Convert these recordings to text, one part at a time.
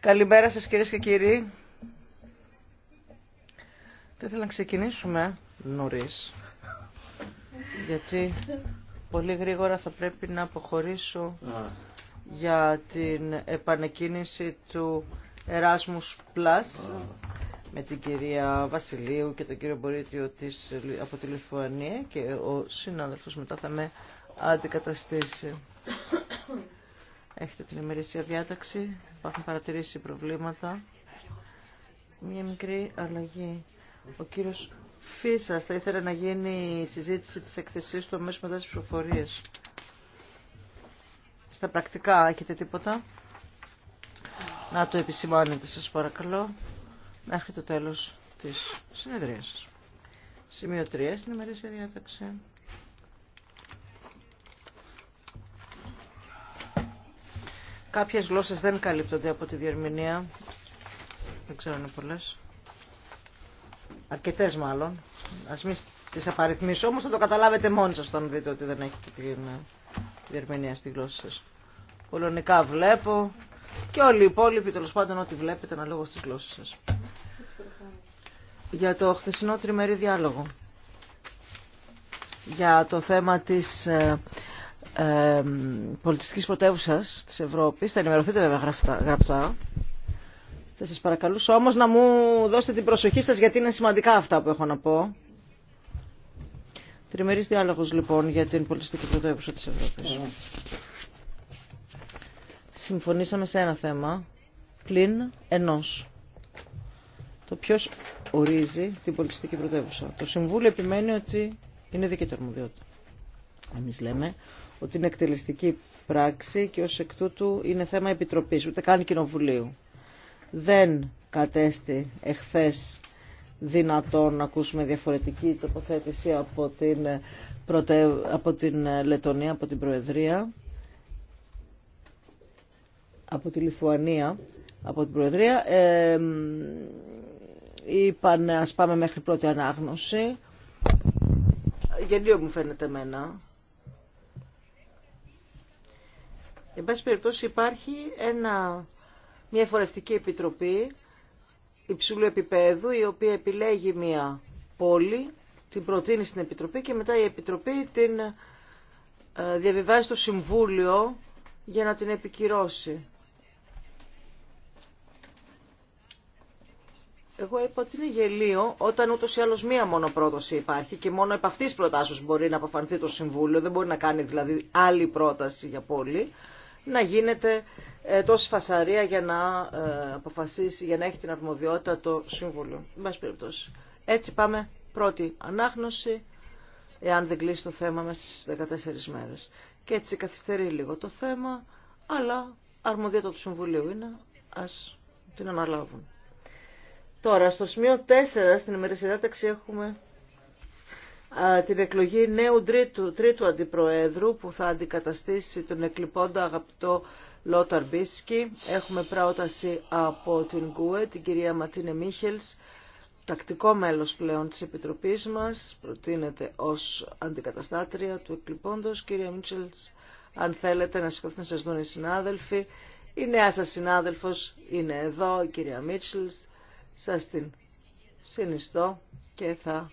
Καλημέρα σας κυρίες και κύριοι. Θα ήθελα να ξεκινήσουμε νωρίς, γιατί πολύ γρήγορα θα πρέπει να αποχωρήσω για την επανεκκίνηση του Εράσμους Plus με την κυρία Βασιλείου και τον κύριο Μπορίτιο της, από τη Λιθουανία και ο συνάδελφος μετά θα με αντικαταστήσει. Έχετε την ημερήσια διάταξη, υπάρχουν παρατηρήσει προβλήματα. Μια μικρή αλλαγή. Ο κύριος Φίσας θα ήθελε να γίνει η συζήτηση της εκθεσής του αμέσως μετά τις ψηφοφορίες. Στα πρακτικά έχετε τίποτα να το επισημάνετε σας παρακαλώ μέχρι το τέλος της συνεδρίας σας. Σημείο 3 στην ημερήσια διάταξη. Κάποιες γλώσσες δεν καλύπτονται από τη διερμηνία. Δεν ξέρω αν είναι πολλές. Αρκετές μάλλον. Ας μην τις απαριθμίσω, όμως θα το καταλάβετε μόνοι σας όταν δείτε ότι δεν έχετε τη ε, διερμηνία στη γλώσσα σας. Πολωνικά βλέπω, και όλοι οι υπόλοιποι τέλο πάντων ό,τι βλέπετε αναλόγω τη γλώσσα σα. Για το χθεσινό τριμερή διάλογο. Για το θέμα τη ε, ε, πολιτιστική πρωτεύουσα τη Ευρώπη. Θα ενημερωθείτε βέβαια γραπτά. Θα σα παρακαλούσα όμω να μου δώσετε την προσοχή σα γιατί είναι σημαντικά αυτά που έχω να πω. Τριμερής διάλογος λοιπόν για την πολιτιστική πρωτεύουσα της Ευρώπης συμφωνήσαμε σε ένα θέμα, πλην ενός. Το ποιο ορίζει την πολιτιστική πρωτεύουσα. Το Συμβούλιο επιμένει ότι είναι δική του αρμοδιότητα. Εμείς λέμε ότι είναι εκτελεστική πράξη και ως εκ τούτου είναι θέμα επιτροπής, ούτε καν κοινοβουλίου. Δεν κατέστη εχθές δυνατόν να ακούσουμε διαφορετική τοποθέτηση από την, από την Λετωνία, από την Προεδρία από τη Λιθουανία, από την Προεδρία, ε, είπαν ας πάμε μέχρι πρώτη ανάγνωση. Γελίο μου φαίνεται εμένα. Εν πάση περιπτώσει υπάρχει ένα, μια φορευτική επιτροπή υψηλού επίπεδου η οποία επιλέγει μια πόλη, την προτείνει στην επιτροπή και μετά η επιτροπή την ε, διαβιβάζει στο συμβούλιο για να την επικυρώσει. Εγώ είπα ότι είναι γελίο όταν ούτω ή άλλω μία μόνο πρόταση υπάρχει και μόνο επ' αυτή προτάσεω μπορεί να αποφανθεί το Συμβούλιο, δεν μπορεί να κάνει δηλαδή άλλη πρόταση για πόλη, να γίνεται ε, τόση φασαρία για να ε, αποφασίσει, για να έχει την αρμοδιότητα το Συμβούλιο. Εν περιπτώσει. Έτσι πάμε. Πρώτη ανάγνωση, εάν δεν κλείσει το θέμα μέσα στι 14 μέρε. Και έτσι καθυστερεί λίγο το θέμα, αλλά αρμοδιότητα του Συμβουλίου είναι, α την αναλάβουν. Τώρα, στο σημείο 4 στην δάταξη, έχουμε α, την εκλογή νέου τρίτου, τρίτου αντιπροέδρου που θα αντικαταστήσει τον εκλειπώντα αγαπητό Λόταρ Μπίσκι. Έχουμε πρόταση από την ΚΟΕ, την κυρία Ματίνε Μίχελς, τακτικό μέλος πλέον της Επιτροπής μας, προτείνεται ως αντικαταστάτρια του εκλειπώντος. Κυρία Μίχελς, αν θέλετε να σηκωθείτε να σας δουν οι συνάδελφοι. Η νέα σας συνάδελφος είναι εδώ, η κυρία Μίτσελς σας την συνιστώ και θα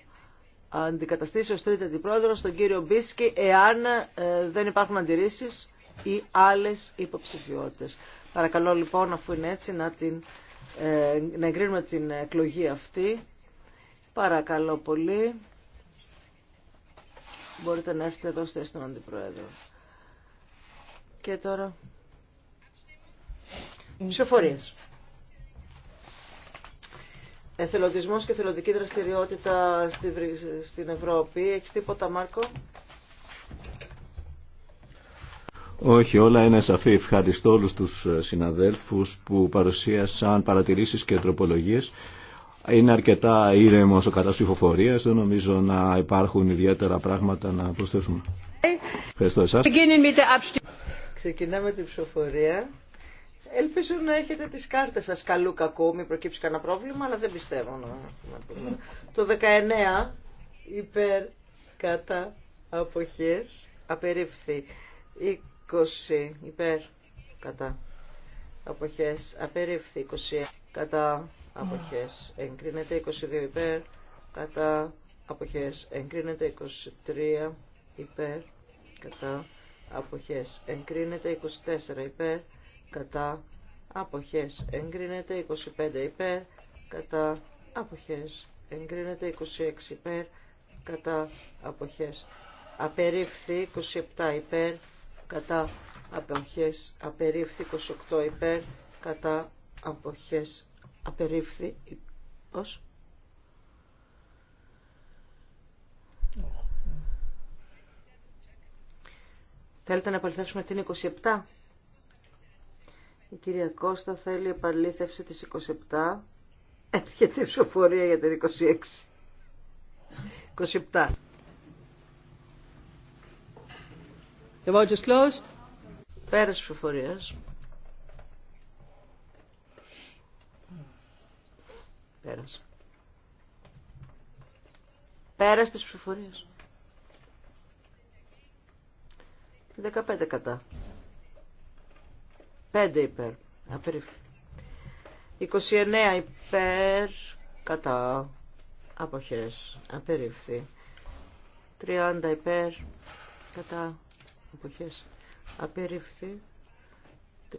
αντικαταστήσω ως τρίτη αντιπρόεδρο τον κύριο Μπίσκι εάν ε, δεν υπάρχουν αντιρρήσεις ή άλλες υποψηφιότητες. Παρακαλώ λοιπόν αφού είναι έτσι να, την, ε, να εγκρίνουμε την εκλογή αυτή. Παρακαλώ πολύ. Μπορείτε να έρθετε εδώ στη στον αντιπρόεδρο. Και τώρα... Ψηφοφορίες. Εθελοντισμός και εθελοντική δραστηριότητα στην Ευρώπη. Έχεις τίποτα, Μάρκο? Όχι, όλα είναι σαφή. Ευχαριστώ όλους τους συναδέλφους που παρουσίασαν παρατηρήσεις και τροπολογίες. Είναι αρκετά ήρεμος ο κατάσταση ψηφοφορίας. Δεν νομίζω να υπάρχουν ιδιαίτερα πράγματα να προσθέσουμε. Ευχαριστώ εσάς. Ξεκινάμε την ψηφοφορία. Ελπίζω να έχετε τις κάρτες σας καλού κακού, μην προκύψει κανένα πρόβλημα, αλλά δεν πιστεύω να, Το 19 υπέρ κατά αποχές απερίφθη. 20 υπέρ κατά αποχές απερίφθη. 20 κατά αποχές εγκρίνεται. 22 υπέρ κατά αποχές εγκρίνεται. 23 υπέρ κατά αποχές εγκρίνεται. 24 υπέρ κατά αποχές εγκρίνεται 25 υπέρ κατά αποχές εγκρίνεται 26 υπέρ κατά αποχές απερίφθη 27 υπέρ κατά αποχές απερίφθη 28 υπέρ κατά αποχές απερίφθη ως Θέλετε να παρουσιάσουμε την 27. Η κυρία Κώστα θέλει επαλήθευση της 27. η ψηφοφορία για την 26. 27. The vote is closed. Πέρασε ψηφοφορίας. Πέρας. Πέρας της ψηφοφορίας. 15 κατά. 5 υπέρ. Απερίφθη. 29 υπέρ. Κατά. Αποχές. Απερίφθη. 30 υπέρ. Κατά. Αποχές. Απερίφθη.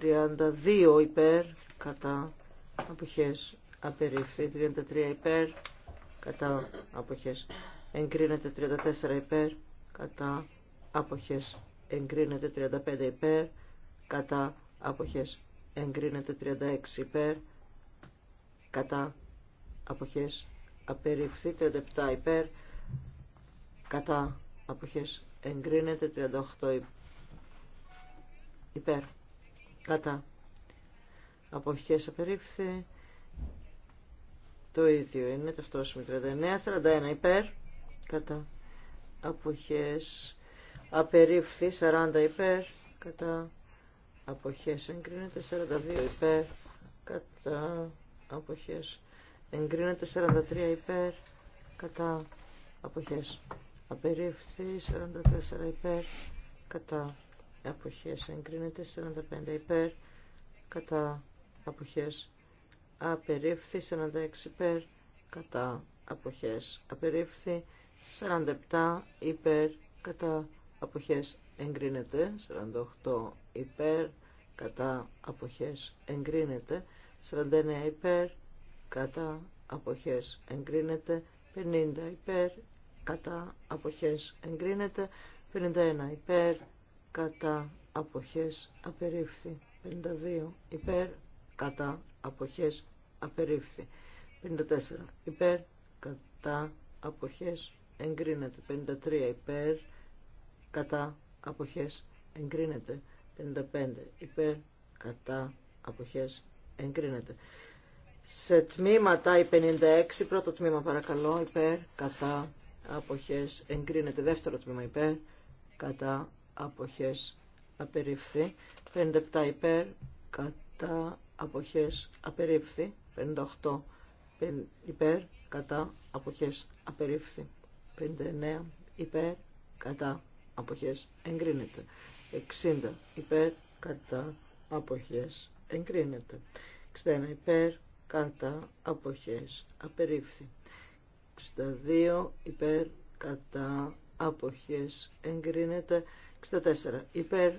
32 υπέρ. Κατά. Αποχές. Απερίφθη. 33 υπέρ. Κατά. Αποχές. Εγκρίνεται 34 υπέρ. Κατά. Αποχές. Εγκρίνεται 35 υπέρ. Κατά αποχές εγκρίνεται 36 υπέρ κατά αποχές απεριφθεί 37 υπέρ κατά αποχές εγκρίνεται 38 υπέρ κατά αποχές απερίφθη το ίδιο είναι ταυτόσιμο 39 41 υπέρ κατά αποχές απερίφθη 40 υπέρ κατά αποχές εγκρίνεται 42 υπέρ κατά αποχές εγκρίνεται 43 υπέρ κατά αποχές απερίφθη 44 υπέρ κατά αποχές εγκρίνεται 45 υπέρ κατά αποχές απερίφθη 46 υπέρ κατά αποχές απερίφθη 47 υπέρ κατά αποχές εγκρίνεται 48 υπέρ κατά αποχές εγκρίνεται 49 υπέρ κατά αποχές εγκρίνεται 50 υπέρ κατά αποχές εγκρίνεται 51 υπέρ κατά αποχές απερίφθη 52 υπέρ κατά αποχές απερίφθη 54 υπέρ κατά αποχές εγκρίνεται 53 υπέρ κατά αποχές εγκρίνεται 55 υπέρ κατά αποχές εγκρίνεται σε τμήματα η 56 πρώτο τμήμα παρακαλώ υπέρ κατά αποχές εγκρίνεται δεύτερο τμήμα υπέρ κατά αποχές απερίφθη 57 υπέρ κατά αποχές απερίφθη 58 υπέρ κατά αποχές απερίφθη 59 υπέρ κατά αποχές εγκρίνεται. 60 υπέρ κατά αποχές εγκρίνεται. 61 υπέρ κατά αποχές απερίφθη. 62 υπέρ κατά αποχές εγκρίνεται. 64 υπέρ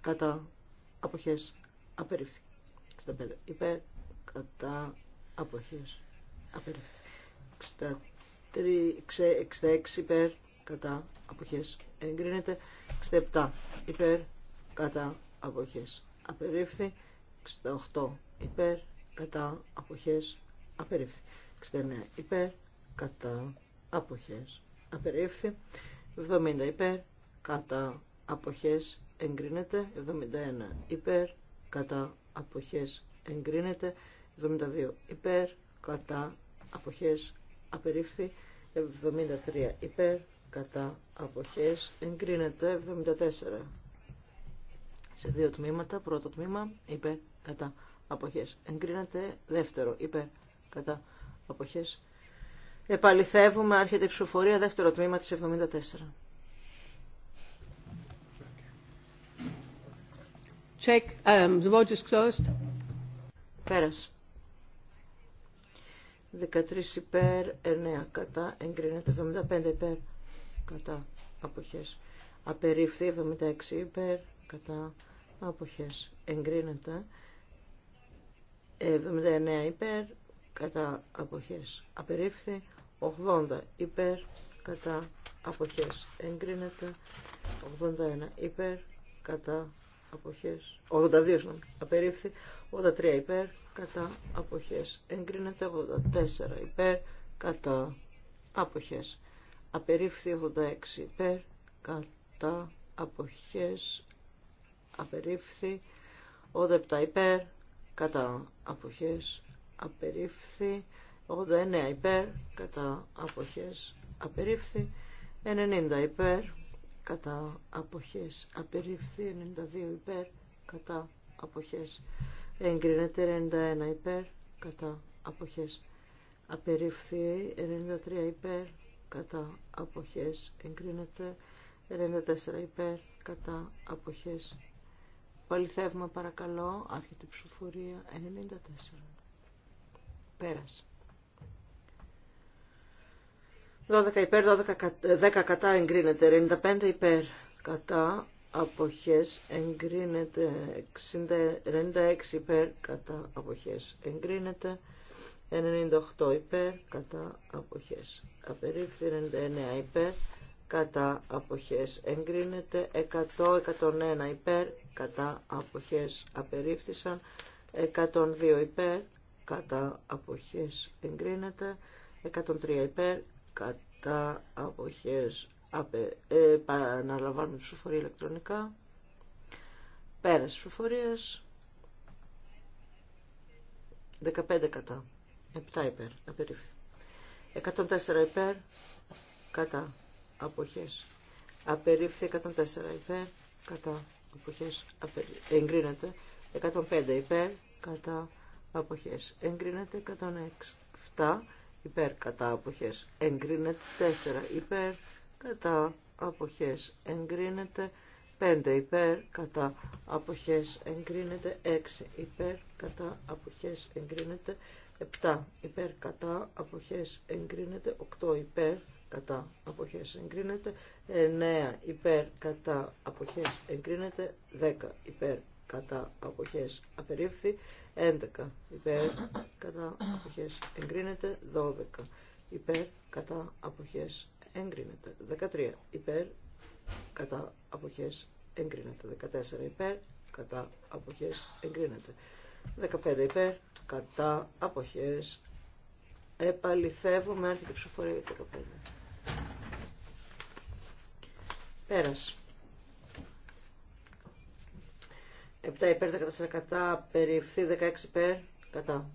κατά αποχές απερίφθη. 65 υπέρ κατά αποχές απερίφθη. 63, 66 υπέρ κατά αποχές εγκρίνεται 67 υπέρ κατά αποχές απερίφθη 68 υπέρ κατά αποχές απερίφθη 69 υπέρ κατά αποχές απερίφθη 70 υπέρ κατά αποχές εγκρίνεται 71 υπέρ κατά αποχές εγκρίνεται 72 υπέρ κατά αποχές απερίφθη 73 υπέρ κατά αποχές εγκρίνεται 74 σε δύο τμήματα πρώτο τμήμα υπέρ κατά αποχές εγκρίνεται δεύτερο υπέρ κατά αποχές επαληθεύουμε άρχεται η ψηφοφορία δεύτερο τμήμα της 74 Check. Um, the vote is closed. Πέρασε. 13 υπέρ, 9 κατά, εγκρίνεται 75 υπέρ κατά αποχές απερίφθη 76 υπέρ κατά αποχές εγκρίνεται 79 υπέρ κατά αποχές απερίφθη 80 υπέρ κατά αποχές εγκρίνεται 81 υπέρ κατά αποχές 82 νομίζω. απερίφθη 83 υπέρ κατά αποχές εγκρίνεται 84 υπέρ κατά αποχές απερίφθη 86 υπέρ κατά αποχές απερίφθη 87 υπέρ κατά αποχές απερίφθη 89 υπέρ κατά αποχές απερίφθη 90 υπέρ κατά αποχές απερίφθη 92 υπέρ κατά αποχές εγκρίνεται 91 υπέρ κατά αποχές απερίφθη 93 υπέρ κατά αποχές εγκρίνεται 94 υπέρ κατά αποχές Πολυθεύμα παρακαλώ άρχεται ψηφορία. ψηφοφορία 94 πέρας 12 υπέρ 12, 10 ε, κατά εγκρίνεται 95 υπέρ κατά αποχές εγκρίνεται 96 υπέρ κατά αποχές εγκρίνεται 98 υπέρ κατά αποχές απερίφθη 99 υπέρ κατά αποχές εγκρίνεται 100-101 υπέρ κατά αποχές απερίφθησαν 102 υπέρ κατά αποχές εγκρίνεται 103 υπέρ κατά αποχές απε, ε, ψηφοφορία ηλεκτρονικά πέρας ψηφοφορίας 15 κατά 7 υπέρ. Απερίφθη. 104 υπέρ. Κατά. Αποχές. Απερίφθη 104 υπέρ. Κατά. Αποχές. Απερι... Εγκρίνεται. 105 υπέρ. Κατά. Αποχές. Εγκρίνεται. 106. 7 υπέρ. Κατά. Αποχές. Εγκρίνεται. 4 υπέρ. Κατά. Αποχές. Εγκρίνεται. 5 υπέρ κατά αποχές εγκρίνεται 6 υπέρ κατά αποχές εγκρίνεται 7 υπέρ κατά αποχές εγκρίνεται, 8 υπέρ κατά αποχές εγκρίνεται, 9 υπέρ κατά αποχές εγκρίνεται, 10 υπέρ κατά αποχές απερίφθη, 11 υπέρ κατά αποχές εγκρίνεται, 12 υπέρ κατά αποχές εγκρίνεται, 13 υπέρ κατά αποχές εγκρίνεται, 14 υπέρ κατά αποχές εγκρίνεται. 15 υπέρ, κατά, αποχές. Επαληθεύουμε, άρχεται ψηφοφορία για 15. Πέρας. 7 υπέρ, 14 κατά, περιευθύ 16 υπέρ, κατά.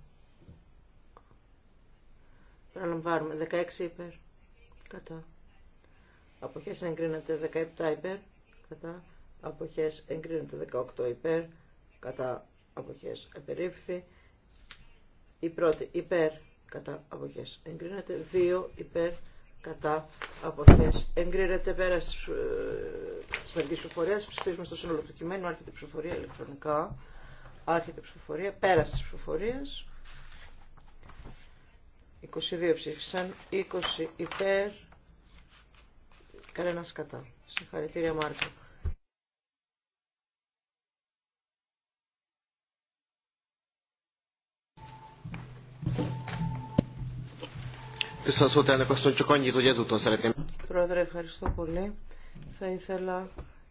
Παραλαμβάνουμε, 16 υπέρ, κατά. Αποχές εγκρίνεται 17 υπέρ, κατά. Αποχές εγκρίνεται 18 υπέρ, κατά αποχές απερίφθη. Η πρώτη υπέρ κατά αποχές εγκρίνεται. Δύο υπέρ κατά αποχές εγκρίνεται. Πέρα στις μερικές ψηφοφορίες ψηφίζουμε στο σύνολο του κειμένου. Άρχεται η ψηφοφορία ηλεκτρονικά. Άρχεται η ψηφοφορία. Πέρα στις ψηφοφορίες. 22 ψήφισαν, 20 υπέρ, κανένας κατά. Συγχαρητήρια Μάρκο. Πρόεδρε, ευχαριστώ πολύ. Θα ήθελα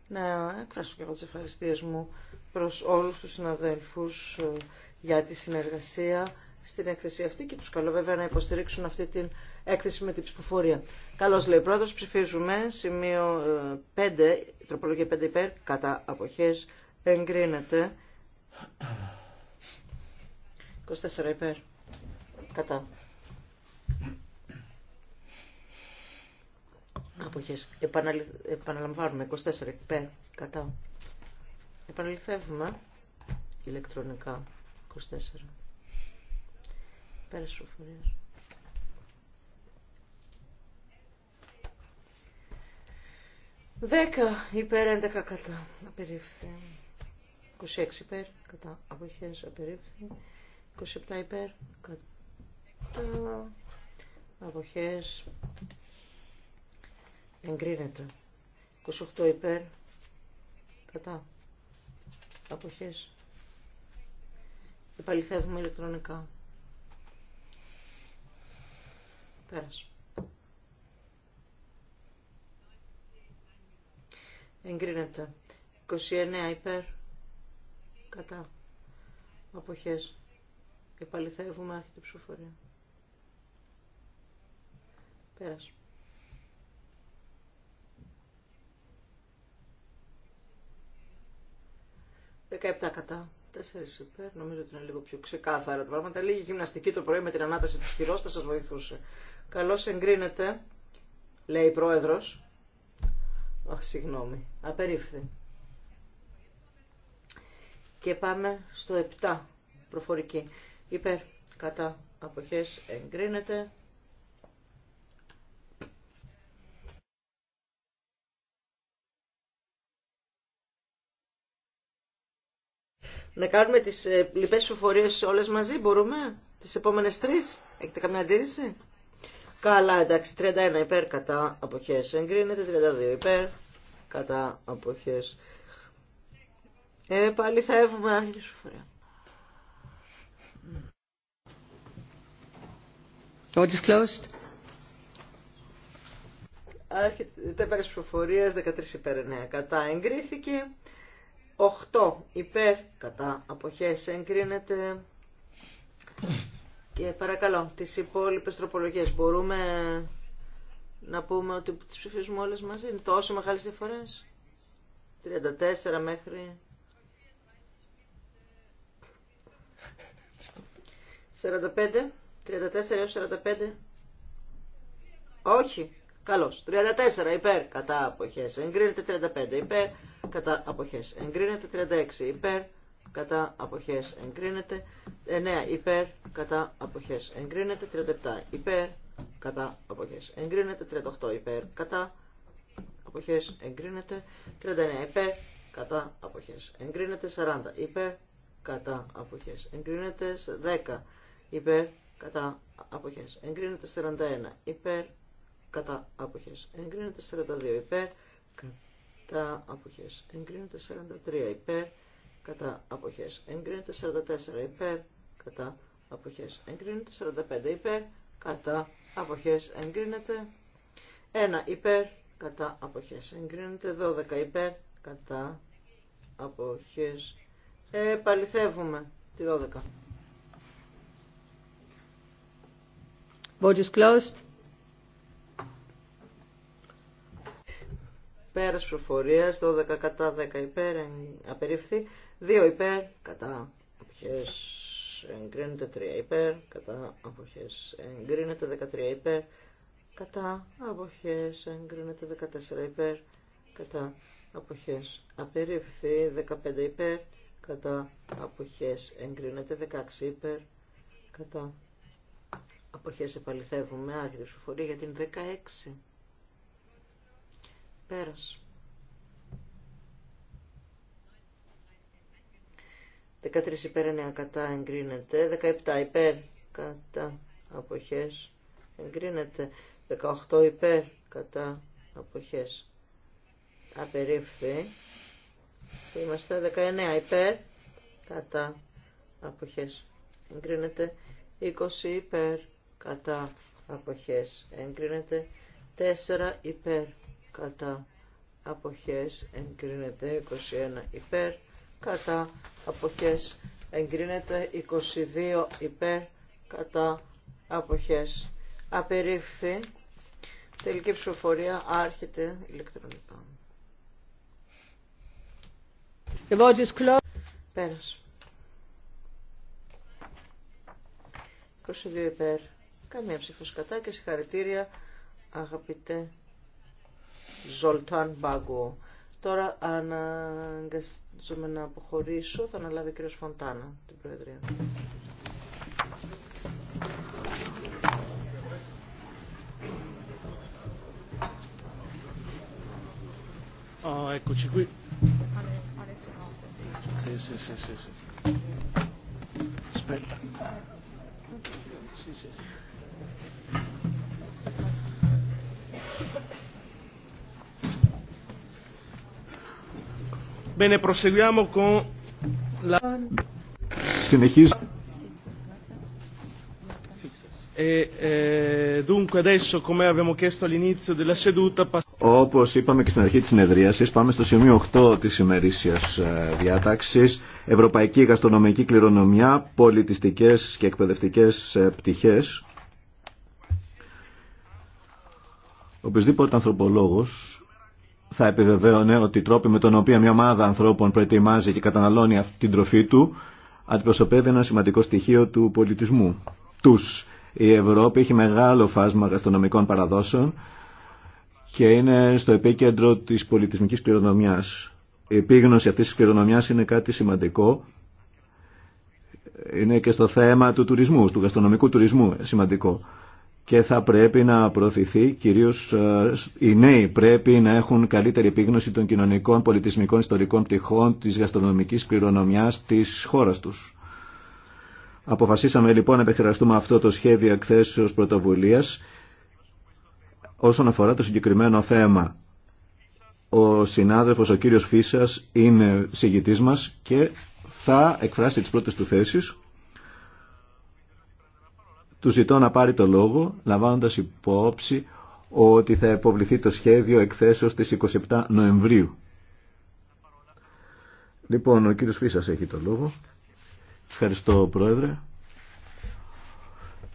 να εκφράσω και εγώ τις ευχαριστίες μου προς όλους τους συναδέλφους ε, για τη συνεργασία στην έκθεση αυτή και τους καλώ βέβαια να υποστηρίξουν αυτή την έκθεση με την ψηφοφορία. Καλώς λέει πρόεδρος, ψηφίζουμε σημείο 5, ε, τροπολογία 5 υπέρ, κατά αποχές εγκρίνεται. 24 υπέρ, κατά Αποχές. Επαναλαμβάνουμε. 24 πέρα. Κατά. Επαναληφθεύουμε ηλεκτρονικά. 24. Πέρασε Δέκα υπέρ, έντεκα κατά. Απερίφθη. 26 υπέρ, κατά. Αποχές, απερίφθη. 27 υπέρ, κατά. Αποχές. Εγκρίνεται. 28 υπέρ. Κατά. Αποχές. Επαληθεύουμε ηλεκτρονικά. Πέρασε. Εγκρίνεται. 29 υπέρ. Κατά. Αποχές. Επαληθεύουμε άρχιτη ψηφοφορία. Πέρασε. 17 κατά. 4 υπέρ. Νομίζω ότι είναι λίγο πιο ξεκάθαρα τα πράγματα. Λίγη γυμναστική το πρωί με την ανάταση τη χειρό θα σα βοηθούσε. Καλώ εγκρίνεται, λέει η πρόεδρος. Αχ, συγγνώμη. Απερίφθη. Και πάμε στο 7. Προφορική. Υπέρ. Κατά. Αποχές εγκρίνεται. Να κάνουμε τις ε, λοιπές ψηφοφορίες όλες μαζί, μπορούμε, τις επόμενες τρεις. Έχετε καμία αντίρρηση. Καλά, εντάξει, 31 υπέρ, κατά αποχές εγκρίνεται, 32 υπέρ, κατά αποχές. Ε, πάλι θα έχουμε άλλη ψηφοφορία. What is closed? Άρχεται πέρα ψηφοφορίας, 13 υπέρ, 9 κατά εγκρίθηκε. 8 υπέρ κατά αποχές εγκρίνεται και παρακαλώ τις υπόλοιπες τροπολογίες μπορούμε να πούμε ότι τις ψηφίζουμε όλες μαζί είναι τόσο μεγάλες διαφορές 34 μέχρι 45 34 έως 45 όχι Καλώ. 34 υπέρ κατά αποχές εγκρίνεται 35 υπέρ κατά αποχές εγκρίνεται 36 υπέρ κατά αποχές εγκρίνεται 9 υπέρ κατά απόχέ. εγκρίνεται 37 υπέρ κατά αποχές εγκρίνεται 38 υπέρ κατά αποχές εγκρίνεται 39 υπέρ κατά αποχές εγκρίνεται 40 υπέρ κατά αποχές εγκρίνεται 10 υπέρ κατά αποχές εγκρίνεται 41 υπέρ κατά αποχές εγκρίνεται 42 υπέρ κατά αποχές εγκρίνεται 43 υπέρ κατά αποχές εγκρίνεται 44 υπέρ κατά αποχές εγκρίνεται 45 υπέρ κατά αποχές εγκρίνεται 1 υπέρ κατά αποχές εγκρίνεται 12 υπέρ κατά αποχές ε, τη 12 Vote closed. πέρας προφορίας, 12 κατά 10 υπέρ, απερίφθη, 2 υπέρ, κατά αποχές εγκρίνεται, 3 υπέρ, κατά αποχές εγκρίνεται, 13 υπέρ, κατά αποχές εγκρίνεται, 14 υπέρ, κατά αποχές απερίφθη, 15 υπέρ, κατά αποχές εγκρίνεται, 16 υπέρ, κατά αποχές επαληθεύουμε, άρχιτε ψηφοφορία για την 16. Πέρας. 13 υπέρ 9 κατά εγκρίνεται. 17 υπέρ κατά αποχές εγκρίνεται. 18 υπέρ κατά αποχές απερίφθη. Είμαστε 19 υπέρ κατά αποχές εγκρίνεται. 20 υπέρ κατά αποχές εγκρίνεται. 4 υπέρ κατά αποχές εγκρίνεται 21 υπέρ, κατά αποχές εγκρίνεται 22 υπέρ, κατά αποχές απερίφθη. Τελική ψηφοφορία άρχεται ηλεκτρονικά. πέρας 22 υπέρ. Καμία ψήφος κατά και συγχαρητήρια αγαπητέ Ζολτάν Μπάγκο. Τώρα αναγκαζόμαι να αποχωρήσω. Θα αναλάβει ο κύριος Φοντάνα την Προεδρία. Oh, Bene, proseguiamo con la... Συνεχίζουμε. E, e, Όπως είπαμε και στην αρχή της συνεδρίασης, πάμε στο σημείο 8 της ημερήσιας ε, διάταξης. Ευρωπαϊκή γαστρονομική κληρονομιά, πολιτιστικές και εκπαιδευτικές ε, πτυχές. Οπωσδήποτε ανθρωπολόγος θα επιβεβαίωνε ότι οι τρόποι με τον οποίο μια ομάδα ανθρώπων προετοιμάζει και καταναλώνει αυτή την τροφή του αντιπροσωπεύει ένα σημαντικό στοιχείο του πολιτισμού. Τους. Η Ευρώπη έχει μεγάλο φάσμα γαστρονομικών παραδόσεων και είναι στο επίκεντρο της πολιτισμικής κληρονομιάς. Η επίγνωση αυτής της κληρονομιάς είναι κάτι σημαντικό. Είναι και στο θέμα του τουρισμού, του γαστρονομικού τουρισμού σημαντικό και θα πρέπει να προωθηθεί κυρίως ε, οι νέοι πρέπει να έχουν καλύτερη επίγνωση των κοινωνικών, πολιτισμικών, ιστορικών πτυχών της γαστρονομικής κληρονομιάς της χώρας τους. Αποφασίσαμε λοιπόν να επεξεργαστούμε αυτό το σχέδιο εκθέσεως πρωτοβουλίας όσον αφορά το συγκεκριμένο θέμα. Ο συνάδελφος, ο κύριος Φίσας, είναι συγητής μας και θα εκφράσει τις πρώτες του θέσεις του ζητώ να πάρει το λόγο, λαμβάνοντας υπόψη ότι θα υποβληθεί το σχέδιο εκθέσεως της 27 Νοεμβρίου. Λοιπόν, ο κύριος Φίσας έχει το λόγο. Ευχαριστώ, Πρόεδρε.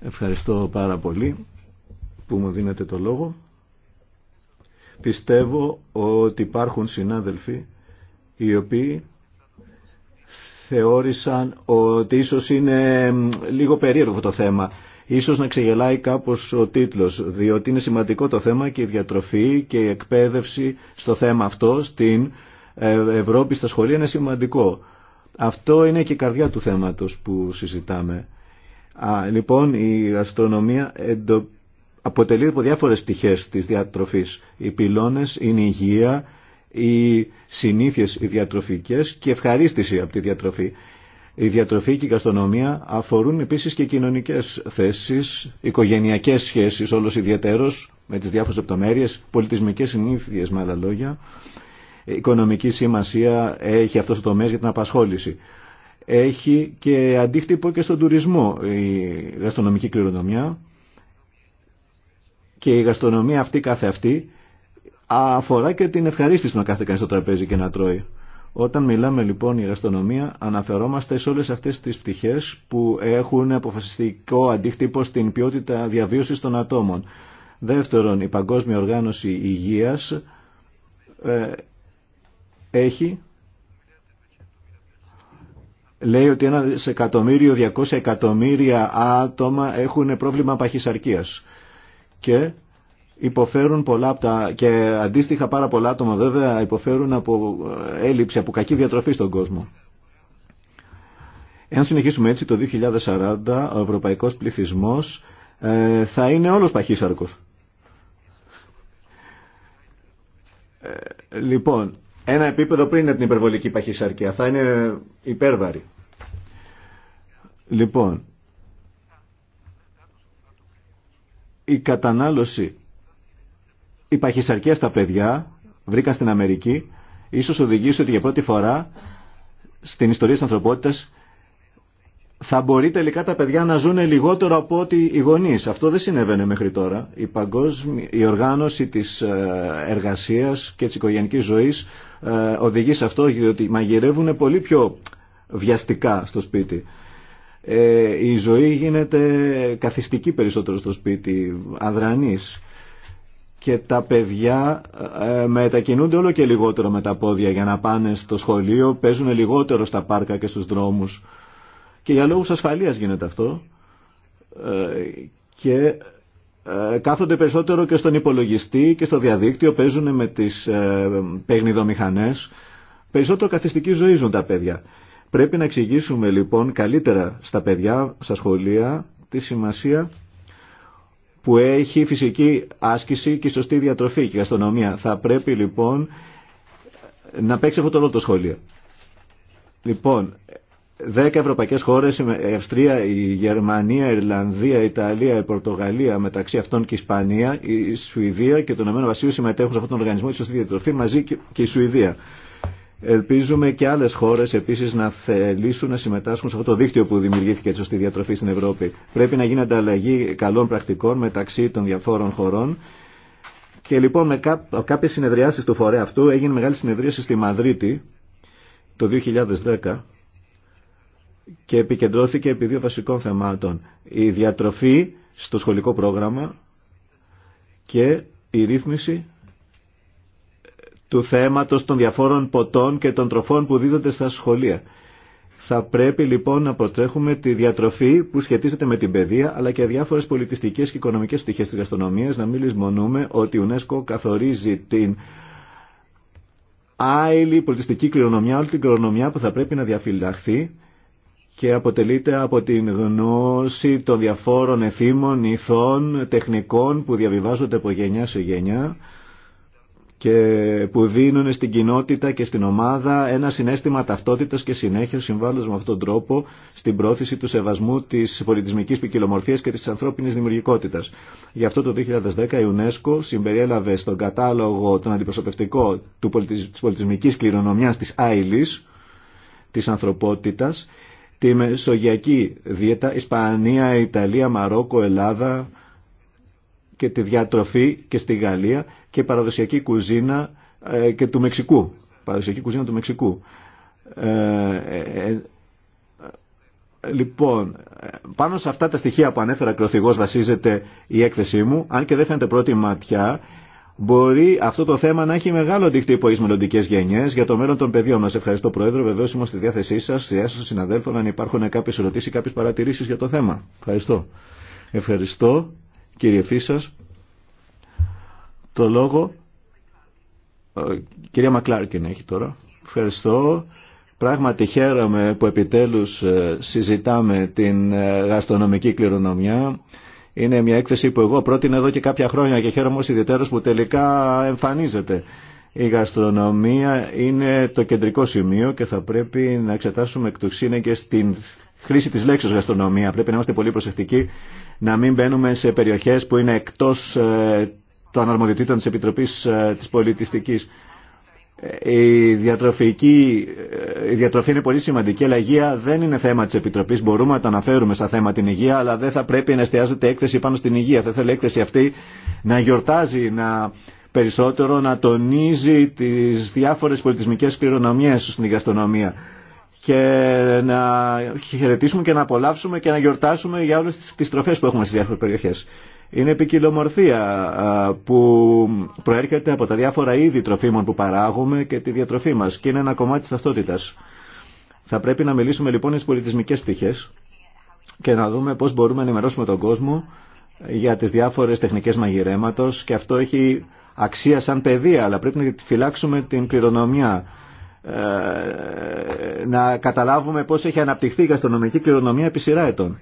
Ευχαριστώ πάρα πολύ που μου δίνετε το λόγο. Πιστεύω ότι υπάρχουν συνάδελφοι οι οποίοι θεώρησαν ότι ίσως είναι λίγο περίεργο το θέμα Ίσως να ξεγελάει κάπως ο τίτλος, διότι είναι σημαντικό το θέμα και η διατροφή και η εκπαίδευση στο θέμα αυτό στην ε, Ευρώπη στα σχολεία είναι σημαντικό. Αυτό είναι και η καρδιά του θέματος που συζητάμε. Α, λοιπόν, η αστρονομία εντο... αποτελεί από διάφορες πτυχές της διατροφής. Οι πυλώνες η υγεία, οι συνήθειες διατροφικές και ευχαρίστηση από τη διατροφή. Η διατροφή και η γαστρονομία αφορούν επίσης και κοινωνικές θέσεις, οικογενειακές σχέσεις όλος ιδιαίτερος με τις διάφορες λεπτομέρειες, πολιτισμικές συνήθειες με άλλα λόγια. οικονομική σημασία έχει αυτός το τομέα για την απασχόληση. Έχει και αντίκτυπο και στον τουρισμό η γαστρονομική κληρονομιά και η γαστρονομία αυτή κάθε αυτή αφορά και την ευχαρίστηση να κάθεται κανείς στο τραπέζι και να τρώει. Όταν μιλάμε λοιπόν για γαστρονομία αναφερόμαστε σε όλες αυτές τις πτυχές που έχουν αποφασιστικό αντίκτυπο στην ποιότητα διαβίωσης των ατόμων. Δεύτερον, η Παγκόσμια Οργάνωση Υγείας ε, έχει λέει ότι ένα εκατομμύριο, 200 εκατομμύρια άτομα έχουν πρόβλημα παχυσαρκίας. Και υποφέρουν πολλά από τα, και αντίστοιχα πάρα πολλά άτομα βέβαια υποφέρουν από ε, έλλειψη, από κακή διατροφή στον κόσμο. Εάν συνεχίσουμε έτσι το 2040 ο ευρωπαϊκός πληθυσμός ε, θα είναι όλος παχύσαρκος. Ε, λοιπόν, ένα επίπεδο πριν από την υπερβολική παχύσαρκία θα είναι υπέρβαρη. Λοιπόν, η κατανάλωση η παχυσαρκία στα παιδιά βρήκαν στην Αμερική ίσως οδηγήσει ότι για πρώτη φορά στην ιστορία της ανθρωπότητας θα μπορεί τελικά τα παιδιά να ζουν λιγότερο από ό,τι οι γονείς. Αυτό δεν συνέβαινε μέχρι τώρα. Η, παγκόσμια, οργάνωση της ε, εργασίας και της οικογενικής ζωής ε, οδηγεί σε αυτό διότι μαγειρεύουν πολύ πιο βιαστικά στο σπίτι. Ε, η ζωή γίνεται καθιστική περισσότερο στο σπίτι, αδρανής και τα παιδιά ε, μετακινούνται όλο και λιγότερο με τα πόδια για να πάνε στο σχολείο, παίζουν λιγότερο στα πάρκα και στους δρόμους. Και για λόγους ασφαλείας γίνεται αυτό. Ε, και ε, κάθονται περισσότερο και στον υπολογιστή και στο διαδίκτυο, παίζουν με τις παιγνιδομηχανές. Περισσότερο καθιστική ζωή ζουν τα παιδιά. Πρέπει να εξηγήσουμε λοιπόν καλύτερα στα παιδιά, στα σχολεία, τη σημασία που έχει φυσική άσκηση και σωστή διατροφή και γαστρονομία. Θα πρέπει λοιπόν να παίξει αυτό το ρόλο το σχολείο. Λοιπόν, 10 ευρωπαϊκές χώρες, η Αυστρία, η Γερμανία, η Ιρλανδία, η Ιταλία, η Πορτογαλία, μεταξύ αυτών και η Ισπανία, η Σουηδία και το Ηνωμένο Βασίλειο συμμετέχουν σε αυτόν τον οργανισμό τη σωστή διατροφή μαζί και η Σουηδία. Ελπίζουμε και άλλε χώρε επίση να θελήσουν να συμμετάσχουν σε αυτό το δίκτυο που δημιουργήθηκε σωστή διατροφή στην Ευρώπη. Πρέπει να γίνει ανταλλαγή καλών πρακτικών μεταξύ των διαφόρων χωρών. Και λοιπόν με κάποιε συνεδριάσει του φορέα αυτού έγινε μεγάλη συνεδρίαση στη Μαδρίτη το 2010 και επικεντρώθηκε επί δύο βασικών θεμάτων. Η διατροφή στο σχολικό πρόγραμμα και η ρύθμιση του θέματος των διαφόρων ποτών και των τροφών που δίδονται στα σχολεία. Θα πρέπει λοιπόν να προτρέχουμε τη διατροφή που σχετίζεται με την παιδεία αλλά και διάφορες πολιτιστικές και οικονομικές πτυχές της γαστρονομίας να μην λησμονούμε ότι η UNESCO καθορίζει την άειλη πολιτιστική κληρονομιά, όλη την κληρονομιά που θα πρέπει να διαφυλαχθεί και αποτελείται από την γνώση των διαφόρων εθήμων, ηθών, τεχνικών που διαβιβάζονται από γενιά σε γενιά και που δίνουν στην κοινότητα και στην ομάδα ένα συνέστημα ταυτότητας και συνέχεια συμβάλλοντας με αυτόν τον τρόπο στην πρόθεση του σεβασμού της πολιτισμικής ποικιλομορφία και της ανθρώπινης δημιουργικότητας. Γι' αυτό το 2010 η UNESCO συμπεριέλαβε στον κατάλογο τον αντιπροσωπευτικό του της πολιτισμικής κληρονομιάς της ανθρωπότητα, ανθρωπότητας, τη μεσογειακή δίαιτα Ισπανία, Ιταλία, Μαρόκο, Ελλάδα, και τη διατροφή και στη Γαλλία και παραδοσιακή κουζίνα ε, και του Μεξικού. Παραδοσιακή κουζίνα του Μεξικού. Ε, ε, λοιπόν, πάνω σε αυτά τα στοιχεία που ανέφερα ο βασίζεται η έκθεσή μου, αν και δεν φαίνεται πρώτη ματιά, μπορεί αυτό το θέμα να έχει μεγάλο αντίκτυπο εις μελλοντικέ γενιέ για το μέλλον των παιδιών μα. Ευχαριστώ Πρόεδρο, βεβαίω είμαι στη διάθεσή σα. στη διάθεση των συναδέλφων, αν υπάρχουν κάποιε ερωτήσει ή κάποιε παρατηρήσει για το θέμα. Ευχαριστώ. Ευχαριστώ κύριε Φίσας, το λόγο. Ε, κυρία Μακλάρκιν έχει τώρα. Ευχαριστώ. Πράγματι χαίρομαι που επιτέλους ε, συζητάμε την ε, γαστρονομική κληρονομιά. Είναι μια έκθεση που εγώ πρότεινα εδώ και κάποια χρόνια και χαίρομαι ως ιδιαίτερος που τελικά εμφανίζεται. Η γαστρονομία είναι το κεντρικό σημείο και θα πρέπει να εξετάσουμε εκ του και στην χρήση της λέξης γαστρονομία. Πρέπει να είμαστε πολύ προσεκτικοί να μην μπαίνουμε σε περιοχές που είναι εκτός ε, των αρμοδιοτήτων της Επιτροπής ε, της Πολιτιστικής. Ε, η, διατροφική, η διατροφή είναι πολύ σημαντική, αλλά η υγεία δεν είναι θέμα της Επιτροπής. Μπορούμε να το αναφέρουμε στα θέμα την υγεία, αλλά δεν θα πρέπει να εστιάζεται έκθεση πάνω στην υγεία. Θα ήθελα η έκθεση αυτή να γιορτάζει, να περισσότερο να τονίζει τις διάφορες πολιτισμικές κληρονομιές στην γαστρονομία και να χαιρετήσουμε και να απολαύσουμε και να γιορτάσουμε για όλες τις, τις τροφές που έχουμε στις διάφορες περιοχές. Είναι ποικιλομορφία που προέρχεται από τα διάφορα είδη τροφίμων που παράγουμε και τη διατροφή μας και είναι ένα κομμάτι της ταυτότητας. Θα πρέπει να μιλήσουμε λοιπόν στις πολιτισμικές πτυχές και να δούμε πώς μπορούμε να ενημερώσουμε τον κόσμο για τις διάφορες τεχνικές μαγειρέματος και αυτό έχει αξία σαν παιδεία, αλλά πρέπει να φυλάξουμε την κληρονομιά ε, να καταλάβουμε πώς έχει αναπτυχθεί η γαστρονομική κληρονομία επί σειρά ετών.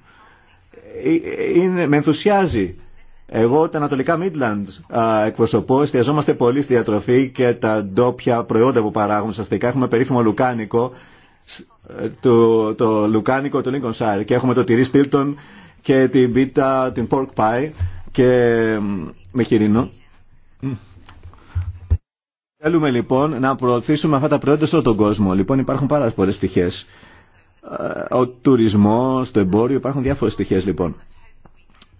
Ε, είναι, με ενθουσιάζει. Εγώ τα Ανατολικά Μίτλαντ εκπροσωπώ, εστιαζόμαστε πολύ στη διατροφή και τα ντόπια προϊόντα που παράγουμε στα αστικά. Έχουμε περίφημο λουκάνικο, ε, το, το λουκάνικο του Lincolnshire και έχουμε το τυρί Στίλτον και την πίτα, την pork pie και με χοιρινό. Θέλουμε λοιπόν να προωθήσουμε αυτά τα προϊόντα σε όλο τον κόσμο. Λοιπόν υπάρχουν πάρα πολλέ πτυχέ. Ε, ο τουρισμό, το εμπόριο, υπάρχουν διάφορε πτυχέ λοιπόν.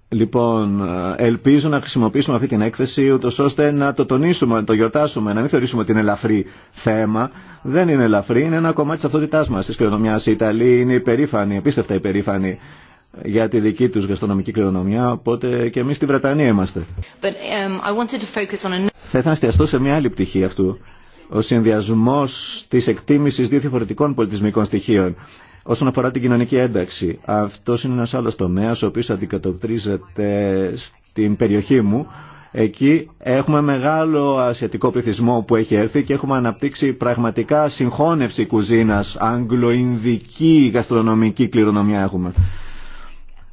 Λοιπόν, ε, ελπίζω να χρησιμοποιήσουμε αυτή την έκθεση ούτω ώστε να το τονίσουμε, να το γιορτάσουμε, να μην θεωρήσουμε ότι είναι ελαφρύ θέμα. Δεν είναι ελαφρύ, είναι ένα κομμάτι τη αυτοτητά μα τη κληρονομιά. Οι Ιταλοί είναι υπερήφανοι, απίστευτα υπερήφανοι για τη δική τους γαστρονομική κληρονομιά, οπότε και εμείς στη Βρετανία είμαστε. Um, θα ήθελα να εστιαστώ σε μια άλλη πτυχή αυτού. Ο συνδυασμό τη εκτίμηση δύο διαφορετικών πολιτισμικών στοιχείων. Όσον αφορά την κοινωνική ένταξη, αυτό είναι ένα άλλο τομέα ο οποίο αντικατοπτρίζεται στην περιοχή μου. Εκεί έχουμε μεγάλο ασιατικό πληθυσμό που έχει έρθει και έχουμε αναπτύξει πραγματικά συγχώνευση κουζίνας, αγγλοϊνδική γαστρονομική κληρονομιά έχουμε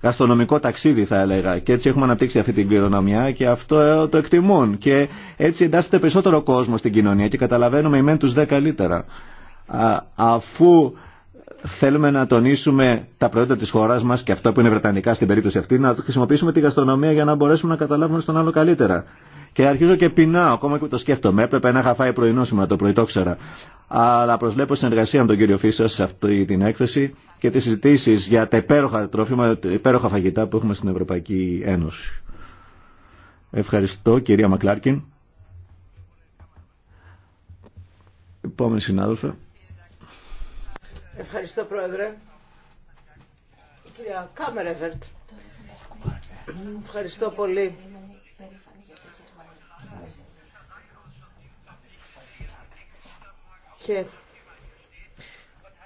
γαστρονομικό ταξίδι θα έλεγα και έτσι έχουμε αναπτύξει αυτή την κληρονομιά και αυτό ε, το εκτιμούν και έτσι εντάσσεται περισσότερο κόσμο στην κοινωνία και καταλαβαίνουμε ημέν τους δε καλύτερα. αφού θέλουμε να τονίσουμε τα προϊόντα της χώρας μας και αυτό που είναι βρετανικά στην περίπτωση αυτή να χρησιμοποιήσουμε τη γαστρονομία για να μπορέσουμε να καταλάβουμε στον άλλο καλύτερα. Και αρχίζω και πεινάω, ακόμα και το σκέφτομαι. Έπρεπε να είχα φάει πρωινό σήμερα, το πρωί ξέρα. Αλλά προσβλέπω συνεργασία με τον κύριο Φίσα σε αυτή την έκθεση και τι συζητήσει για τα υπέροχα τρόφιμα, τα υπέροχα φαγητά που έχουμε στην Ευρωπαϊκή Ένωση. Ευχαριστώ, κυρία Μακλάρκιν. Επόμενη συνάδελφα. Ευχαριστώ, Πρόεδρε. Κυρία Κάμερεβερτ. Ευχαριστώ πολύ και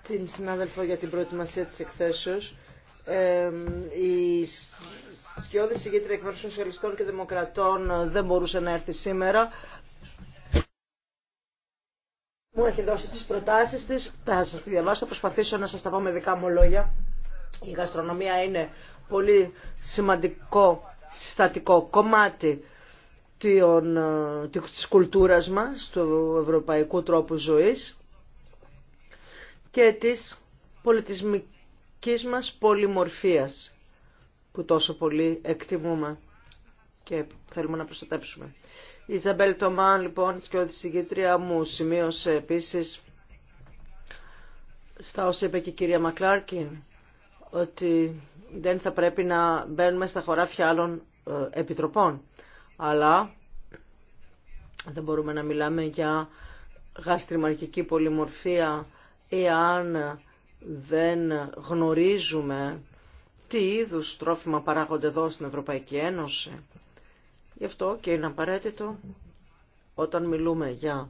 την συνάδελφο για την προετοιμασία της εκθέσεως. Ε, η σκιώδη συγκέντρια εκ σοσιαλιστών και δημοκρατών ε, δεν μπορούσε να έρθει σήμερα. Μου έχει δώσει τις προτάσεις της, θα σας τη διαβάσω, θα προσπαθήσω να σας τα πω με δικά μου λόγια. Η γαστρονομία είναι πολύ σημαντικό συστατικό κομμάτι ε, της κουλτούρας μας, του ευρωπαϊκού τρόπου ζωής και της πολιτισμικής μας πολυμορφίας που τόσο πολύ εκτιμούμε και θέλουμε να προστατέψουμε. Η Ιζαμπέλ Τομάν, λοιπόν, και ο συγκήτρια μου σημείωσε επίσης στα όσα είπε και η κυρία Μακλάρκιν, ότι δεν θα πρέπει να μπαίνουμε στα χωράφια άλλων ε, επιτροπών αλλά δεν μπορούμε να μιλάμε για γαστριμαρχική πολυμορφία εάν δεν γνωρίζουμε τι είδους τρόφιμα παράγονται εδώ στην Ευρωπαϊκή Ένωση. Γι' αυτό και είναι απαραίτητο όταν μιλούμε για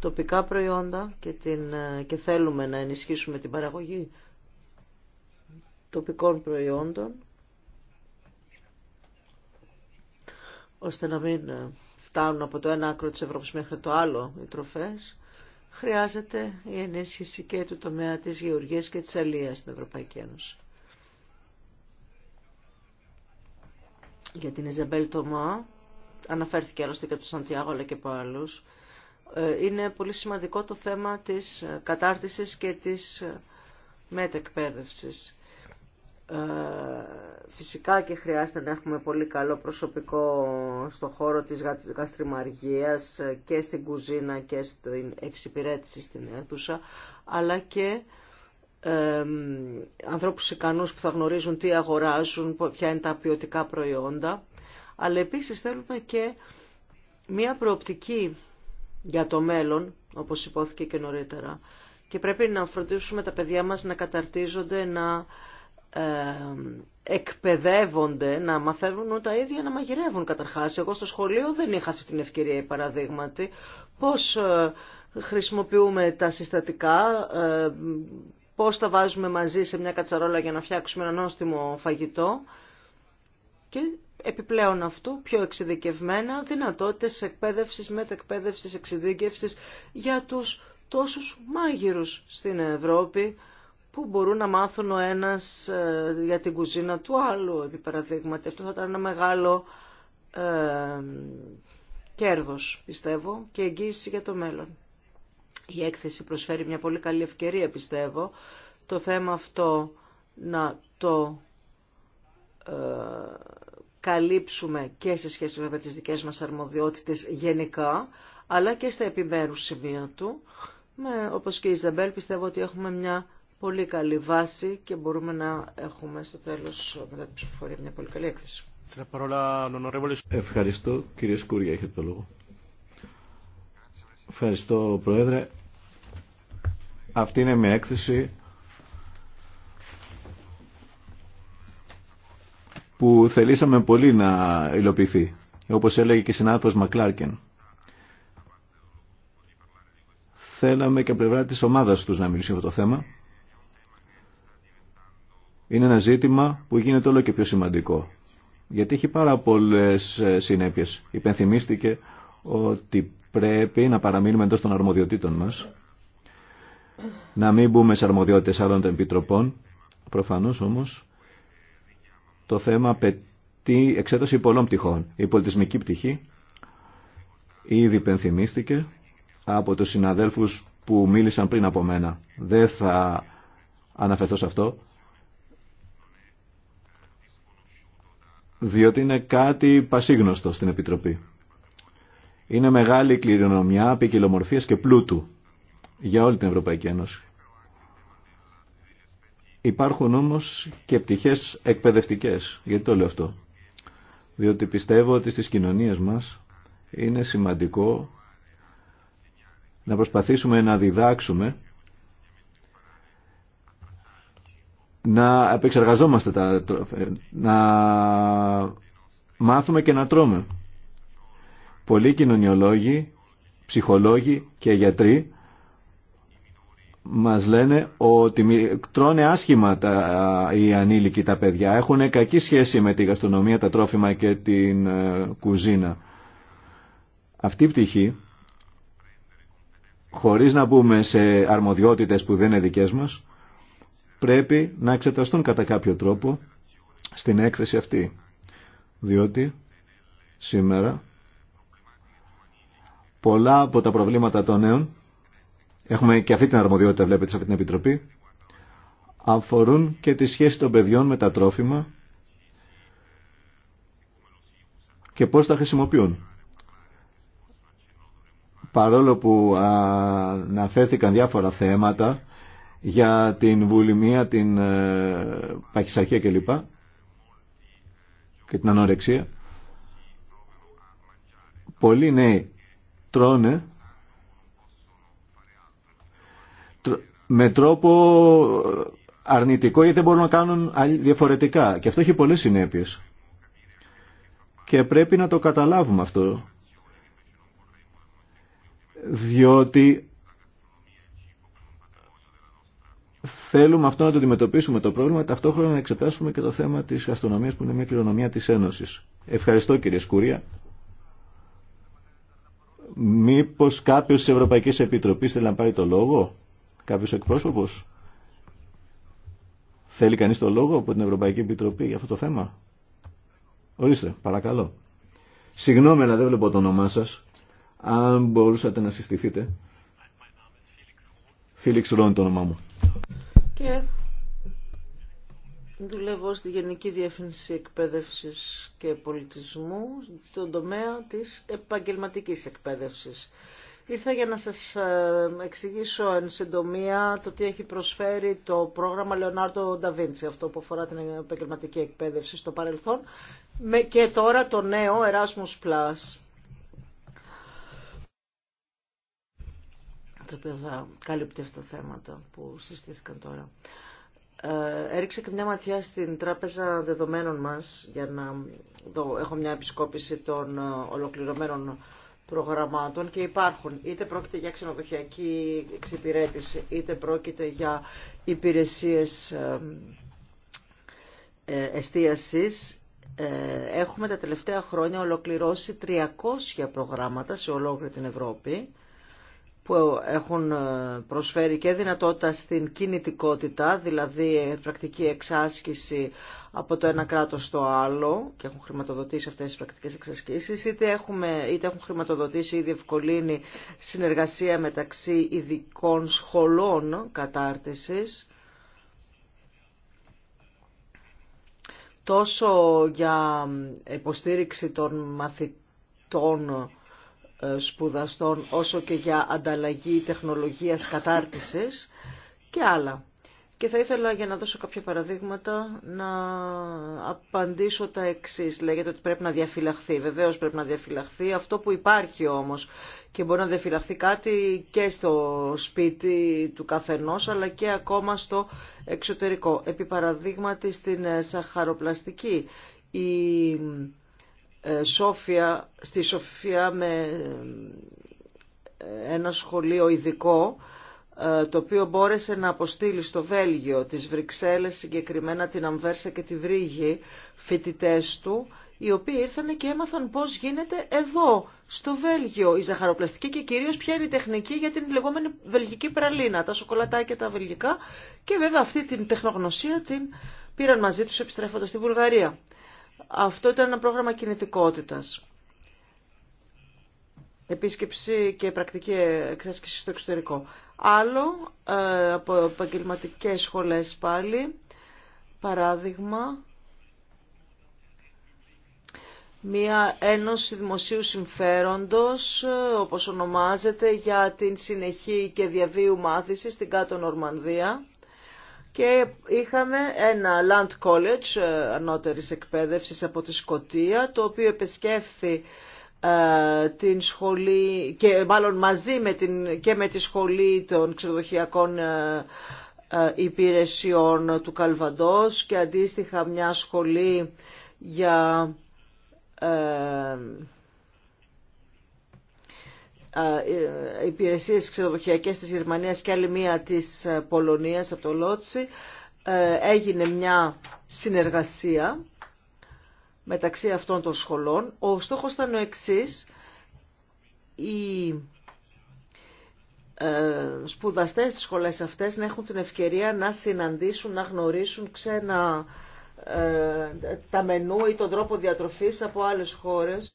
τοπικά προϊόντα και, την, και θέλουμε να ενισχύσουμε την παραγωγή τοπικών προϊόντων ώστε να μην ε, φτάνουν από το ένα άκρο της Ευρώπης μέχρι το άλλο οι τροφές, χρειάζεται η ενίσχυση και του τομέα της γεωργίας και της αλίας στην Ευρωπαϊκή Ένωση. Για την Ιζαμπέλ Τωμά, αναφέρθηκε άλλωστε και από τον Σαντιάγο αλλά και από άλλους, ε, είναι πολύ σημαντικό το θέμα της ε, κατάρτισης και της μετεκπαίδευσης. Ε, φυσικά και χρειάζεται να έχουμε πολύ καλό προσωπικό στο χώρο της γαστριμαργίας ε, και στην κουζίνα και στην εξυπηρέτηση στην αίθουσα, αλλά και ε, ανθρώπους ικανούς που θα γνωρίζουν τι αγοράζουν, ποια είναι τα ποιοτικά προϊόντα. Αλλά επίσης θέλουμε και μία προοπτική για το μέλλον, όπως υπόθηκε και νωρίτερα. Και πρέπει να φροντίσουμε τα παιδιά μας να καταρτίζονται, να ε, εκπαιδεύονται, να μαθαίνουν τα ίδια να μαγειρεύουν καταρχάς. Εγώ στο σχολείο δεν είχα αυτή την ευκαιρία, παραδείγματι, πώς ε, χρησιμοποιούμε τα συστατικά, ε, πώς τα βάζουμε μαζί σε μια κατσαρόλα για να φτιάξουμε ένα νόστιμο φαγητό και επιπλέον αυτού πιο εξειδικευμένα δυνατότητες εκπαίδευσης, μετεκπαίδευσης, εξειδίκευσης για τους τόσους μάγειρους στην Ευρώπη που μπορούν να μάθουν ο ένας ε, για την κουζίνα του άλλου, επί παραδείγματι. Αυτό θα ήταν ένα μεγάλο ε, κέρδος, πιστεύω, και εγγύηση για το μέλλον. Η έκθεση προσφέρει μια πολύ καλή ευκαιρία, πιστεύω, το θέμα αυτό να το ε, καλύψουμε και σε σχέση με τις δικές μας αρμοδιότητες γενικά, αλλά και στα επιμέρους σημεία του. Με, όπως και η Ιζαμπέλ πιστεύω ότι έχουμε μια πολύ καλή βάση και μπορούμε να έχουμε στο τέλος μετά την ψηφοφορία μια πολύ καλή έκθεση. Ευχαριστώ κύριε Σκούρια, έχετε το λόγο. Ευχαριστώ Πρόεδρε. Αυτή είναι μια έκθεση που θελήσαμε πολύ να υλοποιηθεί, όπως έλεγε και η συνάδελφος Μακλάρκεν. Θέλαμε και από πλευρά της ομάδας τους να μιλήσει αυτό το θέμα είναι ένα ζήτημα που γίνεται όλο και πιο σημαντικό. Γιατί έχει πάρα πολλέ ε, συνέπειε. Υπενθυμίστηκε ότι πρέπει να παραμείνουμε εντός των αρμοδιοτήτων μας, να μην μπούμε σε αρμοδιότητε άλλων των επιτροπών. Προφανώς όμως το θέμα απαιτεί εξέταση πολλών πτυχών. Η πολιτισμική πτυχή ήδη υπενθυμίστηκε από τους συναδέλφους που μίλησαν πριν από μένα. Δεν θα αναφερθώ σε αυτό. διότι είναι κάτι πασίγνωστο στην Επιτροπή. Είναι μεγάλη κληρονομιά ποικιλομορφίας και πλούτου για όλη την Ευρωπαϊκή Ένωση. Υπάρχουν όμως και πτυχές εκπαιδευτικές. Γιατί το λέω αυτό. Διότι πιστεύω ότι στις κοινωνίες μας είναι σημαντικό να προσπαθήσουμε να διδάξουμε να επεξεργαζόμαστε τα ε, να μάθουμε και να τρώμε. Πολλοί κοινωνιολόγοι, ψυχολόγοι και γιατροί μας λένε ότι τρώνε άσχημα τα, οι ανήλικοι τα παιδιά. Έχουν κακή σχέση με τη γαστρονομία, τα τρόφιμα και την ε, κουζίνα. Αυτή η πτυχή, χωρίς να μπούμε σε αρμοδιότητες που δεν είναι δικές μας, πρέπει να εξεταστούν κατά κάποιο τρόπο στην έκθεση αυτή. Διότι σήμερα πολλά από τα προβλήματα των νέων, έχουμε και αυτή την αρμοδιότητα βλέπετε σε αυτή την Επιτροπή, αφορούν και τη σχέση των παιδιών με τα τρόφιμα και πώς τα χρησιμοποιούν. Παρόλο που αναφέρθηκαν διάφορα θέματα για την βουλημία, την ε, παχυσαρχία κλπ. και την ανορεξία. Πολλοί νέοι τρώνε με τρόπο αρνητικό γιατί δεν μπορούν να κάνουν διαφορετικά. Και αυτό έχει πολλές συνέπειες. Και πρέπει να το καταλάβουμε αυτό. Διότι Θέλουμε αυτό να το αντιμετωπίσουμε το πρόβλημα, ταυτόχρονα να εξετάσουμε και το θέμα τη αστυνομία που είναι μια κληρονομιά τη Ένωση. Ευχαριστώ κύριε Σκούρια. Μήπω κάποιο τη Ευρωπαϊκής Επιτροπής θέλει να πάρει το λόγο, κάποιο εκπρόσωπο. Θέλει κανεί το λόγο από την Ευρωπαϊκή Επιτροπή για αυτό το θέμα. Ορίστε, παρακαλώ. Συγγνώμη, αλλά δεν βλέπω το όνομά σα. Αν μπορούσατε να συστηθείτε. Φίλιξ Ρόν το όνομά μου και δουλεύω στη Γενική Διεύθυνση Εκπαίδευσης και Πολιτισμού στον τομέα της επαγγελματικής εκπαίδευσης. Ήρθα για να σας ε, εξηγήσω εν συντομία το τι έχει προσφέρει το πρόγραμμα Λεωνάρτο Νταβίντσι, αυτό που αφορά την επαγγελματική εκπαίδευση στο παρελθόν, και τώρα το νέο Erasmus+. τα οποία θα κάλυπτε αυτά τα θέματα που συστήθηκαν τώρα. Ε, έριξα και μια ματιά στην τράπεζα δεδομένων μας για να δω, έχω μια επισκόπηση των ε, ολοκληρωμένων προγραμμάτων και υπάρχουν. Είτε πρόκειται για ξενοδοχειακή εξυπηρέτηση, είτε πρόκειται για υπηρεσίες ε, εστίασης. Έχουμε τα τελευταία χρόνια ολοκληρώσει 300 προγράμματα σε ολόκληρη την Ευρώπη που έχουν ε, προσφέρει και δυνατότητα στην κινητικότητα, δηλαδή πρακτική εξάσκηση από το ένα κράτος στο άλλο και έχουν χρηματοδοτήσει αυτές τις πρακτικές εξασκήσεις, είτε, έχουμε, είτε έχουν χρηματοδοτήσει ή διευκολύνει συνεργασία μεταξύ ειδικών σχολών κατάρτισης, τόσο για ε, υποστήριξη των μαθητών σπουδαστών όσο και για ανταλλαγή τεχνολογίας κατάρτισης και άλλα. Και θα ήθελα για να δώσω κάποια παραδείγματα να απαντήσω τα εξής. Λέγεται ότι πρέπει να διαφυλαχθεί. Βεβαίως πρέπει να διαφυλαχθεί. Αυτό που υπάρχει όμως και μπορεί να διαφυλαχθεί κάτι και στο σπίτι του καθενός αλλά και ακόμα στο εξωτερικό. Επί στην σαχαροπλαστική. Η ε, Σόφια, στη Σοφία με ε, ένα σχολείο ειδικό ε, το οποίο μπόρεσε να αποστείλει στο Βέλγιο, τις Βρυξέλλες, συγκεκριμένα την Αμβέρσα και τη Βρύγη, φοιτητέ του, οι οποίοι ήρθαν και έμαθαν πώς γίνεται εδώ, στο Βέλγιο, η ζαχαροπλαστική και κυρίως ποια είναι η τεχνική για την λεγόμενη βελγική πραλίνα, τα σοκολατάκια τα βελγικά και βέβαια αυτή την τεχνογνωσία την πήραν μαζί τους επιστρέφοντας στη Βουλγαρία. Αυτό ήταν ένα πρόγραμμα κινητικότητας. Επίσκεψη και πρακτική εξάσκηση στο εξωτερικό. Άλλο, ε, από επαγγελματικέ σχολές πάλι, παράδειγμα, μία ένωση δημοσίου συμφέροντος, ε, όπως ονομάζεται, για την συνεχή και διαβίου μάθηση στην Κάτω Νορμανδία και είχαμε ένα Land College ε, ανώτερης εκπαίδευσης από τη Σκοτία το οποίο επισκέφθη ε, την σχολή και μάλλον μαζί με την, και με τη σχολή των ξενοδοχειακών ε, υπηρεσιών του Καλβαντός και αντίστοιχα μια σχολή για ε, υπηρεσίες ξενοδοχειακές της Γερμανίας και άλλη μία της ε, Πολωνίας από το Λότσι ε, έγινε μια συνεργασία μεταξύ αυτών των σχολών. Ο στόχος ήταν ο εξής, οι σπουδαστές της σχολές αυτές να έχουν την ευκαιρία να συναντήσουν, να γνωρίσουν ξένα τα μενού ή τον τρόπο διατροφής από άλλες χώρες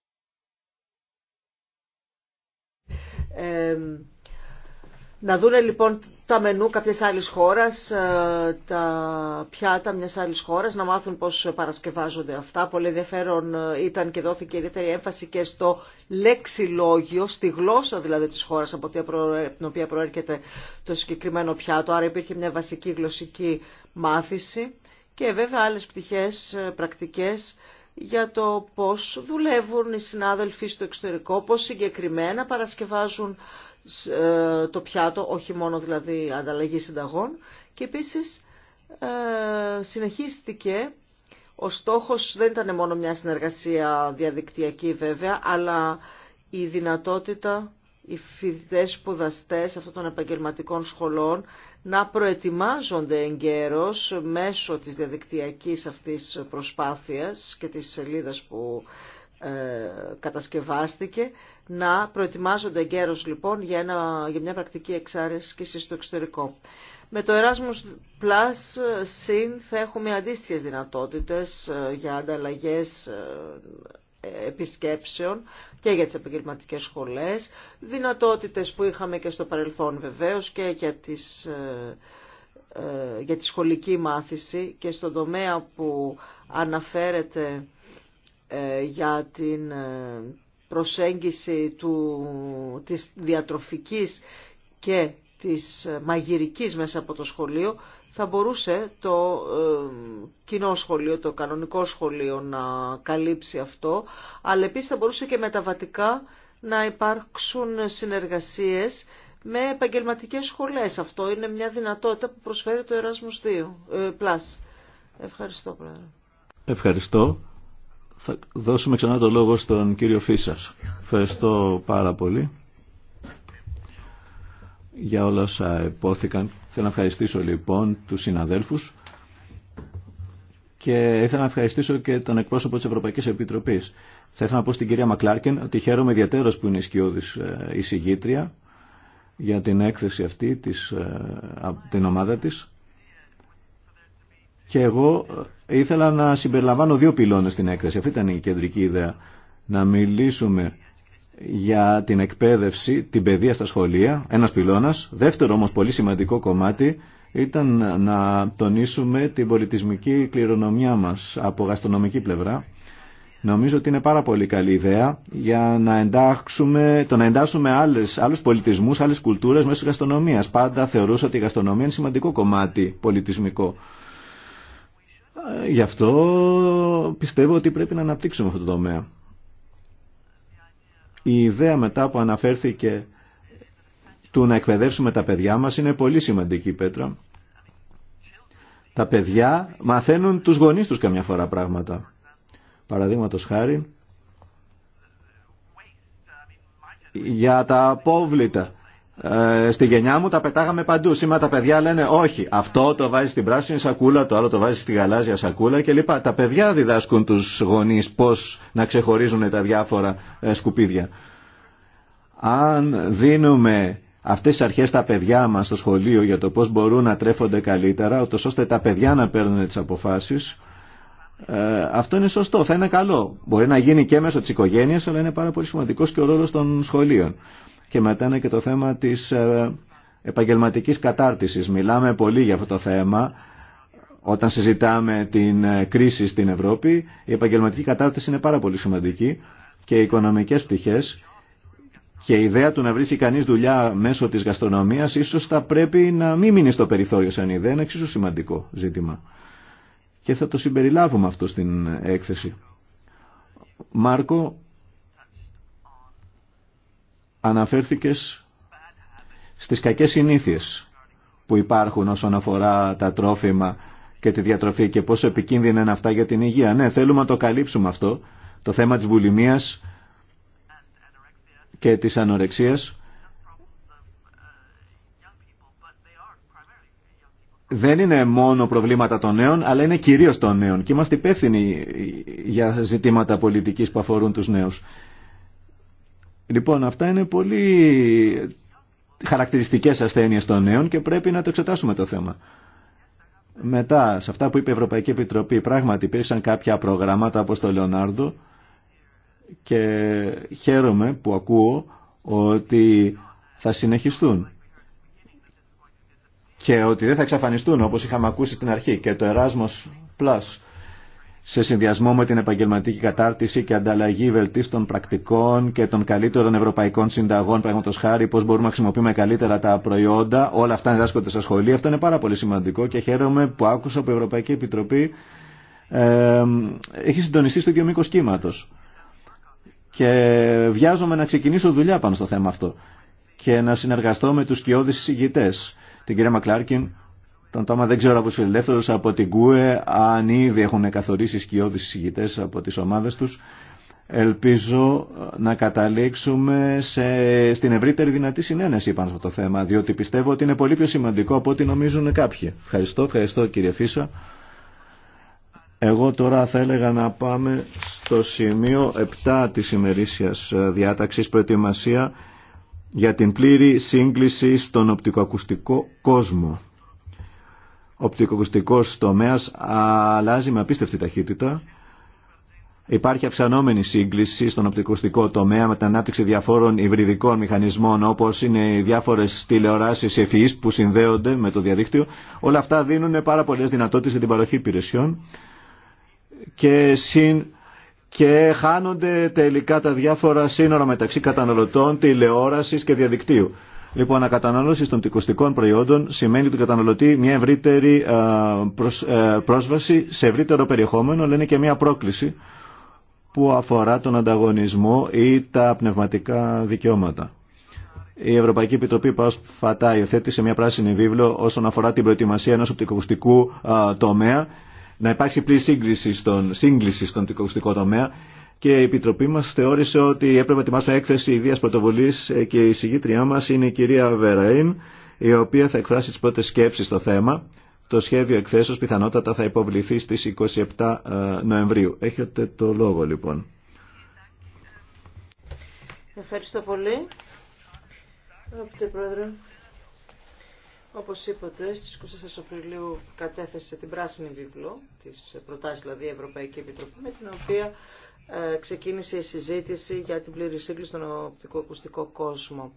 να δούνε λοιπόν τα μενού κάποιες άλλες χώρες, ε, τα πιάτα μιας άλλης χώρας, να μάθουν πώς παρασκευάζονται αυτά. Πολύ ενδιαφέρον ε, ήταν και δόθηκε ιδιαίτερη έμφαση και στο λεξιλόγιο, στη γλώσσα δηλαδή της χώρας από την οποία προέρχεται το συγκεκριμένο πιάτο, άρα υπήρχε μια βασική γλωσσική μάθηση και βέβαια άλλες πτυχές ε, πρακτικές για το πώς δουλεύουν οι συνάδελφοι στο εξωτερικό, πώς συγκεκριμένα παρασκευάζουν ε, το πιάτο, όχι μόνο δηλαδή ανταλλαγή συνταγών. Και επίσης ε, συνεχίστηκε ο στόχος δεν ήταν μόνο μια συνεργασία διαδικτυακή βέβαια, αλλά η δυνατότητα οι φοιτητέ σπουδαστέ αυτών των επαγγελματικών σχολών να προετοιμάζονται εγκαίρως μέσω της διαδικτυακής αυτής προσπάθειας και της σελίδας που ε, κατασκευάστηκε να προετοιμάζονται εγκαίρως λοιπόν για, ένα, για μια πρακτική εξάρεσκηση στο εξωτερικό. Με το Erasmus Plus συν θα έχουμε αντίστοιχες δυνατότητες ε, για ανταλλαγές ε, επισκέψεων και για τις επαγγελματικές σχολές, δυνατότητες που είχαμε και στο παρελθόν βεβαίως και για, τις, ε, ε, για τη σχολική μάθηση και στον τομέα που αναφέρεται ε, για την προσέγγιση του, της διατροφικής και της μαγειρικής μέσα από το σχολείο θα μπορούσε το ε, κοινό σχολείο, το κανονικό σχολείο να καλύψει αυτό, αλλά επίσης θα μπορούσε και μεταβατικά να υπάρξουν συνεργασίες με επαγγελματικές σχολές. Αυτό είναι μια δυνατότητα που προσφέρει το Erasmus 2+. Ε, Ευχαριστώ, Ευχαριστώ. Θα δώσουμε ξανά το λόγο στον κύριο Φίσας. Ευχαριστώ πάρα πολύ για όλα όσα υπόθηκαν Θέλω να ευχαριστήσω λοιπόν τους συναδέλφους και ήθελα να ευχαριστήσω και τον εκπρόσωπο της Ευρωπαϊκής Επιτροπής. Θα ήθελα να πω στην κυρία Μακλάρκεν ότι χαίρομαι ιδιαίτερο που είναι σκιώδης ε, εισηγήτρια για την έκθεση αυτή της, ε, την ομάδα της. Και εγώ ε, ήθελα να συμπεριλαμβάνω δύο πυλώνες στην έκθεση. Αυτή ήταν η κεντρική ιδέα. Να μιλήσουμε για την εκπαίδευση, την παιδεία στα σχολεία, ένας πυλώνας. Δεύτερο όμως πολύ σημαντικό κομμάτι ήταν να τονίσουμε την πολιτισμική κληρονομιά μας από γαστρονομική πλευρά. Νομίζω ότι είναι πάρα πολύ καλή ιδέα για να εντάξουμε, το να εντάσσουμε άλλες, άλλους πολιτισμούς, άλλες κουλτούρες μέσω της γαστρονομία. Πάντα θεωρούσα ότι η γαστρονομία είναι σημαντικό κομμάτι πολιτισμικό. Γι' αυτό πιστεύω ότι πρέπει να αναπτύξουμε αυτό το τομέα. Η ιδέα μετά που αναφέρθηκε του να εκπαιδεύσουμε τα παιδιά μας είναι πολύ σημαντική, Πέτρα. Τα παιδιά μαθαίνουν τους γονείς τους καμιά φορά πράγματα. Παραδείγματος χάρη για τα απόβλητα ε, στη γενιά μου τα πετάγαμε παντού. Σήμερα τα παιδιά λένε όχι. Αυτό το βάζει στην πράσινη σακούλα, το άλλο το βάζει στη γαλάζια σακούλα κλπ. Τα παιδιά διδάσκουν του γονεί πώ να ξεχωρίζουν τα διάφορα ε, σκουπίδια. Αν δίνουμε αυτέ τι αρχέ στα παιδιά μα στο σχολείο για το πώ μπορούν να τρέφονται καλύτερα, ούτω ώστε τα παιδιά να παίρνουν τι αποφάσει, ε, αυτό είναι σωστό, θα είναι καλό. Μπορεί να γίνει και μέσω τη οικογένεια, αλλά είναι πάρα πολύ σημαντικό και ο ρόλο των σχολείων. Και μετά είναι και το θέμα της ε, επαγγελματικής κατάρτισης. Μιλάμε πολύ για αυτό το θέμα. Όταν συζητάμε την ε, κρίση στην Ευρώπη, η επαγγελματική κατάρτιση είναι πάρα πολύ σημαντική και οι οικονομικές πτυχές και η ιδέα του να βρίσκει κανείς δουλειά μέσω της γαστρονομίας ίσως θα πρέπει να μην μείνει στο περιθώριο σαν ιδέα, είναι εξίσου σημαντικό ζήτημα. Και θα το συμπεριλάβουμε αυτό στην ε, έκθεση. Μάρκο, αναφέρθηκες στις κακές συνήθειες που υπάρχουν όσον αφορά τα τρόφιμα και τη διατροφή και πόσο επικίνδυνα είναι αυτά για την υγεία. Ναι, θέλουμε να το καλύψουμε αυτό, το θέμα της βουλημίας και της ανορεξίας. δεν είναι μόνο προβλήματα των νέων, αλλά είναι κυρίως των νέων. Και είμαστε υπεύθυνοι για ζητήματα πολιτικής που αφορούν τους νέους. Λοιπόν, αυτά είναι πολύ χαρακτηριστικές ασθένειες των νέων και πρέπει να το εξετάσουμε το θέμα. Μετά, σε αυτά που είπε η Ευρωπαϊκή Επιτροπή, πράγματι υπήρξαν κάποια προγράμματα από το Λεωνάρντο και χαίρομαι που ακούω ότι θα συνεχιστούν και ότι δεν θα εξαφανιστούν όπως είχαμε ακούσει στην αρχή και το Erasmus Plus σε συνδυασμό με την επαγγελματική κατάρτιση και ανταλλαγή βελτίστων πρακτικών και των καλύτερων ευρωπαϊκών συνταγών, πράγματο χάρη, πώ μπορούμε να χρησιμοποιούμε καλύτερα τα προϊόντα. Όλα αυτά διδάσκονται στα σχολεία. Αυτό είναι πάρα πολύ σημαντικό και χαίρομαι που άκουσα από η Ευρωπαϊκή Επιτροπή ε, έχει συντονιστεί στο ίδιο μήκο κύματο. Και βιάζομαι να ξεκινήσω δουλειά πάνω στο θέμα αυτό και να συνεργαστώ με του κοιόδη συζητητέ, την κυρία Μακλάρκιν τον Τόμα δεν ξέρω από του από την ΚΟΕ, αν ήδη έχουν καθορίσει σκιώδεις συγητές από τι ομάδε του, Ελπίζω να καταλήξουμε σε, στην ευρύτερη δυνατή συνένεση πάνω αυτό το θέμα, διότι πιστεύω ότι είναι πολύ πιο σημαντικό από ό,τι νομίζουν κάποιοι. Ευχαριστώ, ευχαριστώ κύριε Φίσα. Εγώ τώρα θα έλεγα να πάμε στο σημείο 7 της ημερήσιας διάταξης προετοιμασία για την πλήρη σύγκληση στον οπτικοακουστικό κόσμο οπτικοκουστικός τομέας αλλάζει με απίστευτη ταχύτητα. Υπάρχει αυξανόμενη σύγκληση στον οπτικοκουστικό τομέα με την ανάπτυξη διαφόρων υβριδικών μηχανισμών όπως είναι οι διάφορες τηλεοράσεις ευφυής που συνδέονται με το διαδίκτυο. Όλα αυτά δίνουν πάρα πολλές δυνατότητες για την παροχή υπηρεσιών και συν και χάνονται τελικά τα διάφορα σύνορα μεταξύ καταναλωτών, τηλεόρασης και διαδικτύου. Λοιπόν, ανακατανάλωση των τικοστικών προϊόντων σημαίνει ότι του καταναλωτή μια ευρύτερη ε, ε, πρόσβαση σε ευρύτερο περιεχόμενο, αλλά είναι και μια πρόκληση που αφορά τον ανταγωνισμό ή τα πνευματικά δικαιώματα. Η Ευρωπαϊκή Επιτροπή πρόσφατα υιοθέτησε μια πράσινη βίβλο όσον αφορά την προετοιμασία ενός οπτικοακουστικού ε, τομέα να υπάρξει πλήρη σύγκληση στον, στον τομέα και η Επιτροπή μας θεώρησε ότι έπρεπε να ετοιμάσουμε έκθεση ιδίας πρωτοβουλής ε, και η συγγήτριά μας είναι η κυρία Βεραίν, η οποία θα εκφράσει τις πρώτες σκέψεις στο θέμα. Το σχέδιο εκθέσεως πιθανότατα θα υποβληθεί στις 27 ε, Νοεμβρίου. Έχετε το λόγο λοιπόν. Ευχαριστώ πολύ. Όπως είπατε, στις 24 Απριλίου κατέθεσε την πράσινη βίβλο, της προτάσεις δηλαδή Ευρωπαϊκή Επιτροπή, με την οποία ε, ξεκίνησε η συζήτηση για την πλήρη σύγκληση στον οπτικοακουστικό κόσμο.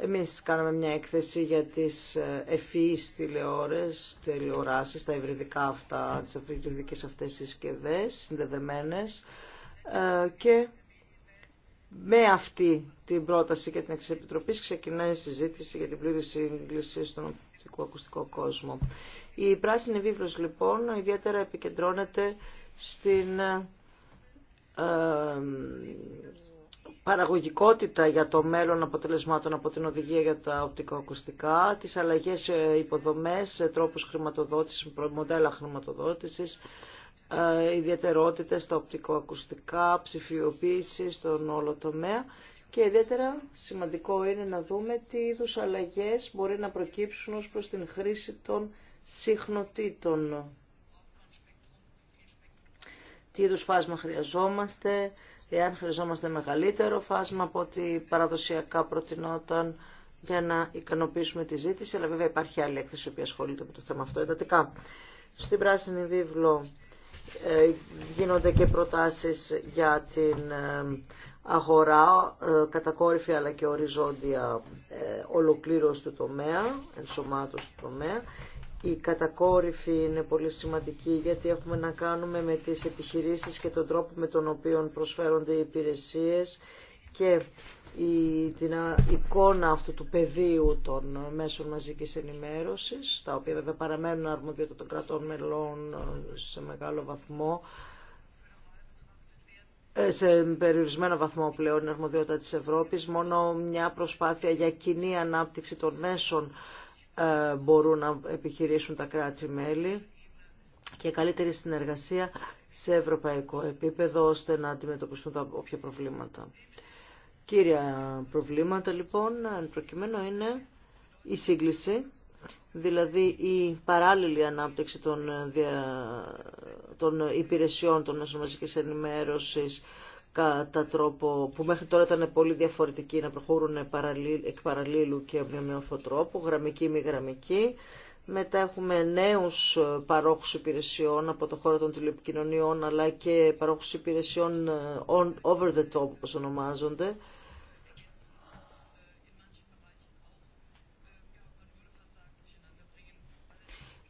Εμείς κάναμε μια έκθεση για τις ε, ευφυείς τηλεόρες, τηλεοράσεις, τα ευρυδικά αυτά, τις ευρυδικές αυτές συσκευές, συνδεδεμένες ε, και με αυτή την πρόταση και την επιτροπή, ξεκινάει η συζήτηση για την πλήρη σύγκληση στον οπτικοακουστικό κόσμο. Η πράσινη βίβλος λοιπόν ιδιαίτερα επικεντρώνεται στην ε, παραγωγικότητα για το μέλλον αποτελεσμάτων από την οδηγία για τα οπτικοακουστικά, τις αλλαγές υποδομές, τρόπους χρηματοδότησης, μοντέλα χρηματοδότησης, ε, ιδιαιτερότητες, τα οπτικοακουστικά, ψηφιοποίηση στον όλο τομέα και ιδιαίτερα σημαντικό είναι να δούμε τι είδους αλλαγές μπορεί να προκύψουν ως προς την χρήση των συχνοτήτων. Τι είδους φάσμα χρειαζόμαστε, εάν χρειαζόμαστε μεγαλύτερο φάσμα από ό,τι παραδοσιακά προτινόταν για να ικανοποιήσουμε τη ζήτηση, αλλά βέβαια υπάρχει άλλη έκθεση που ασχολείται με το θέμα αυτό εντατικά. Στην πράσινη βίβλο ε, γίνονται και προτάσεις για την ε, αγορά, ε, κατακόρυφη αλλά και οριζόντια ολοκλήρωση του τομέα, ενσωμάτωση του τομέα. Η κατακόρυφη είναι πολύ σημαντική γιατί έχουμε να κάνουμε με τις επιχειρήσεις και τον τρόπο με τον οποίο προσφέρονται οι υπηρεσίες και η, την εικόνα αυτού του πεδίου των μέσων μαζικής ενημέρωσης, τα οποία βέβαια παραμένουν αρμοδιότητα των κρατών μελών ε, σε μεγάλο βαθμό, ε, σε περιορισμένο βαθμό πλέον αρμοδιότητα της Ευρώπης, μόνο μια προσπάθεια για κοινή ανάπτυξη των μέσων ε, μπορούν να επιχειρήσουν τα κράτη-μέλη και καλύτερη συνεργασία σε ευρωπαϊκό επίπεδο ώστε να αντιμετωπιστούν τα όποια προβλήματα. Κύρια προβλήματα λοιπόν, αν προκειμένου είναι η σύγκληση, δηλαδή η παράλληλη ανάπτυξη των, των υπηρεσιών των μαζικής ενημέρωσης κατά τρόπο που μέχρι τώρα ήταν πολύ διαφορετική να προχωρούν εκ παραλλήλου και με μειωθό τρόπο, γραμμική μη γραμμική. Μετά έχουμε νέους παρόχους υπηρεσιών από το χώρο των τηλεπικοινωνιών αλλά και παρόχους υπηρεσιών ε, over the top όπως ονομάζονται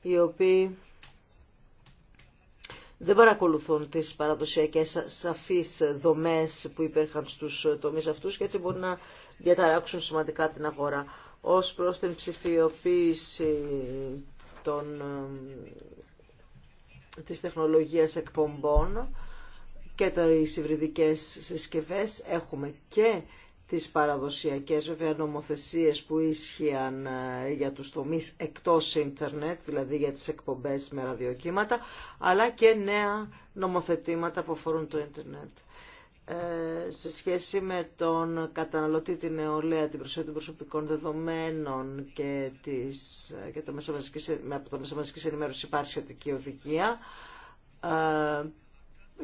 οι οποίοι δεν παρακολουθούν τις παραδοσιακές σαφείς δομές που υπήρχαν στους τομείς αυτούς και έτσι μπορούν να διαταράξουν σημαντικά την αγορά. Ως προς την ψηφιοποίηση των, της τεχνολογίας εκπομπών και τα υβριδικές συσκευές έχουμε και τις παραδοσιακές βέβαια νομοθεσίες που ίσχυαν ε, για τους τομείς εκτός ίντερνετ, δηλαδή για τις εκπομπές με ραδιοκύματα, αλλά και νέα νομοθετήματα που αφορούν το ίντερνετ. Ε, σε σχέση με τον καταναλωτή, την νεολαία, την προσέγγιση των προσωπικών δεδομένων και, τις, ε, και το από το μέσα μαζικής ενημέρωση υπάρχει σχετική οδηγία. Ε,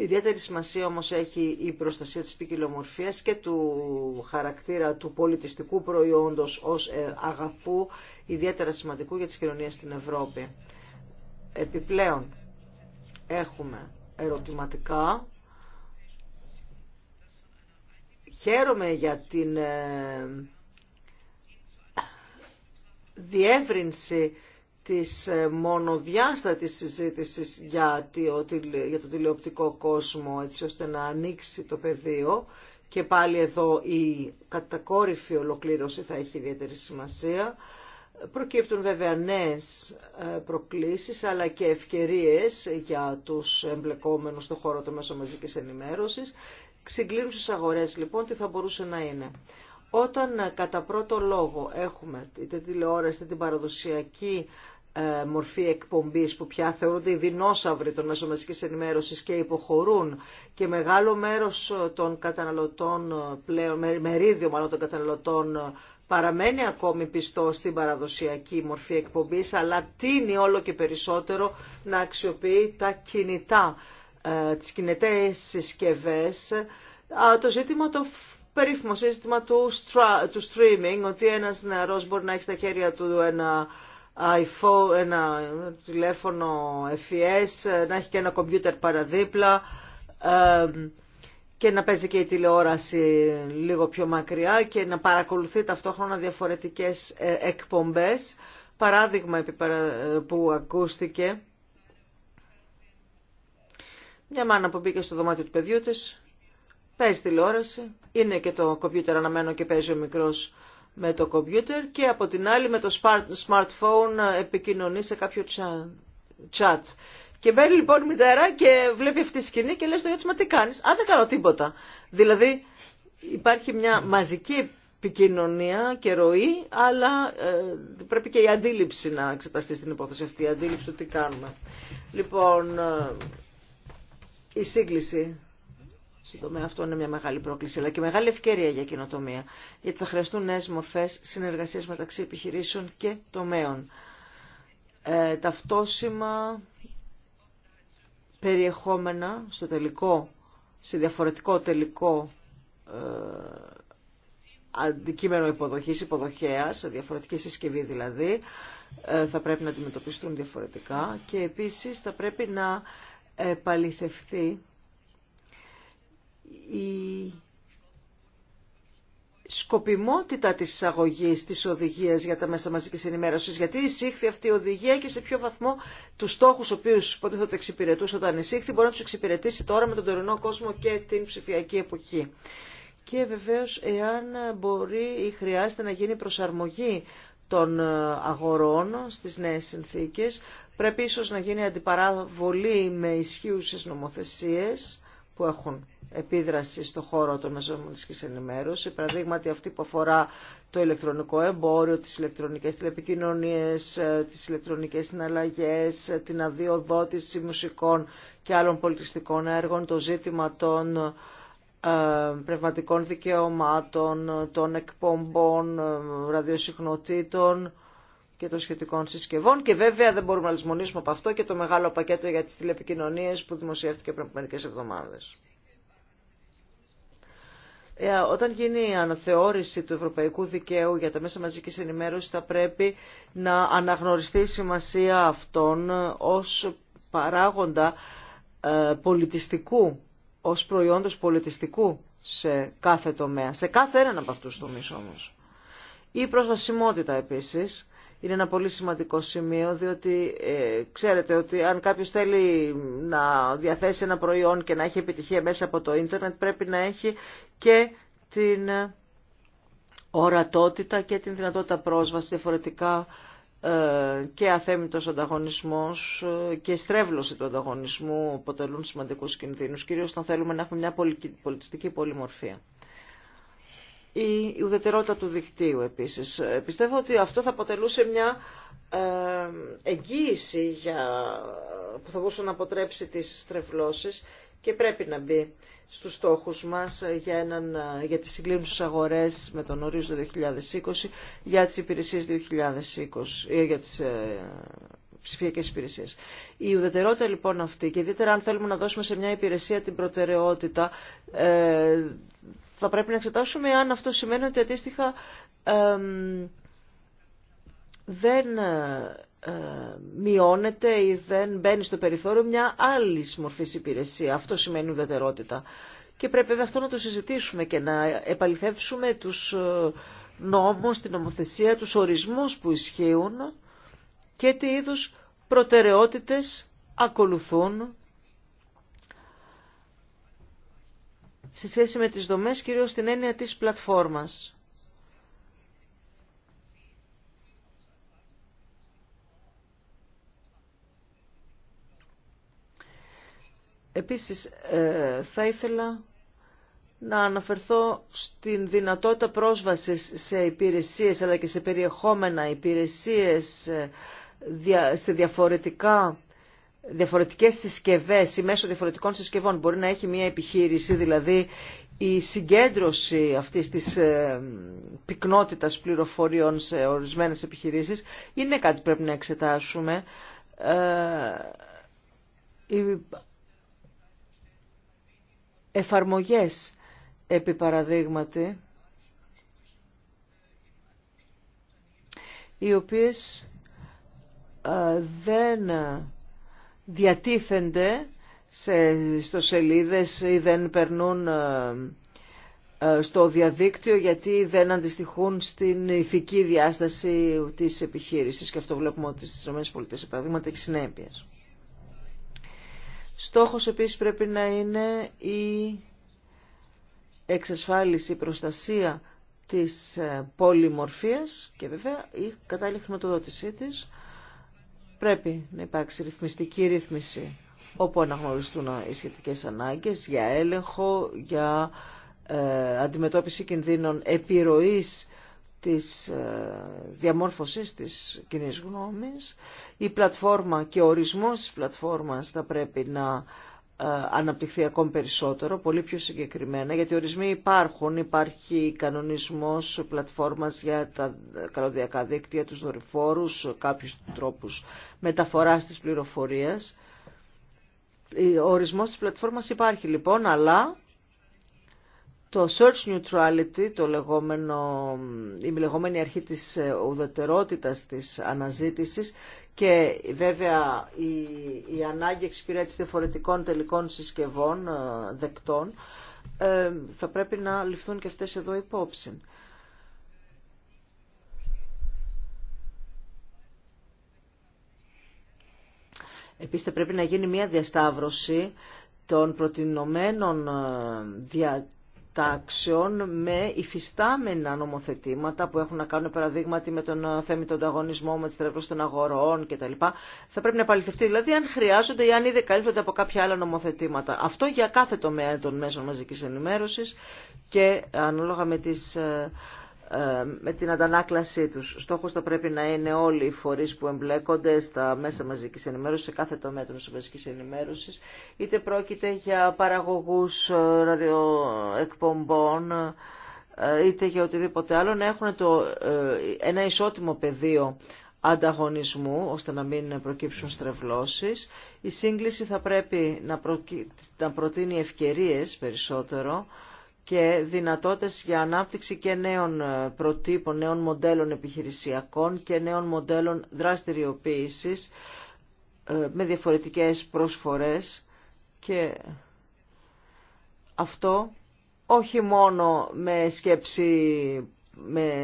Ιδιαίτερη σημασία όμως έχει η προστασία της ποικιλομορφία και του χαρακτήρα του πολιτιστικού προϊόντος ως ε, αγαφού ιδιαίτερα σημαντικού για τις κοινωνίες στην Ευρώπη. Επιπλέον έχουμε ερωτηματικά. Χαίρομαι για την ε, διεύρυνση της ε, μονοδιάστατης συζήτησης για το τηλεοπτικό κόσμο έτσι ώστε να ανοίξει το πεδίο και πάλι εδώ η κατακόρυφη ολοκλήρωση θα έχει ιδιαίτερη σημασία. Προκύπτουν βέβαια νέες ε, προκλήσεις αλλά και ευκαιρίες για τους εμπλεκόμενους στον χώρο των μέσων μαζικής ενημέρωσης. Ξυγκλίνουν στις αγορές λοιπόν τι θα μπορούσε να είναι. Όταν ε, κατά πρώτο λόγο έχουμε είτε τηλεόραση είτε την παραδοσιακή ε, μορφή εκπομπής που πια θεωρούνται οι δεινόσαυροι των μαζικής ενημέρωσης και υποχωρούν και μεγάλο μέρος ε, των καταναλωτών ε, πλέον, μερίδιο μάλλον των καταναλωτών παραμένει ακόμη πιστό στην παραδοσιακή μορφή εκπομπής αλλά τίνει όλο και περισσότερο να αξιοποιεί τα κινητά, τις κινητές συσκευές. Το ζήτημα το περίφημο σύστημα του, streaming, ότι ένας νεαρός μπορεί να έχει στα χέρια του ένα iPhone, ένα τηλέφωνο FES, να έχει και ένα κομπιούτερ παραδίπλα και να παίζει και η τηλεόραση λίγο πιο μακριά και να παρακολουθεί ταυτόχρονα διαφορετικές ε, εκπομπές. Παράδειγμα ε, που ακούστηκε, μια μάνα που μπήκε στο δωμάτιο του παιδιού της, παίζει τηλεόραση, είναι και το κομπιούτερ αναμένο και παίζει ο μικρός με το κομπιούτερ και από την άλλη με το smartphone ε, επικοινωνεί σε κάποιο chat. Και μπαίνει λοιπόν η μητέρα και βλέπει αυτή τη σκηνή και λέει στο γιο μα τι κάνεις, α δεν κάνω τίποτα. Δηλαδή υπάρχει μια μαζική επικοινωνία και ροή, αλλά ε, πρέπει και η αντίληψη να εξεταστεί στην υπόθεση αυτή, η αντίληψη του τι κάνουμε. Λοιπόν, ε, η σύγκληση στον τομέα αυτό είναι μια μεγάλη πρόκληση, αλλά και μεγάλη ευκαιρία για κοινοτομία, γιατί θα χρειαστούν νέε μορφέ συνεργασία μεταξύ επιχειρήσεων και τομέων. Ε, περιεχόμενα στο τελικό, σε διαφορετικό τελικό ε, αντικείμενο υποδοχή υποδοχέα, σε διαφορετική συσκευή δηλαδή, ε, θα πρέπει να αντιμετωπιστούν διαφορετικά και επίσης θα πρέπει να επαληθευτεί η σκοπιμότητα της εισαγωγής της οδηγίας για τα μέσα μαζικής ενημέρωσης, γιατί εισήχθη αυτή η οδηγία και σε ποιο βαθμό τους στόχους οποίους υποτίθεται εξυπηρετούσε όταν εισήχθη μπορεί να τους εξυπηρετήσει τώρα με τον τωρινό κόσμο και την ψηφιακή εποχή. Και βεβαίως εάν μπορεί ή χρειάζεται να γίνει προσαρμογή των αγορών στις νέες συνθήκες, πρέπει ίσως να γίνει αντιπαραβολή με ισχύουσες νομοθεσίες που έχουν επίδραση στο χώρο των μαζικής ενημέρωση. Παραδείγματι αυτή που αφορά το ηλεκτρονικό εμπόριο, τις ηλεκτρονικές τηλεπικοινωνίες, τις ηλεκτρονικές συναλλαγές, την αδειοδότηση μουσικών και άλλων πολιτιστικών έργων, το ζήτημα των ε, πνευματικών δικαιωμάτων, των εκπομπών, ε, ραδιοσυχνοτήτων και των σχετικών συσκευών και βέβαια δεν μπορούμε να λησμονήσουμε από αυτό και το μεγάλο πακέτο για τις τηλεπικοινωνίες που δημοσιεύτηκε πριν από μερικές εβδομάδες. Ε, όταν γίνει η αναθεώρηση του ευρωπαϊκού δικαίου για τα μέσα μαζικής ενημέρωσης θα πρέπει να αναγνωριστεί η σημασία αυτών ως παράγοντα ε, πολιτιστικού, ως προϊόντος πολιτιστικού σε κάθε τομέα, σε κάθε έναν από αυτούς τους τομείς όμως. Η προσβασιμότητα επίσης είναι ένα πολύ σημαντικό σημείο, διότι ε, ξέρετε ότι αν κάποιος θέλει να διαθέσει ένα προϊόν και να έχει επιτυχία μέσα από το ίντερνετ, πρέπει να έχει και την ορατότητα και την δυνατότητα πρόσβαση διαφορετικά ε, και αθέμητος ανταγωνισμός ε, και στρέβλωση του ανταγωνισμού αποτελούν σημαντικούς κινδύνους, κυρίως όταν θέλουμε να έχουμε μια πολιτιστική πολυμορφία η ουδετερότητα του δικτύου επίσης. Ε, πιστεύω ότι αυτό θα αποτελούσε μια ε, εγγύηση για, που θα μπορούσε να αποτρέψει τις τρευλώσεις και πρέπει να μπει στους στόχους μας για, έναν, για τις συγκλίνουσες αγορές με τον ορίζοντα 2020, για τις υπηρεσίες 2020, ε, για τις ψηφιακές υπηρεσίες. Η ουδετερότητα λοιπόν αυτή, και ιδιαίτερα αν θέλουμε να δώσουμε σε μια υπηρεσία την προτεραιότητα, θα πρέπει να εξετάσουμε αν αυτό σημαίνει ότι αντίστοιχα δεν ε, ε, μειώνεται ή δεν μπαίνει στο περιθώριο μια άλλη μορφή υπηρεσία. Αυτό σημαίνει ουδετερότητα. Και πρέπει βέβαια αυτό να το συζητήσουμε και να επαληθεύσουμε τους ε, νόμους, την νομοθεσία, τους ορισμούς που ισχύουν και τι είδους προτεραιότητες ακολουθούν σε σχέση με τις δομές, κυρίως στην έννοια της πλατφόρμας. Επίσης, ε, θα ήθελα να αναφερθώ στην δυνατότητα πρόσβασης σε υπηρεσίες αλλά και σε περιεχόμενα υπηρεσίες ε, σε διαφορετικά διαφορετικές συσκευές ή μέσω διαφορετικών συσκευών μπορεί να έχει μια επιχείρηση, δηλαδή η συγκέντρωση αυτής της ε, πυκνότητας πληροφοριών σε ορισμένες επιχειρήσεις είναι κάτι που πρέπει να εξετάσουμε. Ε, οι εφαρμογές επί παραδείγματι, οι οποίες ε, δεν διατίθενται σε σελίδες ή δεν περνούν ε, ε, στο διαδίκτυο γιατί δεν αντιστοιχούν στην ηθική διάσταση της επιχείρησης και αυτό βλέπουμε ότι στις Ρωμανίες πολιτείες έχουν συνέπειες. Στόχος επίσης πρέπει να είναι ή δεν περνούν στο διαδίκτυο γιατί δεν αντιστοιχούν στην ηθική διάσταση της επιχείρησης και αυτό βλέπουμε ότι στις ΗΠΑ σε παραδείγματα έχει συνέπειες. Στόχος επίσης πρέπει να είναι η εξασφάλιση, η προστασία της ε, πολυμορφίας και βέβαια η κατάλληλη χρηματοδότησή της πρέπει να υπάρξει ρυθμιστική ρύθμιση όπου αναγνωριστούν οι σχετικές ανάγκες για έλεγχο, για ε, αντιμετώπιση κινδύνων επιρροής της ε, διαμόρφωσης της κοινή γνώμης. Η πλατφόρμα και ο ορισμός της πλατφόρμας θα πρέπει να ε, αναπτυχθεί ακόμη περισσότερο, πολύ πιο συγκεκριμένα, γιατί ορισμοί υπάρχουν, υπάρχει κανονισμός πλατφόρμας για τα καλωδιακά δίκτυα, τους δορυφόρους, κάποιους τρόπους μεταφοράς της πληροφορίας. Ο ορισμός της πλατφόρμας υπάρχει λοιπόν, αλλά το search neutrality, το λεγόμενο, η λεγόμενη αρχή της ε, ουδετερότητας της αναζήτησης και βέβαια η, η ανάγκη εξυπηρέτηση διαφορετικών τελικών συσκευών ε, δεκτών, ε, θα πρέπει να ληφθούν και αυτές εδώ υπόψη. Επίσης θα πρέπει να γίνει μια διασταύρωση των προτινομένων δια, τάξεων με υφιστάμενα νομοθετήματα που έχουν να κάνουν παραδείγματι με τον ε, των ανταγωνισμό, με τις τρεύρε των αγορών κτλ. Θα πρέπει να επαληθευτεί δηλαδή αν χρειάζονται ή αν ήδη καλύπτονται από κάποια άλλα νομοθετήματα. Αυτό για κάθε τομέα των μέσων μαζική ενημέρωση και ανάλογα με τις ε, ε, με την αντανάκλασή τους. Στόχος θα πρέπει να είναι όλοι οι φορείς που εμπλέκονται στα μέσα μαζικής ενημέρωσης, σε κάθε τομέα των μέσα μαζικής ενημέρωσης, είτε πρόκειται για παραγωγούς ε, ραδιοεκπομπών, ε, είτε για οτιδήποτε άλλο, να έχουν το, ένα ισότιμο πεδίο ανταγωνισμού, ώστε να μην προκύψουν στρεβλώσεις. Η σύγκληση θα πρέπει να, προτείνει ευκαιρίες περισσότερο, και δυνατότητες για ανάπτυξη και νέων ε, προτύπων, νέων μοντέλων επιχειρησιακών και νέων μοντέλων δραστηριοποίησης ε, με διαφορετικές προσφορές και αυτό όχι μόνο με σκέψη, με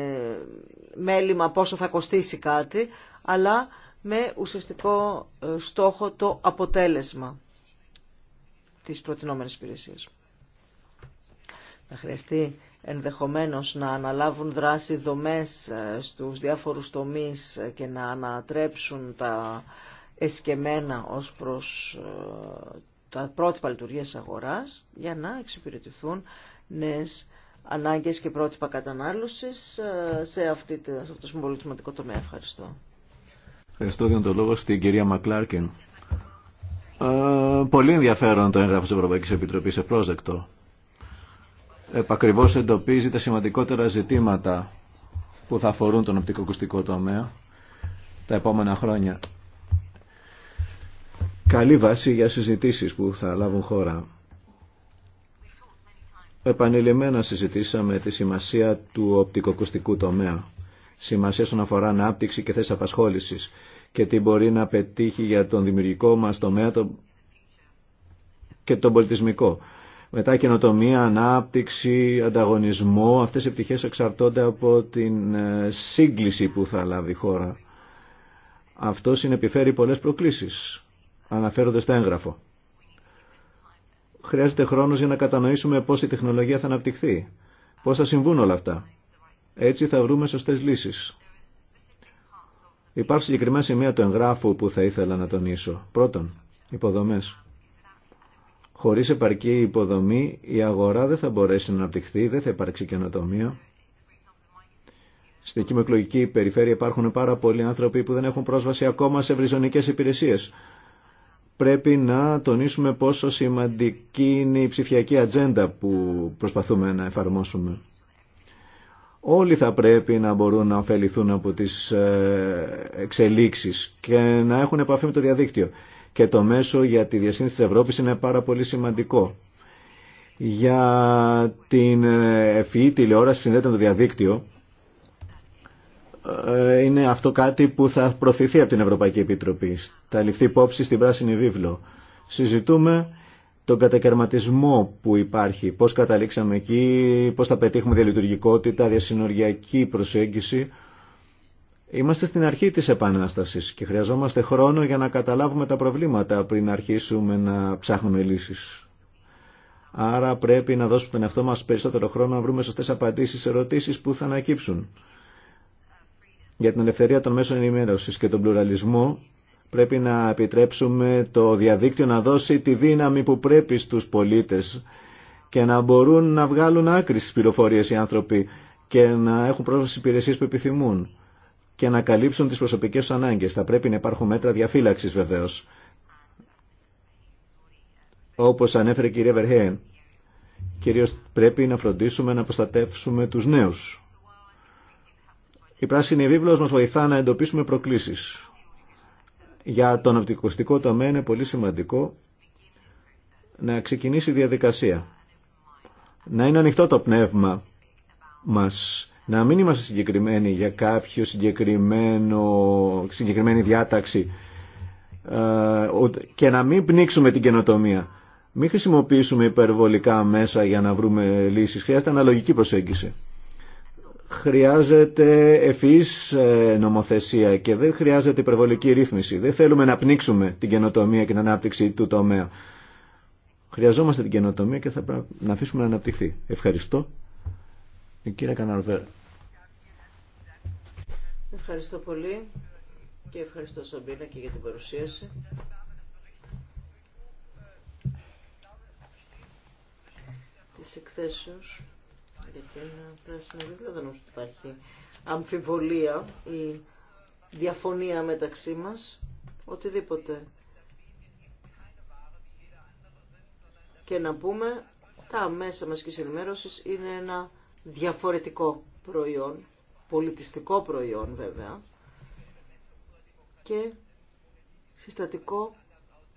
μέλημα πόσο θα κοστίσει κάτι, αλλά με ουσιαστικό ε, στόχο το αποτέλεσμα της προτινόμενης υπηρεσίας. Θα χρειαστεί ενδεχομένως να αναλάβουν δράση δομές ε, στους διάφορους τομείς ε, και να ανατρέψουν τα εσκεμένα ως προς ε, τα πρότυπα λειτουργίας αγοράς για να εξυπηρετηθούν νέες ανάγκες και πρότυπα κατανάλωσης σε, αυτή, σε αυτό το συμπολιτισματικό τομέα. Ευχαριστώ. Ευχαριστώ για το λόγο στην κυρία Μακλάρκιν. Ε, πολύ ενδιαφέρον το έγγραφο της Ευρωπαϊκής Επιτροπής, σε πρόσδεκτο επακριβώς εντοπίζει τα σημαντικότερα ζητήματα που θα αφορούν τον οπτικοκουστικό τομέα τα επόμενα χρόνια. Καλή βάση για συζητήσεις που θα λάβουν χώρα. Επανειλημμένα συζητήσαμε τη σημασία του οπτικοκουστικού τομέα. Σημασία στον αφορά ανάπτυξη και θέση απασχόλησης και τι μπορεί να πετύχει για τον δημιουργικό μας τομέα και τον πολιτισμικό. Μετά καινοτομία, ανάπτυξη, ανταγωνισμό, αυτές οι πτυχές εξαρτώνται από την ε, σύγκληση που θα λάβει η χώρα. Αυτό συνεπιφέρει πολλές προκλήσεις, αναφέρονται στο έγγραφο. Χρειάζεται χρόνος για να κατανοήσουμε πώς η τεχνολογία θα αναπτυχθεί, πώς θα συμβούν όλα αυτά. Έτσι θα βρούμε σωστές λύσεις. Υπάρχουν συγκεκριμένα σημεία του εγγράφου που θα ήθελα να τονίσω. Πρώτον, υποδομές. Χωρίς επαρκή υποδομή η αγορά δεν θα μπορέσει να αναπτυχθεί, δεν θα υπάρξει καινοτομία. Στην κοιμοκλογική περιφέρεια υπάρχουν πάρα πολλοί άνθρωποι που δεν έχουν πρόσβαση ακόμα σε βριζονικές υπηρεσίες. Πρέπει να τονίσουμε πόσο σημαντική είναι η ψηφιακή ατζέντα που προσπαθούμε να εφαρμόσουμε. Όλοι θα πρέπει να μπορούν να ωφεληθούν από τις ε, εξελίξεις και να έχουν επαφή με το διαδίκτυο και το μέσο για τη διασύνδεση της Ευρώπης είναι πάρα πολύ σημαντικό. Για την ΕΦΗ e τηλεόραση συνδέεται με το διαδίκτυο ε, είναι αυτό κάτι που θα προωθηθεί από την Ευρωπαϊκή Επιτροπή. Θα ληφθεί υπόψη στην Πράσινη Βίβλο. Συζητούμε τον κατακαιρματισμό που υπάρχει, πώς καταλήξαμε εκεί, πώς θα πετύχουμε διαλειτουργικότητα, διασυνοριακή προσέγγιση, Είμαστε στην αρχή της επανάστασης και χρειαζόμαστε χρόνο για να καταλάβουμε τα προβλήματα πριν αρχίσουμε να ψάχνουμε λύσεις. Άρα πρέπει να δώσουμε τον εαυτό μας περισσότερο χρόνο να βρούμε σωστές απαντήσεις σε ερωτήσεις που θα ανακύψουν. Για την ελευθερία των μέσων ενημέρωσης και τον πλουραλισμό πρέπει να επιτρέψουμε το διαδίκτυο να δώσει τη δύναμη που πρέπει στους πολίτες και να μπορούν να βγάλουν άκρη στις πληροφορίες οι άνθρωποι και να έχουν πρόσβαση στις υπηρεσίες που επιθυμούν και να καλύψουν τις προσωπικές ανάγκες. Θα πρέπει να υπάρχουν μέτρα διαφύλαξης βεβαίως. Όπως ανέφερε η κυρία Βερχέν, κυρίως πρέπει να φροντίσουμε να προστατεύσουμε τους νέους. Η πράσινη βίβλος μας βοηθά να εντοπίσουμε προκλήσεις. Για τον οπτικοστικό τομέα είναι πολύ σημαντικό να ξεκινήσει η διαδικασία. Να είναι ανοιχτό το πνεύμα μας να μην είμαστε συγκεκριμένοι για κάποιο συγκεκριμένο, συγκεκριμένη διάταξη ε, και να μην πνίξουμε την καινοτομία. Μην χρησιμοποιήσουμε υπερβολικά μέσα για να βρούμε λύσεις. Χρειάζεται αναλογική προσέγγιση. Χρειάζεται ευφυής ε, νομοθεσία και δεν χρειάζεται υπερβολική ρύθμιση. Δεν θέλουμε να πνίξουμε την καινοτομία και την ανάπτυξη του τομέα. Χρειαζόμαστε την καινοτομία και θα πρέπει να αφήσουμε να αναπτυχθεί. Ευχαριστώ. Η κυρία Καναρβέρ. Ευχαριστώ πολύ και ευχαριστώ Σαμπίνα και για την παρουσίαση. Της εκθέσεως για την πράσινη βιβλίο. δεν νομίζω ότι υπάρχει αμφιβολία ή διαφωνία μεταξύ μας οτιδήποτε και να πούμε τα μέσα μας και είναι ένα διαφορετικό προϊόν, πολιτιστικό προϊόν βέβαια και συστατικό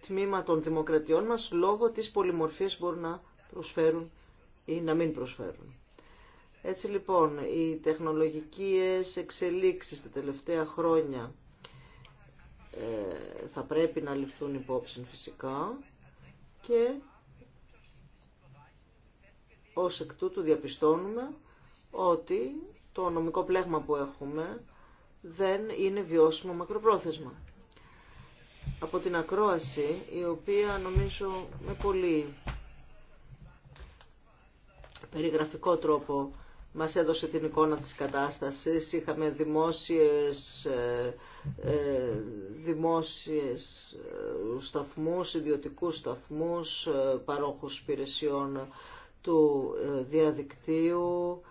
τμήμα των δημοκρατιών μας λόγω της πολυμορφίας που μπορούν να προσφέρουν ή να μην προσφέρουν. Έτσι λοιπόν, οι τεχνολογικές εξελίξεις τα τελευταία χρόνια ε, θα πρέπει να ληφθούν υπόψη φυσικά και ως εκ τούτου διαπιστώνουμε ότι το νομικό πλέγμα που έχουμε δεν είναι βιώσιμο μακροπρόθεσμα. Από την ακρόαση, η οποία νομίζω με πολύ περιγραφικό τρόπο μας έδωσε την εικόνα της κατάστασης, είχαμε δημόσιες, ε, ε, δημόσιες ε, σταθμούς, ιδιωτικούς σταθμούς, παρόχους υπηρεσιών του ε, διαδικτύου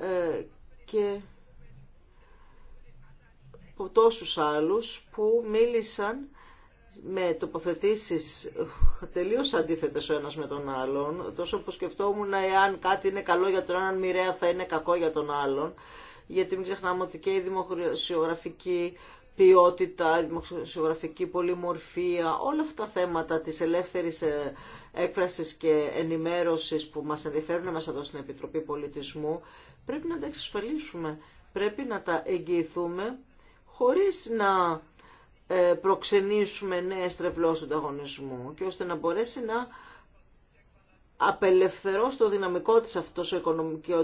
ε, και τόσους άλλους που μίλησαν με τοποθετήσεις τελείως αντίθετες ο ένας με τον άλλον, τόσο που σκεφτόμουν εάν κάτι είναι καλό για τον έναν μοιραία θα είναι κακό για τον άλλον, γιατί μην ξεχνάμε ότι και η δημοσιογραφική ποιότητα, δημοσιογραφική πολυμορφία, όλα αυτά τα θέματα της ελεύθερης ε, έκφρασης και ενημέρωσης που μας ενδιαφέρουν μέσα εδώ στην Επιτροπή Πολιτισμού, πρέπει να τα εξασφαλίσουμε, πρέπει να τα εγγυηθούμε χωρίς να ε, προξενήσουμε νέες τρευλώσεις ανταγωνισμού και ώστε να μπορέσει να απελευθερώσει το δυναμικό,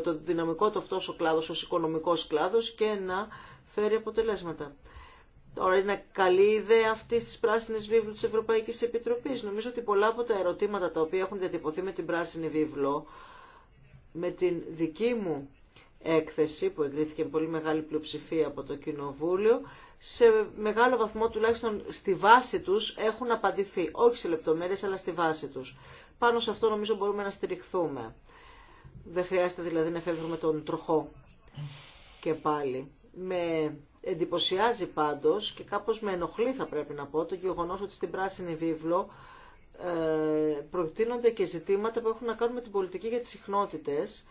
το δυναμικό του αυτός ο κλάδος ως οικονομικός κλάδος και να φέρει αποτελέσματα. Τώρα είναι καλή ιδέα αυτή τη πράσινη βίβλου τη Ευρωπαϊκή Επιτροπή. Νομίζω ότι πολλά από τα ερωτήματα τα οποία έχουν διατυπωθεί με την πράσινη βίβλο, με την δική μου έκθεση που εγκρίθηκε με πολύ μεγάλη πλειοψηφία από το Κοινοβούλιο, σε μεγάλο βαθμό τουλάχιστον στη βάση του έχουν απαντηθεί. Όχι σε λεπτομέρειε, αλλά στη βάση του. Πάνω σε αυτό νομίζω μπορούμε να στηριχθούμε. Δεν χρειάζεται δηλαδή να φεύγουμε τον τροχό και πάλι. Με Εντυπωσιάζει πάντως και κάπως με ενοχλεί θα πρέπει να πω το γεγονός ότι στην Πράσινη Βίβλο ε, προτείνονται και ζητήματα που έχουν να κάνουν με την πολιτική για τις συχνότητες,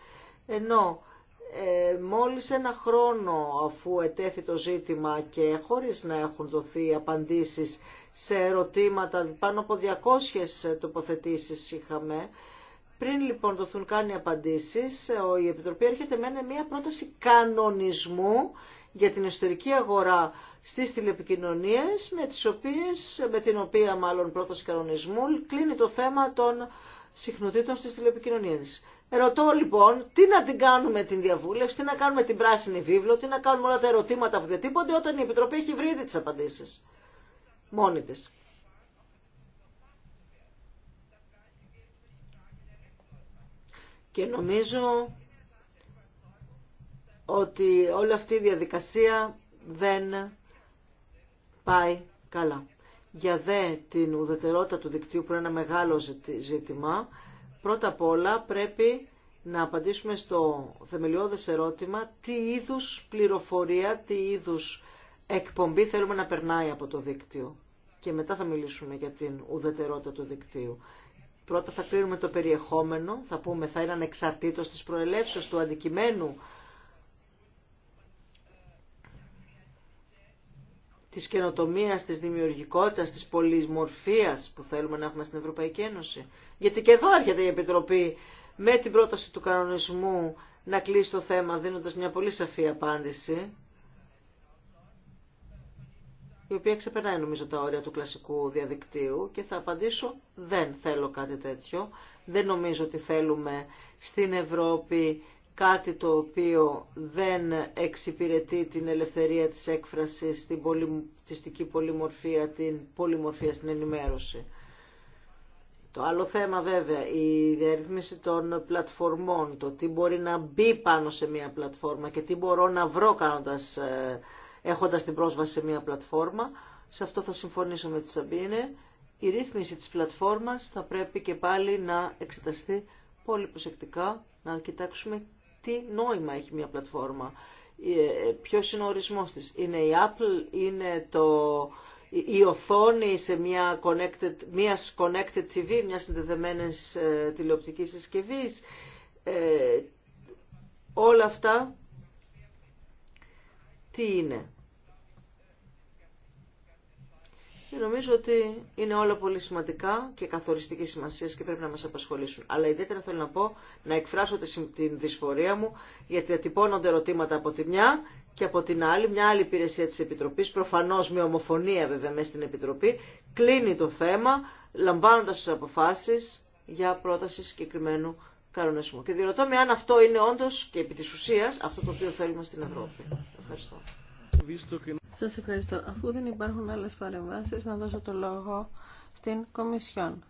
ενώ ε, μόλις ένα χρόνο αφού ετέθη το ζήτημα και χωρίς να έχουν δοθεί απαντήσεις σε ερωτήματα, πάνω από 200 τοποθετήσεις είχαμε, πριν λοιπόν δοθούν κάνει απαντήσεις, ε, η Επιτροπή έρχεται με μια πρόταση κανονισμού για την εσωτερική αγορά στις τηλεπικοινωνίες με, τις οποίες, με την οποία μάλλον πρόταση κανονισμού κλείνει το θέμα των συχνοτήτων στις τηλεπικοινωνίες. Ερωτώ λοιπόν τι να την κάνουμε την διαβούλευση, τι να κάνουμε την πράσινη βίβλο, τι να κάνουμε όλα τα ερωτήματα που διατύπονται όταν η Επιτροπή έχει βρει ήδη τις απαντήσεις μόνη της. Και νομίζω ότι όλη αυτή η διαδικασία δεν πάει καλά. Για δε την ουδετερότητα του δικτύου που είναι ένα μεγάλο ζήτημα, πρώτα απ' όλα πρέπει να απαντήσουμε στο θεμελιώδες ερώτημα τι είδους πληροφορία, τι είδους εκπομπή θέλουμε να περνάει από το δίκτυο. Και μετά θα μιλήσουμε για την ουδετερότητα του δικτύου. Πρώτα θα κρίνουμε το περιεχόμενο, θα πούμε θα είναι ανεξαρτήτως της προελεύσεως του αντικειμένου της καινοτομίας, της δημιουργικότητας, της πολυμορφίας που θέλουμε να έχουμε στην Ευρωπαϊκή Ένωση. Γιατί και εδώ έρχεται η Επιτροπή με την πρόταση του κανονισμού να κλείσει το θέμα δίνοντας μια πολύ σαφή απάντηση η οποία ξεπερνάει νομίζω τα όρια του κλασικού διαδικτύου και θα απαντήσω δεν θέλω κάτι τέτοιο. Δεν νομίζω ότι θέλουμε στην Ευρώπη κάτι το οποίο δεν εξυπηρετεί την ελευθερία της έκφρασης, την πολιτιστική πολυμορφία, την πολυμορφία στην ενημέρωση. Το άλλο θέμα βέβαια, η διαρρύθμιση των πλατφορμών, το τι μπορεί να μπει πάνω σε μια πλατφόρμα και τι μπορώ να βρω κάνοντας, ε, έχοντας την πρόσβαση σε μια πλατφόρμα, σε αυτό θα συμφωνήσω με τη Σαμπίνε, η ρύθμιση της πλατφόρμας θα πρέπει και πάλι να εξεταστεί πολύ προσεκτικά, να κοιτάξουμε τι νόημα έχει μια πλατφόρμα, ε, ποιος είναι ο ορισμός της. Είναι η Apple, είναι το, η οθόνη σε μια connected, μιας connected TV, μια συνδεδεμένης ε, τηλεοπτικής συσκευής. Ε, όλα αυτά τι είναι. Και νομίζω ότι είναι όλα πολύ σημαντικά και καθοριστική σημασία και πρέπει να μα απασχολήσουν. Αλλά ιδιαίτερα θέλω να πω, να εκφράσω την δυσφορία μου, γιατί ατυπώνονται ερωτήματα από τη μια και από την άλλη, μια άλλη υπηρεσία τη Επιτροπή, προφανώ με ομοφωνία βέβαια μέσα στην Επιτροπή, κλείνει το θέμα, λαμβάνοντα τι αποφάσει για πρόταση συγκεκριμένου κανονισμού. Και διερωτώ με αν αυτό είναι όντω και επί τη ουσία αυτό το οποίο θέλουμε στην Ευρώπη. Ευχαριστώ. Σας ευχαριστώ. Αφού δεν υπάρχουν άλλες παρεμβάσεις, να δώσω το λόγο στην Κομισιόν.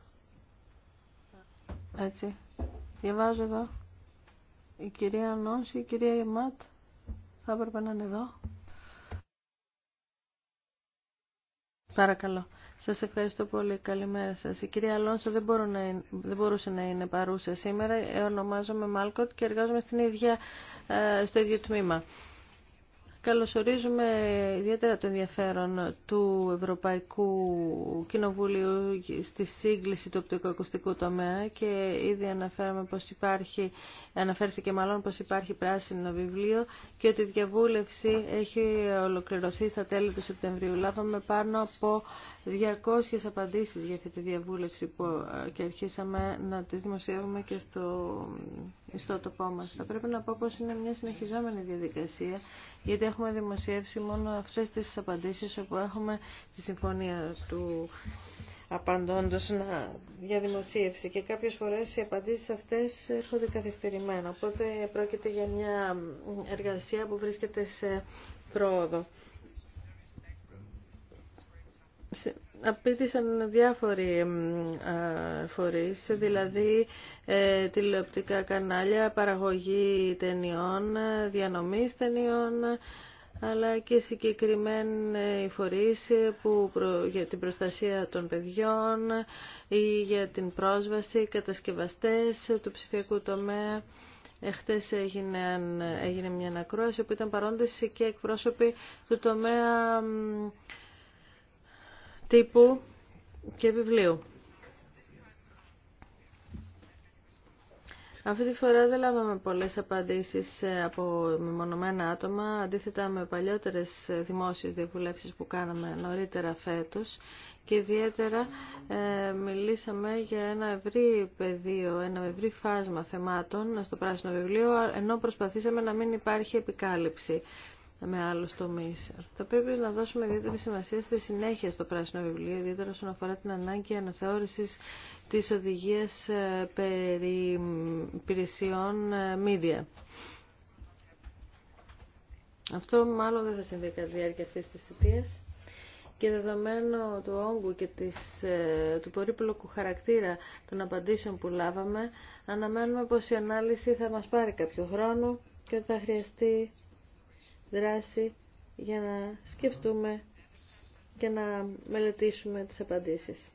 Έτσι. Διαβάζω εδώ. Η κυρία Νόση, η κυρία Ιμάτ, θα έπρεπε να είναι εδώ. Παρακαλώ. Σας ευχαριστώ πολύ. Καλημέρα σας. Η κυρία Αλόνσο δεν, να δεν μπορούσε να είναι παρούσα σήμερα. Ονομάζομαι Μάλκοτ και εργάζομαι στην ίδια, ε, στο ίδιο τμήμα. Καλωσορίζουμε ιδιαίτερα το ενδιαφέρον του Ευρωπαϊκού Κοινοβουλίου στη σύγκληση του οπτικοακουστικού τομέα και ήδη αναφέραμε πως υπάρχει, αναφέρθηκε μάλλον πως υπάρχει πράσινο βιβλίο και ότι η διαβούλευση έχει ολοκληρωθεί στα τέλη του Σεπτεμβρίου. Λάβαμε πάνω από 200 απαντήσεις για αυτή τη διαβούλευση που και αρχίσαμε να τις δημοσιεύουμε και στο ιστότοπό μας. Θα πρέπει να πω πως είναι μια συνεχιζόμενη διαδικασία, γιατί έχουμε δημοσιεύσει μόνο αυτές τις απαντήσεις όπου έχουμε τη συμφωνία του απαντώντος να, για δημοσίευση και κάποιες φορές οι απαντήσεις αυτές έρχονται καθυστερημένα. Οπότε πρόκειται για μια εργασία που βρίσκεται σε πρόοδο απίτησαν διάφοροι φορείς, δηλαδή ε, τηλεοπτικά κανάλια, παραγωγή ταινιών, διανομής ταινιών, αλλά και συγκεκριμένοι ε, φορείς που προ... για την προστασία των παιδιών ή για την πρόσβαση, κατασκευαστές του ψηφιακού τομέα. Εχθές έγινε, έγινε μια ανακρόαση που ήταν παρόντες και εκπρόσωποι του τομέα τύπου και βιβλίου. Αυτή τη φορά δεν λάβαμε πολλές απαντήσεις ε, από μεμονωμένα άτομα, αντίθετα με παλιότερες ε, δημόσιες διαβουλεύσεις που κάναμε νωρίτερα φέτος και ιδιαίτερα ε, μιλήσαμε για ένα ευρύ πεδίο, ένα ευρύ φάσμα θεμάτων στο πράσινο βιβλίο, ενώ προσπαθήσαμε να μην υπάρχει επικάλυψη με άλλους τομεί. Θα πρέπει να δώσουμε ιδιαίτερη σημασία στη συνέχεια στο πράσινο βιβλίο, ιδιαίτερα όσον αφορά την ανάγκη αναθεώρησης τη οδηγίας ε, περί υπηρεσιών ε, media. Αυτό μάλλον δεν θα συμβεί κατά διάρκεια αυτή τη θητεία. και δεδομένου του όγκου και της, ε, του πολύπλοκου χαρακτήρα των απαντήσεων που λάβαμε, αναμένουμε πως η ανάλυση θα μας πάρει κάποιο χρόνο και θα χρειαστεί δράση για να σκεφτούμε και να μελετήσουμε τις απαντήσεις.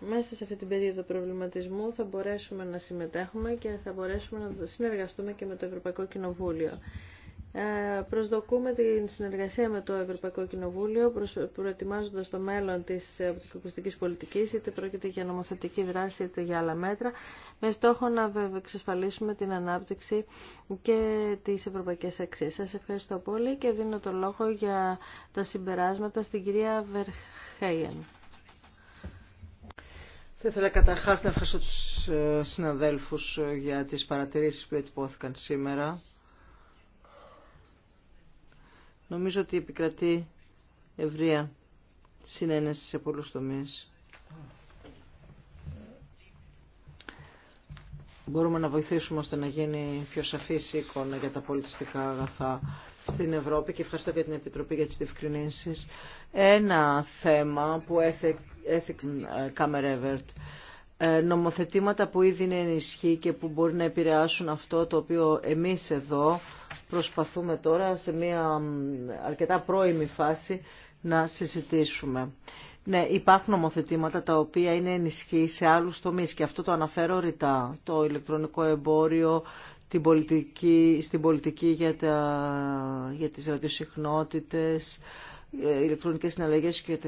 Μέσα σε αυτή την περίοδο προβληματισμού θα μπορέσουμε να συμμετέχουμε και θα μπορέσουμε να συνεργαστούμε και με το Ευρωπαϊκό Κοινοβούλιο. Ε, προσδοκούμε την συνεργασία με το Ευρωπαϊκό Κοινοβούλιο προετοιμάζοντα το μέλλον τη οπτικοκουστική πολιτική, είτε πρόκειται για νομοθετική δράση είτε για άλλα μέτρα, με στόχο να εξασφαλίσουμε την ανάπτυξη και τι ευρωπαϊκέ αξίε. Σα ευχαριστώ πολύ και δίνω το λόγο για τα συμπεράσματα στην κυρία Βερχέιεν. Θα ήθελα καταρχά να ευχαριστώ του ε, συναδέλφου ε, για τι παρατηρήσει που ετυπώθηκαν σήμερα. Νομίζω ότι επικρατεί ευρεία συνένεση σε πολλούς τομείς. Μπορούμε να βοηθήσουμε ώστε να γίνει πιο σαφής εικόνα για τα πολιτιστικά αγαθά στην Ευρώπη και ευχαριστώ και την Επιτροπή για τις διευκρινήσεις. Ένα θέμα που έθεξε ε, Κάμερ έβερτ. Ε, νομοθετήματα που ήδη είναι ενισχύ και που μπορεί να επηρεάσουν αυτό το οποίο εμείς εδώ προσπαθούμε τώρα σε μια αρκετά πρώιμη φάση να συζητήσουμε. Ναι, υπάρχουν νομοθετήματα τα οποία είναι ενισχύ σε άλλους τομείς και αυτό το αναφέρω ρητά. Το ηλεκτρονικό εμπόριο, την πολιτική, στην πολιτική για, τα, για τις ε, ηλεκτρονικές συναλλαγές και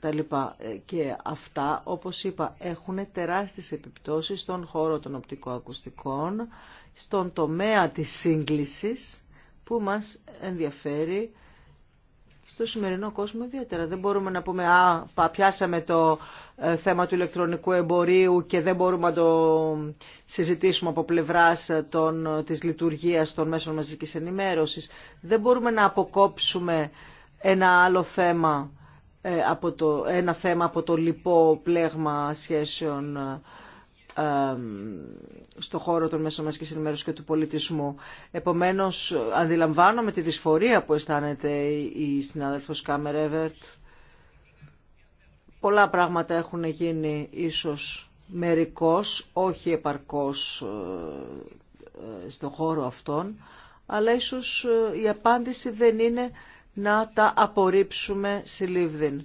τα λοιπά. Ε, και αυτά, όπως είπα, έχουν τεράστιες επιπτώσεις στον χώρο των οπτικοακουστικών, στον τομέα της σύγκλησης που μας ενδιαφέρει στο σημερινό κόσμο ιδιαίτερα. Δεν μπορούμε να πούμε «Α, πιάσαμε το ε, θέμα του ηλεκτρονικού εμπορίου και δεν μπορούμε να το συζητήσουμε από πλευράς των, της λειτουργίας των μέσων μαζικής ενημέρωσης». Δεν μπορούμε να αποκόψουμε ένα άλλο θέμα, ε, από το, ένα θέμα από το λοιπό πλέγμα σχέσεων ε, στο χώρο των μέσων ενημέρωσης και του πολιτισμού. Επομένως, αντιλαμβάνομαι τη δυσφορία που αισθάνεται η συνάδελφος Κάμερ Εβερτ. Πολλά πράγματα έχουν γίνει ίσως μερικός, όχι επαρκώς ε, στον χώρο αυτόν, αλλά ίσως η απάντηση δεν είναι να τα απορρίψουμε σε λίβδιν.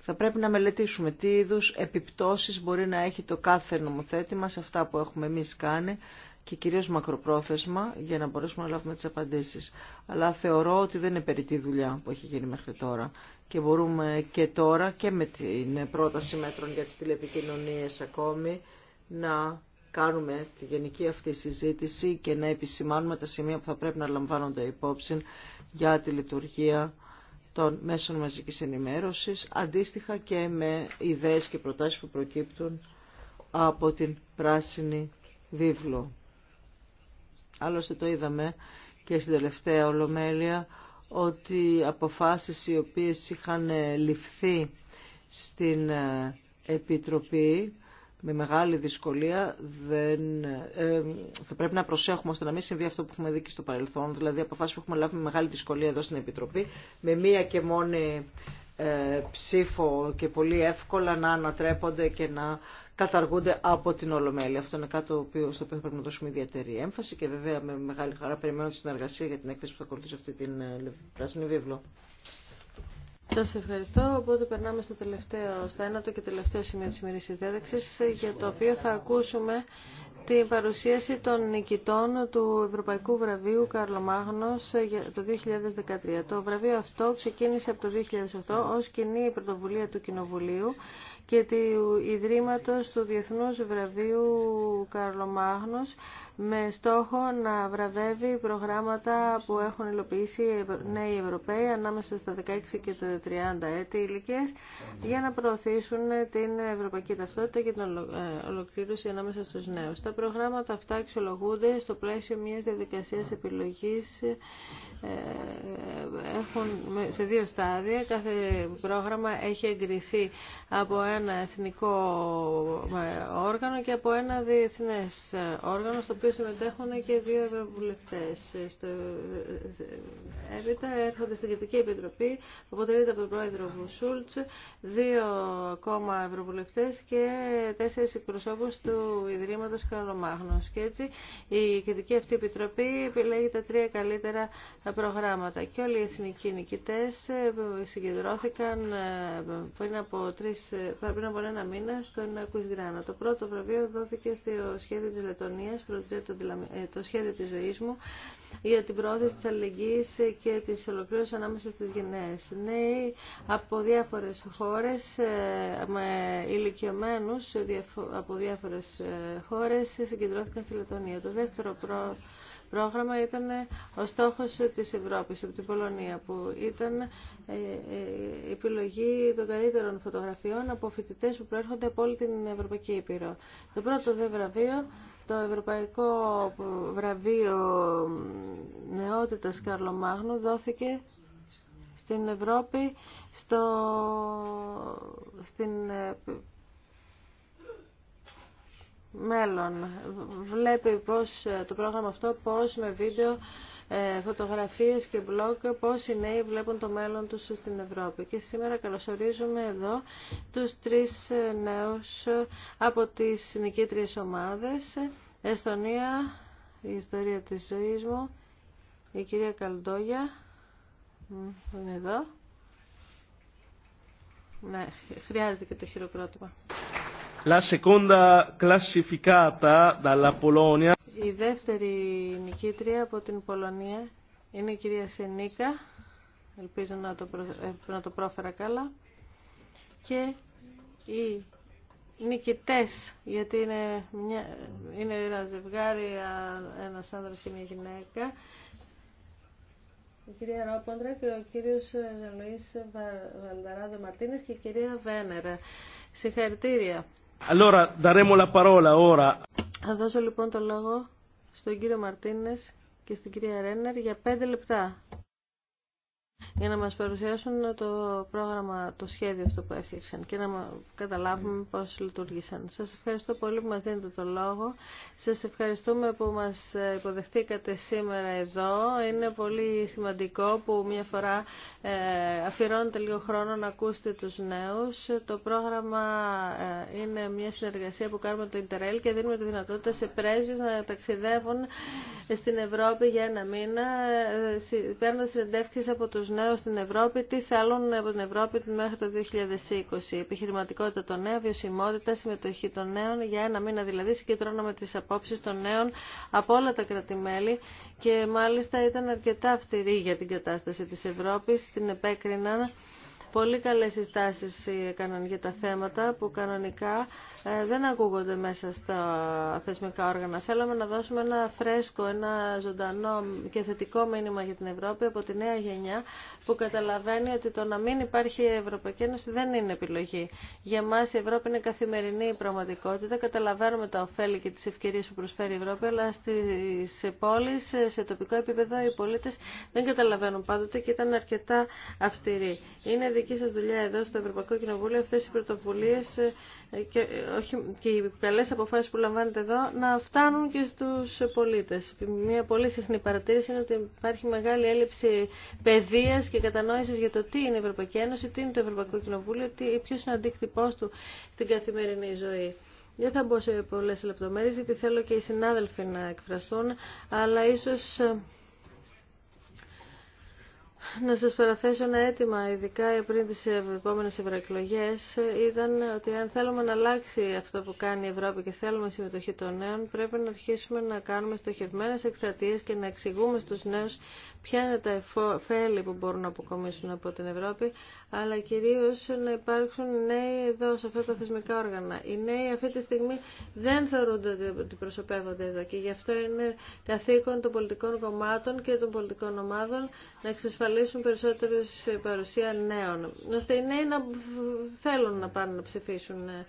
Θα πρέπει να μελετήσουμε τι είδου επιπτώσεις μπορεί να έχει το κάθε νομοθέτημα σε αυτά που έχουμε εμείς κάνει και κυρίως μακροπρόθεσμα για να μπορέσουμε να λάβουμε τις απαντήσεις. Αλλά θεωρώ ότι δεν είναι περίτη δουλειά που έχει γίνει μέχρι τώρα και μπορούμε και τώρα και με την πρόταση μέτρων για τις τηλεπικοινωνίες ακόμη να κάνουμε τη γενική αυτή συζήτηση και να επισημάνουμε τα σημεία που θα πρέπει να λαμβάνονται υπόψη για τη λειτουργία των μέσων μαζικής ενημέρωσης, αντίστοιχα και με ιδέες και προτάσεις που προκύπτουν από την πράσινη βίβλο. Άλλωστε το είδαμε και στην τελευταία ολομέλεια ότι αποφάσεις οι οποίες είχαν ληφθεί στην ε, Επιτροπή με μεγάλη δυσκολία δεν, ε, θα πρέπει να προσέχουμε ώστε να μην συμβεί αυτό που έχουμε δει και στο παρελθόν, δηλαδή αποφάσεις που έχουμε λάβει με μεγάλη δυσκολία εδώ στην Επιτροπή, με μία και μόνη ε, ψήφο και πολύ εύκολα να ανατρέπονται και να καταργούνται από την Ολομέλη. Αυτό είναι κάτι στο οποίο θα πρέπει να δώσουμε ιδιαίτερη έμφαση και βέβαια με μεγάλη χαρά περιμένω τη συνεργασία για την έκθεση που θα ακολουθήσει αυτή την ε, πράσινη βίβλο. Σας ευχαριστώ. Οπότε περνάμε στο τελευταίο, στα ένατο και τελευταίο σημείο της σημερινής συνδέδεξης, για το οποίο θα ακούσουμε την παρουσίαση των νικητών του Ευρωπαϊκού Βραβείου Καρλομάγνος το 2013. Το βραβείο αυτό ξεκίνησε από το 2008 ως κοινή πρωτοβουλία του Κοινοβουλίου και του Ιδρύματος του Διεθνούς Βραβείου Μάγνος με στόχο να βραβεύει προγράμματα που έχουν υλοποιήσει νέοι Ευρωπαίοι ανάμεσα στα 16 και τα 30 έτη ηλικίες για να προωθήσουν την ευρωπαϊκή ταυτότητα και την ε, ολοκλήρωση ανάμεσα στους νέους. Τα προγράμματα αυτά αξιολογούνται στο πλαίσιο μιας διαδικασίας επιλογής ε, ε, έχουν σε δύο στάδια. Κάθε πρόγραμμα έχει εγκριθεί από ένα εθνικό όργανο και από ένα διεθνές όργανο στο οποίο συμμετέχουν και δύο ευρωβουλευτέ. Στο... Έπειτα έρχονται στην Κεντρική Επιτροπή, που αποτελείται από τον πρόεδρο Σούλτ, δύο ακόμα ευρωβουλευτέ και τέσσερι εκπροσώπου του Ιδρύματο Καλομάγνο. Και έτσι η Κεντρική αυτή Επιτροπή επιλέγει τα τρία καλύτερα προγράμματα. Και όλοι οι εθνικοί νικητέ ε, συγκεντρώθηκαν ε, πριν από, τρεις, πριν από ένα μήνα στον Κουσγκράνα. Το πρώτο βραβείο δόθηκε στο σχέδιο τη Λετωνία, ε, το σχέδιο της ζωής μου για την πρόθεση της αλληλεγγύης και της ολοκλήρωσης ανάμεσα στις γενναίες. Νέοι από διάφορες χώρες, ε, με ηλικιωμένους από διάφορες ε, χώρες συγκεντρώθηκαν στη Λετωνία. Το δεύτερο πρόγραμμα ήταν ο στόχος της Ευρώπης από την Πολωνία που ήταν επιλογή των καλύτερων φωτογραφιών από φοιτητές που προέρχονται από όλη την Ευρωπαϊκή Ήπειρο. Το πρώτο δε βραβείο το Ευρωπαϊκό Βραβείο Νεότητας Καρλομάγνου δόθηκε στην Ευρώπη στο, στην ε, μέλλον. Βλέπει πώς, ε, το πρόγραμμα αυτό πώς με βίντεο ε, φωτογραφίες και blog πώς οι νέοι βλέπουν το μέλλον τους στην Ευρώπη. Και σήμερα καλωσορίζουμε εδώ τους τρεις ε, νέους από τις συνοικήτριες ομάδες. Εστονία, η ιστορία της ζωής μου, η κυρία Καλντόγια, είναι εδώ. Ναι, χρειάζεται και το χειροκρότημα. La seconda classificata dalla Polonia η δεύτερη νικήτρια από την Πολωνία είναι η κυρία Σενίκα. Ελπίζω να το, ε, να το πρόφερα καλά. Και η νικητές, γιατί είναι, μια, είναι ένα ζευγάρι, ένας άνδρας και μια γυναίκα. Η κυρία Ρόποντρα και ο κύριος Λουίς Βαλδαράδο Μαρτίνες και η κυρία Βένερα. Συγχαρητήρια. Allora daremo la parola ora. Θα δώσω λοιπόν το λόγο στον κύριο Μαρτίνες και στην κυρία Ρένερ για πέντε λεπτά για να μας παρουσιάσουν το πρόγραμμα, το σχέδιο αυτό που έφτιαξαν και να καταλάβουμε πώς λειτουργήσαν. Σας ευχαριστώ πολύ που μας δίνετε το λόγο. Σας ευχαριστούμε που μας υποδεχτήκατε σήμερα εδώ. Είναι πολύ σημαντικό που μια φορά ε, αφιερώνετε λίγο χρόνο να ακούσετε τους νέους. Το πρόγραμμα ε, είναι μια συνεργασία που κάνουμε το Ιντερέλ και δίνουμε τη δυνατότητα σε πρέσβεις να ταξιδεύουν στην Ευρώπη για ένα μήνα, ε, παίρνοντας συνεντεύξεις από τους τους νέους στην Ευρώπη, τι θέλουν από την Ευρώπη μέχρι το 2020. Επιχειρηματικότητα των νέων, βιωσιμότητα, συμμετοχή των νέων. Για ένα μήνα δηλαδή συγκεντρώναμε τις απόψεις των νέων από όλα τα κρατημέλη και μάλιστα ήταν αρκετά αυστηρή για την κατάσταση της Ευρώπης. Την επέκριναν Πολύ καλές συστάσεις έκαναν για τα θέματα που κανονικά ε, δεν ακούγονται μέσα στα θεσμικά όργανα. Θέλαμε να δώσουμε ένα φρέσκο, ένα ζωντανό και θετικό μήνυμα για την Ευρώπη από τη νέα γενιά που καταλαβαίνει ότι το να μην υπάρχει η Ευρωπαϊκή Ένωση δεν είναι επιλογή. Για εμά η Ευρώπη είναι καθημερινή πραγματικότητα. Καταλαβαίνουμε τα ωφέλη και τι ευκαιρίε που προσφέρει η Ευρώπη, αλλά στι πόλει, σε τοπικό επίπεδο, οι πολίτε δεν καταλαβαίνουν πάντοτε και ήταν αρκετά αυστηροί. Είναι δική σας δουλειά εδώ στο Ευρωπαϊκό Κοινοβούλιο αυτές οι πρωτοβουλίες ε, και, ε, όχι, και οι καλές αποφάσεις που λαμβάνετε εδώ να φτάνουν και στους πολίτες. Μια πολύ συχνή παρατήρηση είναι ότι υπάρχει μεγάλη έλλειψη παιδείας και κατανόησης για το τι είναι η Ευρωπαϊκή Ένωση, τι είναι το Ευρωπαϊκό Κοινοβούλιο, τι, ποιος είναι ο αντίκτυπός του στην καθημερινή ζωή. Δεν θα μπω σε πολλές λεπτομέρειες γιατί θέλω και οι συνάδελφοι να εκφραστούν, αλλά ίσως ε, να σας παραθέσω ένα αίτημα, ειδικά πριν τις επόμενες ευρωεκλογέ, ήταν ότι αν θέλουμε να αλλάξει αυτό που κάνει η Ευρώπη και θέλουμε συμμετοχή των νέων, πρέπει να αρχίσουμε να κάνουμε στοχευμένες εκστρατείες και να εξηγούμε στους νέους ποια είναι τα εφέλη που μπορούν να αποκομίσουν από την Ευρώπη, αλλά κυρίως να υπάρξουν νέοι εδώ σε αυτά τα θεσμικά όργανα. Οι νέοι αυτή τη στιγμή δεν θεωρούνται ότι προσωπεύονται εδώ και γι' αυτό είναι καθήκον των πολιτικών κομμάτων και των πολιτικών ομάδων να εξασφαλίσουν προκαλέσουν περισσότερη ε, παρουσία νέων, ώστε οι νέοι να θέλουν να πάνε να ψηφίσουν ε,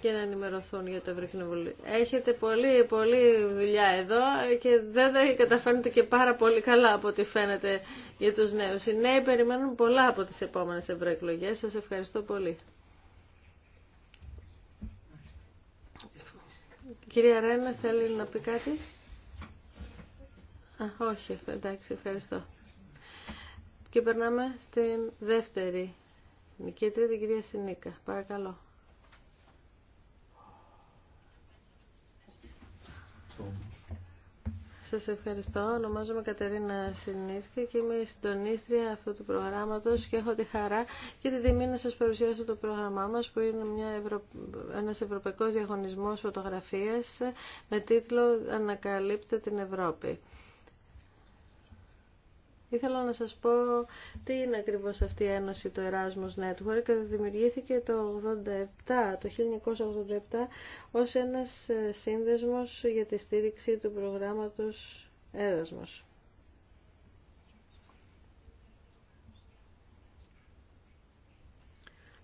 και να ενημερωθούν για το Ευρωκοινοβούλιο. Έχετε πολύ, πολύ δουλειά εδώ και δεν τα καταφέρνετε και πάρα πολύ καλά από ό,τι φαίνεται για τους νέους. Οι νέοι περιμένουν πολλά από τις επόμενες ευρωεκλογέ. Σας ευχαριστώ πολύ. Κυρία Ρένα, θέλει να πει κάτι. Α, όχι, εντάξει, ευχαριστώ. Και περνάμε στην δεύτερη νικήτρια, την κυρία Σινίκα. Παρακαλώ. Σας ευχαριστώ. Ονομάζομαι Κατερίνα Σινίσκη και είμαι η συντονίστρια αυτού του προγράμματος και έχω τη χαρά και τη τιμή να σας παρουσιάσω το πρόγραμμά μας που είναι μια Ευρω... ένας ευρωπαϊκός διαγωνισμός φωτογραφίας με τίτλο «Ανακαλύπτε την Ευρώπη». Ήθελα να σας πω τι είναι ακριβώς αυτή η ένωση το Erasmus Network. Δημιουργήθηκε το 87, το 1987 ως ένας ε, σύνδεσμος για τη στήριξη του προγράμματος Erasmus.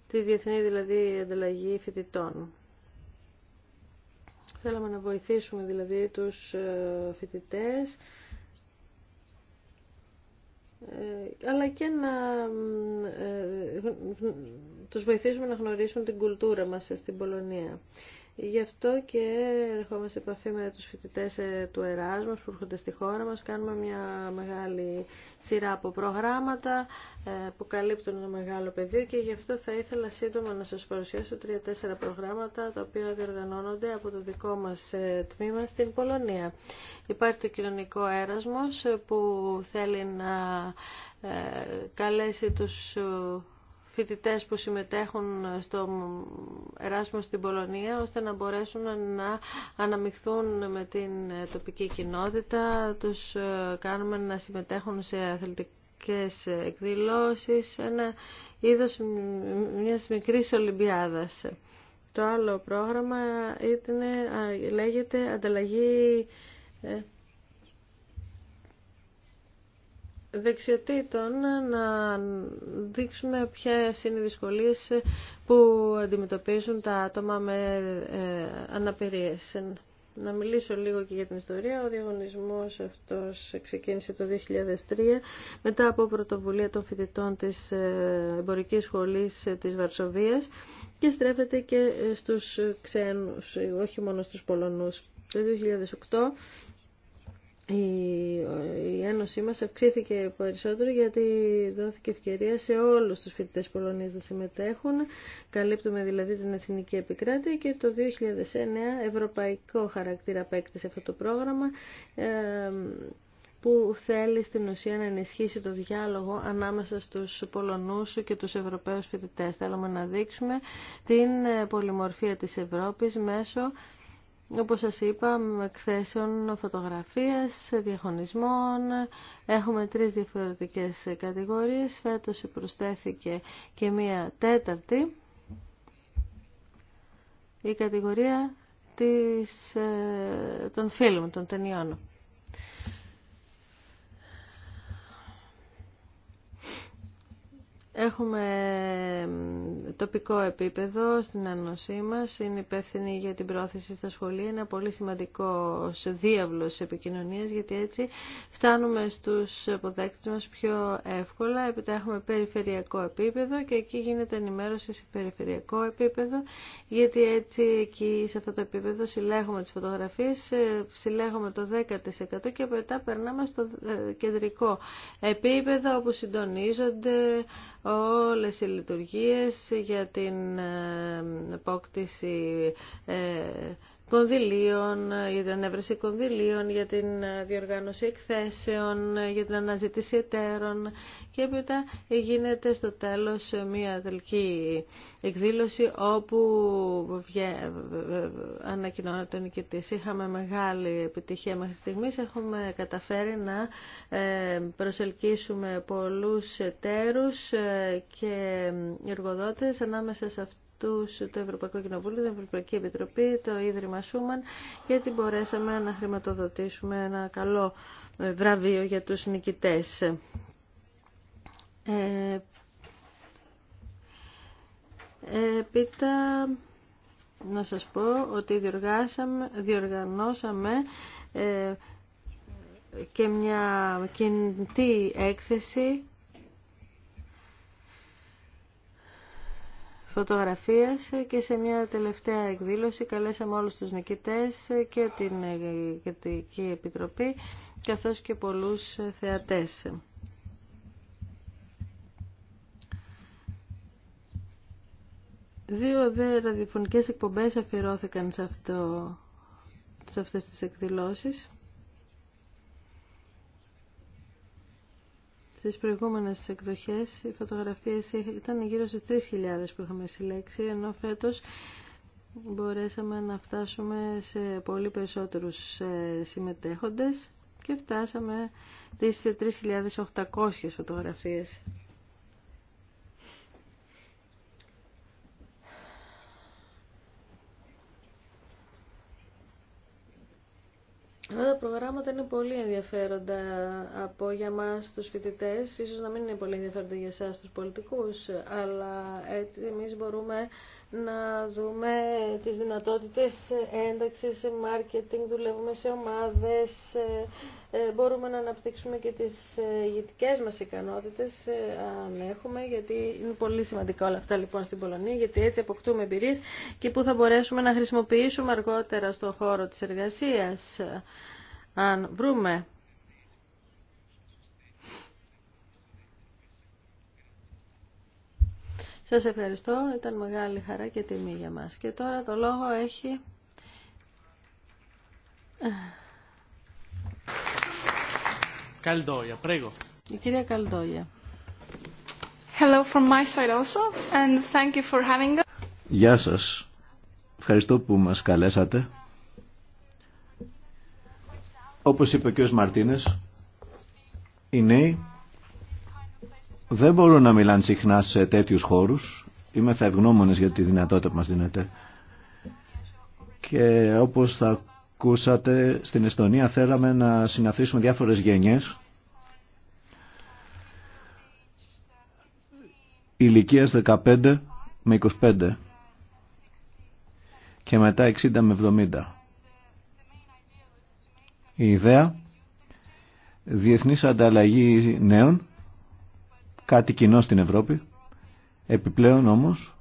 Τη διεθνή δηλαδή ανταλλαγή φοιτητών. Θέλαμε να βοηθήσουμε δηλαδή τους ε, φοιτητές ε, αλλά και να ε, ε, τους βοηθήσουμε να γνωρίσουν την κουλτούρα μας στην Πολωνία. Γι' αυτό και ερχόμαστε σε επαφή με τους φοιτητές ε, του Εράσμου που έρχονται στη χώρα μας. Κάνουμε μια μεγάλη σειρά από προγράμματα ε, που καλύπτουν ένα μεγάλο πεδίο και γι' αυτό θα ήθελα σύντομα να σας παρουσιάσω τρία-τέσσερα προγράμματα τα οποία διοργανώνονται από το δικό μας ε, τμήμα στην Πολωνία. Υπάρχει το κοινωνικό Έρασμος που θέλει να καλέσει τους φοιτητές που συμμετέχουν στο Εράσμο στην Πολωνία ώστε να μπορέσουν να αναμειχθούν με την τοπική κοινότητα. Τους ε, κάνουμε να συμμετέχουν σε αθλητικές εκδηλώσεις, ένα είδος μιας μικρής Ολυμπιάδας. Το άλλο πρόγραμμα λέγεται «Ανταλλαγή ε, δεξιοτήτων να δείξουμε ποιε είναι οι δυσκολίες που αντιμετωπίζουν τα άτομα με ε, αναπηρίες. Να μιλήσω λίγο και για την ιστορία. Ο διαγωνισμός αυτός ξεκίνησε το 2003 μετά από πρωτοβουλία των φοιτητών της ε, Εμπορικής Σχολής ε, της Βαρσοβίας και στρέφεται και στους ξένους, όχι μόνο στους Πολωνούς. Το 2008 η Ένωσή μας αυξήθηκε περισσότερο γιατί δόθηκε ευκαιρία σε όλους τους φοιτητές Πολωνίας να συμμετέχουν. Καλύπτουμε δηλαδή την Εθνική Επικράτεια και το 2009 ευρωπαϊκό χαρακτήρα απέκτησε αυτό το πρόγραμμα που θέλει στην ουσία να ενισχύσει το διάλογο ανάμεσα στους Πολωνούς και τους Ευρωπαίους φοιτητές. Θέλουμε να δείξουμε την πολυμορφία της Ευρώπης μέσω όπως σας είπα, με εκθέσεων φωτογραφίας, διαχωνισμών. Έχουμε τρεις διαφορετικές κατηγορίες. Φέτος προσθέθηκε και μία τέταρτη. Η κατηγορία της, ε, των φίλων, των ταινιών. Έχουμε τοπικό επίπεδο στην Ένωσή μας, είναι υπεύθυνη για την πρόθεση στα σχολεία, είναι πολύ σημαντικό διάβλος επικοινωνίας γιατί έτσι φτάνουμε στους αποδέκτες μας πιο εύκολα, έπειτα έχουμε περιφερειακό επίπεδο και εκεί γίνεται ενημέρωση σε περιφερειακό επίπεδο γιατί έτσι εκεί σε αυτό το επίπεδο συλλέγουμε τις φωτογραφίες, ε, συλλέγουμε το 10% και μετά περνάμε στο ε, κεντρικό επίπεδο όπου συντονίζονται, όλες οι λειτουργίες για την απόκτηση ε, ε, κονδυλίων, για την ανέβρεση κονδυλίων, για την ε, διοργάνωση εκθέσεων, για την αναζήτηση εταίρων και έπειτα γίνεται στο τέλος μια τελική εκδήλωση όπου ε, ε, ανακοινώνεται ο νικητής. Είχαμε μεγάλη επιτυχία μέχρι στιγμής, έχουμε καταφέρει να προσελκύσουμε πολλούς εταίρους και εργοδότες ανάμεσα σε τους, το Ευρωπαϊκό Κοινοβούλιο, την Ευρωπαϊκή Επιτροπή, το Ίδρυμα Σούμαν, γιατί μπορέσαμε να χρηματοδοτήσουμε ένα καλό ε, βραβείο για τους νικητές. Ε, επίτα να σας πω ότι διοργανώσαμε ε, και μια κινητή έκθεση και σε μια τελευταία εκδήλωση καλέσαμε όλους τους νικητές και την Κρητική Επιτροπή καθώς και πολλούς θεατές. Δύο δε ραδιοφωνικές εκπομπές αφιερώθηκαν σε, αυτό, σε αυτές τις εκδηλώσεις. στις προηγούμενες εκδοχές οι φωτογραφίες ήταν γύρω στις 3.000 που είχαμε συλλέξει, ενώ φέτος μπορέσαμε να φτάσουμε σε πολύ περισσότερους ε, συμμετέχοντες και φτάσαμε στις 3.800 φωτογραφίες. Αυτά τα προγράμματα είναι πολύ ενδιαφέροντα από για μας τους φοιτητέ, ίσως να μην είναι πολύ ενδιαφέροντα για εσάς τους πολιτικούς, αλλά έτσι εμείς μπορούμε να δούμε τις δυνατότητες ένταξης, marketing, δουλεύουμε σε ομάδες, ε, ε, μπορούμε να αναπτύξουμε και τις ε, ηγετικές μας ικανότητες, αν έχουμε, γιατί είναι πολύ σημαντικά όλα αυτά λοιπόν στην Πολωνία, γιατί έτσι αποκτούμε εμπειρίες και που θα μπορέσουμε να χρησιμοποιήσουμε αργότερα στον χώρο της εργασίας, αν βρούμε Σας ευχαριστώ. Ήταν μεγάλη χαρά και τιμή για μας. Και τώρα το λόγο έχει... Ε, Καλδόγια, πρέγω. Η κυρία Καλδόγια. Hello from my side also and thank you for having us. Γεια σας. Ευχαριστώ που μας καλέσατε. Όπως είπε και ο Μαρτίνες, οι νέοι δεν μπορώ να μιλάνε συχνά σε τέτοιους χώρους. Είμαι θα ευγνωμονε για τη δυνατότητα που μας δίνεται. Και όπως θα ακούσατε, στην Εστονία θέλαμε να συναθήσουμε διάφορες γενιές. Ηλικία 15 με 25 και μετά 60 με 70. Η ιδέα διεθνής ανταλλαγή νέων κάτι κοινό στην Ευρώπη. Επιπλέον όμως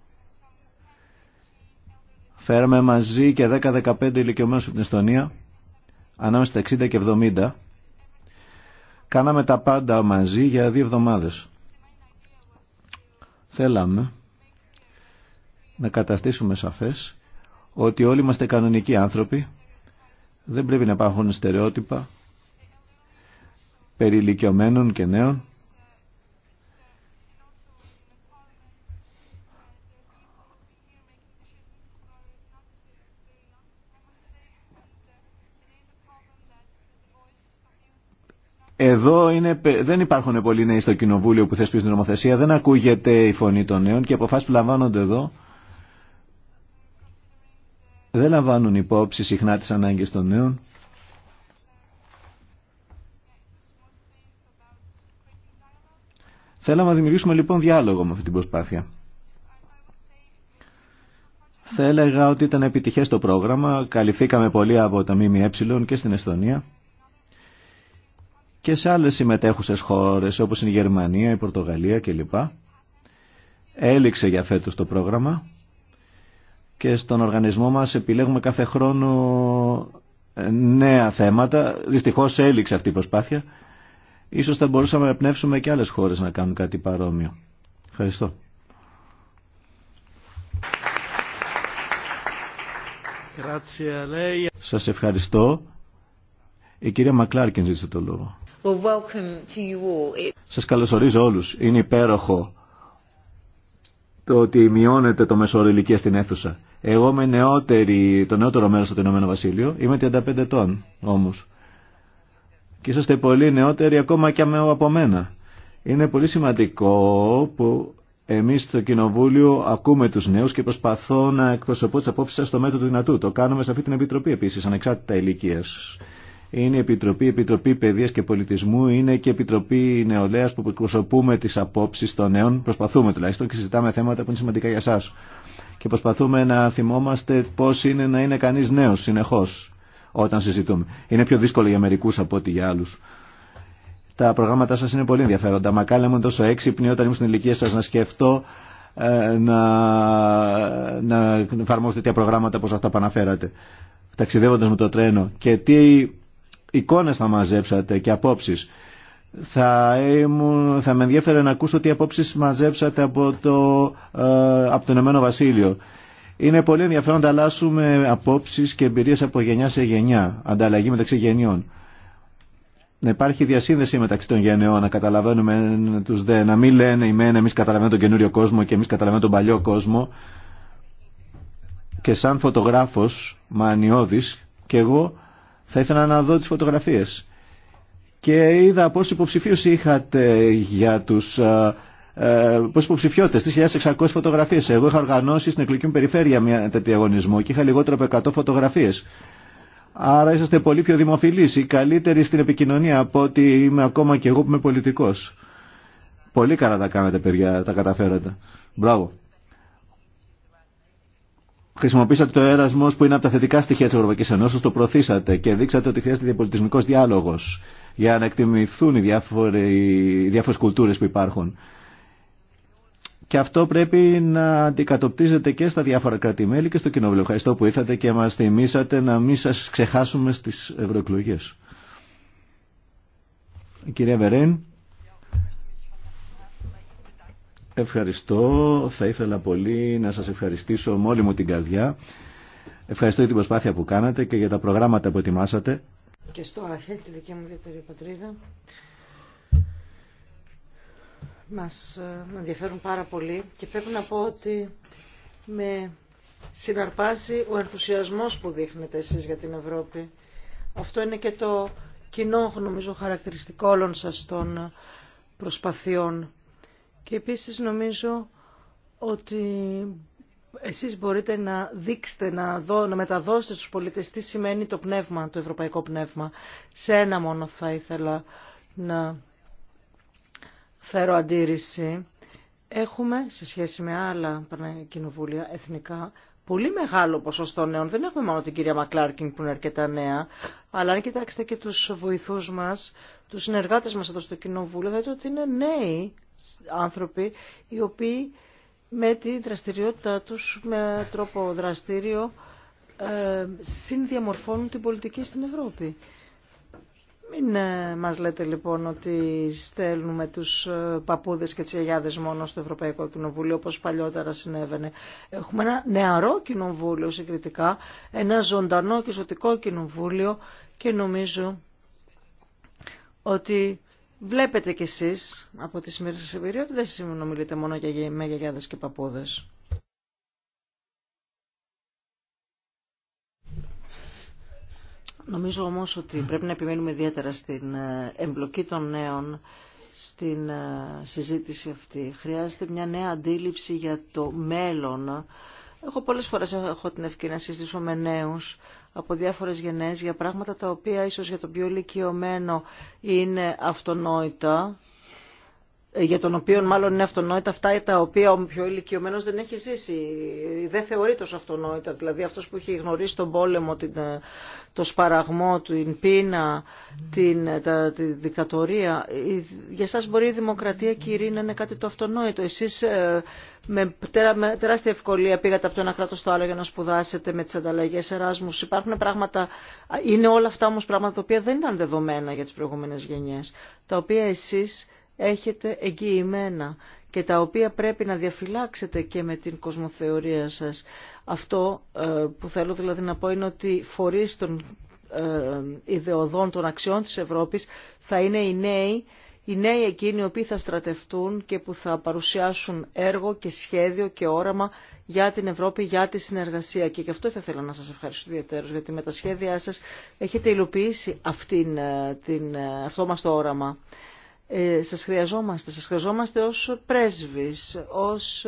φέραμε μαζί και 10-15 ηλικιωμένους από την Εστονία ανάμεσα στα 60 και 70. Κάναμε τα πάντα μαζί για δύο εβδομάδες. Θέλαμε να καταστήσουμε σαφές ότι όλοι είμαστε κανονικοί άνθρωποι, δεν πρέπει να υπάρχουν στερεότυπα περί και νέων, Εδώ είναι, δεν υπάρχουν πολλοί νέοι στο κοινοβούλιο που θεσπίζουν νομοθεσία, δεν ακούγεται η φωνή των νέων και οι αποφάσεις που λαμβάνονται εδώ δεν λαμβάνουν υπόψη συχνά τις ανάγκες των νέων. Θέλαμε να δημιουργήσουμε λοιπόν διάλογο με αυτή την προσπάθεια. Θα έλεγα ότι ήταν επιτυχές το πρόγραμμα, καλυφθήκαμε πολύ από τα ΜΜΕ και στην Εστονία και σε άλλες συμμετέχουσες χώρες όπως είναι η Γερμανία, η Πορτογαλία κλπ. Έληξε για φέτος το πρόγραμμα και στον οργανισμό μας επιλέγουμε κάθε χρόνο ε, νέα θέματα. Δυστυχώς έληξε αυτή η προσπάθεια. Ίσως θα μπορούσαμε να πνεύσουμε και άλλες χώρες να κάνουν κάτι παρόμοιο. Ευχαριστώ. Σας ευχαριστώ. Η κυρία Μακλάρκιν ζήτησε το λόγο. Σας καλωσορίζω όλους. Είναι υπέροχο το ότι μειώνεται το μεσόωρο ηλικία στην αίθουσα. Εγώ είμαι νεότερη, το νεότερο μέρος στο Ηνωμένο Βασίλειο. Είμαι 35 ετών όμως. Και είσαστε πολύ νεότεροι ακόμα και από μένα. Είναι πολύ σημαντικό που εμείς στο Κοινοβούλιο ακούμε τους νέους και προσπαθώ να εκπροσωπώ τις απόψεις σας στο μέτρο του δυνατού. Το κάνουμε σε αυτή την Επιτροπή επίσης, ανεξάρτητα ηλικίας είναι η Επιτροπή, η Επιτροπή Παιδείας και Πολιτισμού, είναι και η Επιτροπή Νεολαίας που προσωπούμε τις απόψεις των νέων, προσπαθούμε τουλάχιστον και συζητάμε θέματα που είναι σημαντικά για σας. Και προσπαθούμε να θυμόμαστε πώς είναι να είναι κανείς νέος συνεχώς όταν συζητούμε. Είναι πιο δύσκολο για μερικούς από ό,τι για άλλους. Τα προγράμματά σας είναι πολύ ενδιαφέροντα. Μα μου τόσο έξυπνοι όταν ήμουν στην ηλικία σας να σκεφτώ ε, να, να τέτοια προγράμματα όπως αυτά που αναφέρατε ταξιδεύοντας με το τρένο και τι εικόνες θα μαζέψατε και απόψεις. Θα, θα με ενδιαφέρε να ακούσω τι απόψεις μαζέψατε από το, ε, από το Ηνωμένο Βασίλειο. Είναι πολύ ενδιαφέρον να ανταλλάσσουμε απόψεις και εμπειρίες από γενιά σε γενιά, ανταλλαγή μεταξύ γενιών. Να υπάρχει διασύνδεση μεταξύ των γενεών, να καταλαβαίνουμε τους δε, να μην λένε οι μεν εμείς καταλαβαίνουμε τον καινούριο κόσμο και εμείς καταλαβαίνουμε τον παλιό κόσμο. Και σαν φωτογράφος, μανιώδης, και εγώ θα ήθελα να δω τις φωτογραφίες. Και είδα πόσους υποψηφίους είχατε για τους... Ε, ε Πώ υποψηφιώτε, 3.600 φωτογραφίε. Εγώ είχα οργανώσει στην εκλογική μου περιφέρεια μια τέτοια αγωνισμό και είχα λιγότερο από 100 φωτογραφίες. Άρα είσαστε πολύ πιο δημοφιλείς ή καλύτεροι στην επικοινωνία από ότι είμαι ακόμα και εγώ που είμαι πολιτικός. Πολύ καλά τα κάνετε παιδιά, τα καταφέρατε. Μπράβο. Χρησιμοποίησατε το έρασμο που είναι από τα θετικά στοιχεία τη Ευρωπαϊκή Ένωση, το προωθήσατε και δείξατε ότι χρειάζεται διαπολιτισμικό διάλογο για να εκτιμηθούν οι διάφορε κουλτούρε που υπάρχουν. Και αυτό πρέπει να αντικατοπτρίζεται και στα διάφορα κράτη-μέλη και στο κοινοβουλίο. Ευχαριστώ που ήρθατε και μα θυμήσατε να μην σα ξεχάσουμε στι ευρωεκλογέ. Κυρία Βερέν. Ευχαριστώ. Θα ήθελα πολύ να σας ευχαριστήσω με όλη μου την καρδιά. Ευχαριστώ για την προσπάθεια που κάνατε και για τα προγράμματα που ετοιμάσατε. Και στο Άχελ, τη δική μου ιδιαίτερη πατρίδα, μας ε, ενδιαφέρουν πάρα πολύ και πρέπει να πω ότι με συναρπάζει ο ενθουσιασμός που δείχνετε εσείς για την Ευρώπη. Αυτό είναι και το κοινό, νομίζω, χαρακτηριστικό όλων σας των προσπαθειών και επίσης νομίζω ότι εσείς μπορείτε να δείξετε, να, δω, να μεταδώσετε στους πολίτες τι σημαίνει το πνεύμα, το ευρωπαϊκό πνεύμα. Σε ένα μόνο θα ήθελα να φέρω αντίρρηση. Έχουμε, σε σχέση με άλλα κοινοβούλια εθνικά, πολύ μεγάλο ποσοστό νέων. Δεν έχουμε μόνο την κυρία Μακλάρκινγκ που είναι αρκετά νέα, αλλά αν κοιτάξετε και τους βοηθούς μας, τους συνεργάτες μας εδώ στο κοινοβούλιο, θα δείτε ότι είναι νέοι άνθρωποι οι οποίοι με τη δραστηριότητά τους, με τρόπο δραστήριο, ε, συνδιαμορφώνουν την πολιτική στην Ευρώπη. Μην ε, μας λέτε λοιπόν ότι στέλνουμε τους ε, παππούδες και τις μόνο στο Ευρωπαϊκό Κοινοβούλιο όπως παλιότερα συνέβαινε. Έχουμε ένα νεαρό κοινοβούλιο συγκριτικά, ένα ζωντανό και ζωτικό κοινοβούλιο και νομίζω ότι Βλέπετε κι εσείς από τη σημερινή σας εμπειρία ότι δεν συνομιλείτε μόνο για, με και παππούδες. Νομίζω όμως ότι πρέπει να επιμένουμε ιδιαίτερα στην ε, εμπλοκή των νέων στην ε, συζήτηση αυτή. Χρειάζεται μια νέα αντίληψη για το μέλλον έχω πολλές φορές έχω την ευκαιρία να συζητήσω με νέους από διάφορες γενναίες για πράγματα τα οποία ίσως για τον πιο ηλικιωμένο είναι αυτονόητα ε, για τον οποίο μάλλον είναι αυτονόητα αυτά τα οποία ο πιο ηλικιωμένο δεν έχει ζήσει. Δεν θεωρεί τόσο αυτονόητα. Δηλαδή αυτό που έχει γνωρίσει τον πόλεμο, την, ε, το σπαραγμό, την πείνα, την, ε, τη δικτατορία. Για εσά μπορεί η δημοκρατία και η να είναι κάτι το αυτονόητο. Εσείς με, με τεράστια ευκολία πήγατε από το ένα κράτο στο άλλο για να σπουδάσετε με τι ανταλλαγέ Εράσμου. Υπάρχουν πράγματα, είναι όλα αυτά όμω πράγματα τα οποία δεν ήταν δεδομένα για τι προηγούμενε γενιέ, τα οποία εσεί έχετε εγγυημένα και τα οποία πρέπει να διαφυλάξετε και με την κοσμοθεωρία σας. Αυτό ε, που θέλω δηλαδή να πω είναι ότι φορείς των ε, ιδεοδών των αξιών της Ευρώπης θα είναι οι νέοι, οι νέοι εκείνοι οι οποίοι θα στρατευτούν και που θα παρουσιάσουν έργο και σχέδιο και όραμα για την Ευρώπη, για τη συνεργασία. Και γι' αυτό θα ήθελα να σας ευχαριστώ ιδιαίτερως, γιατί με τα σχέδιά σας έχετε υλοποιήσει αυτήν, ε, την, αυτό μας το όραμα ε, σας χρειαζόμαστε. Σας χρειαζόμαστε ως πρέσβης, ως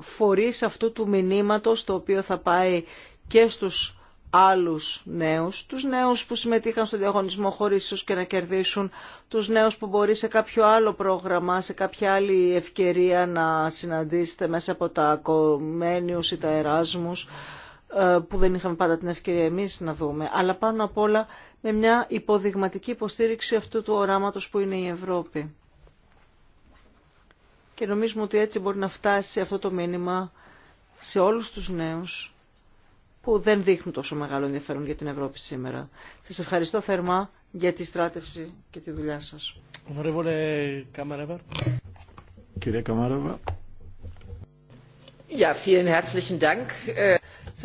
φορείς αυτού του μηνύματος το οποίο θα πάει και στους άλλους νέους, τους νέους που συμμετείχαν στο διαγωνισμό χωρίς ίσως και να κερδίσουν, τους νέους που μπορεί σε κάποιο άλλο πρόγραμμα, σε κάποια άλλη ευκαιρία να συναντήσετε μέσα από τα κομμένιους ή τα εράσμους, ε, που δεν είχαμε πάντα την ευκαιρία εμείς να δούμε, αλλά πάνω απ' όλα με μια υποδειγματική υποστήριξη αυτού του οράματος που είναι η Ευρώπη. Και νομίζουμε ότι έτσι μπορεί να φτάσει αυτό το μήνυμα σε όλους τους νέους που δεν δείχνουν τόσο μεγάλο ενδιαφέρον για την Ευρώπη σήμερα. Σας ευχαριστώ θερμά για τη στράτευση και τη δουλειά σας.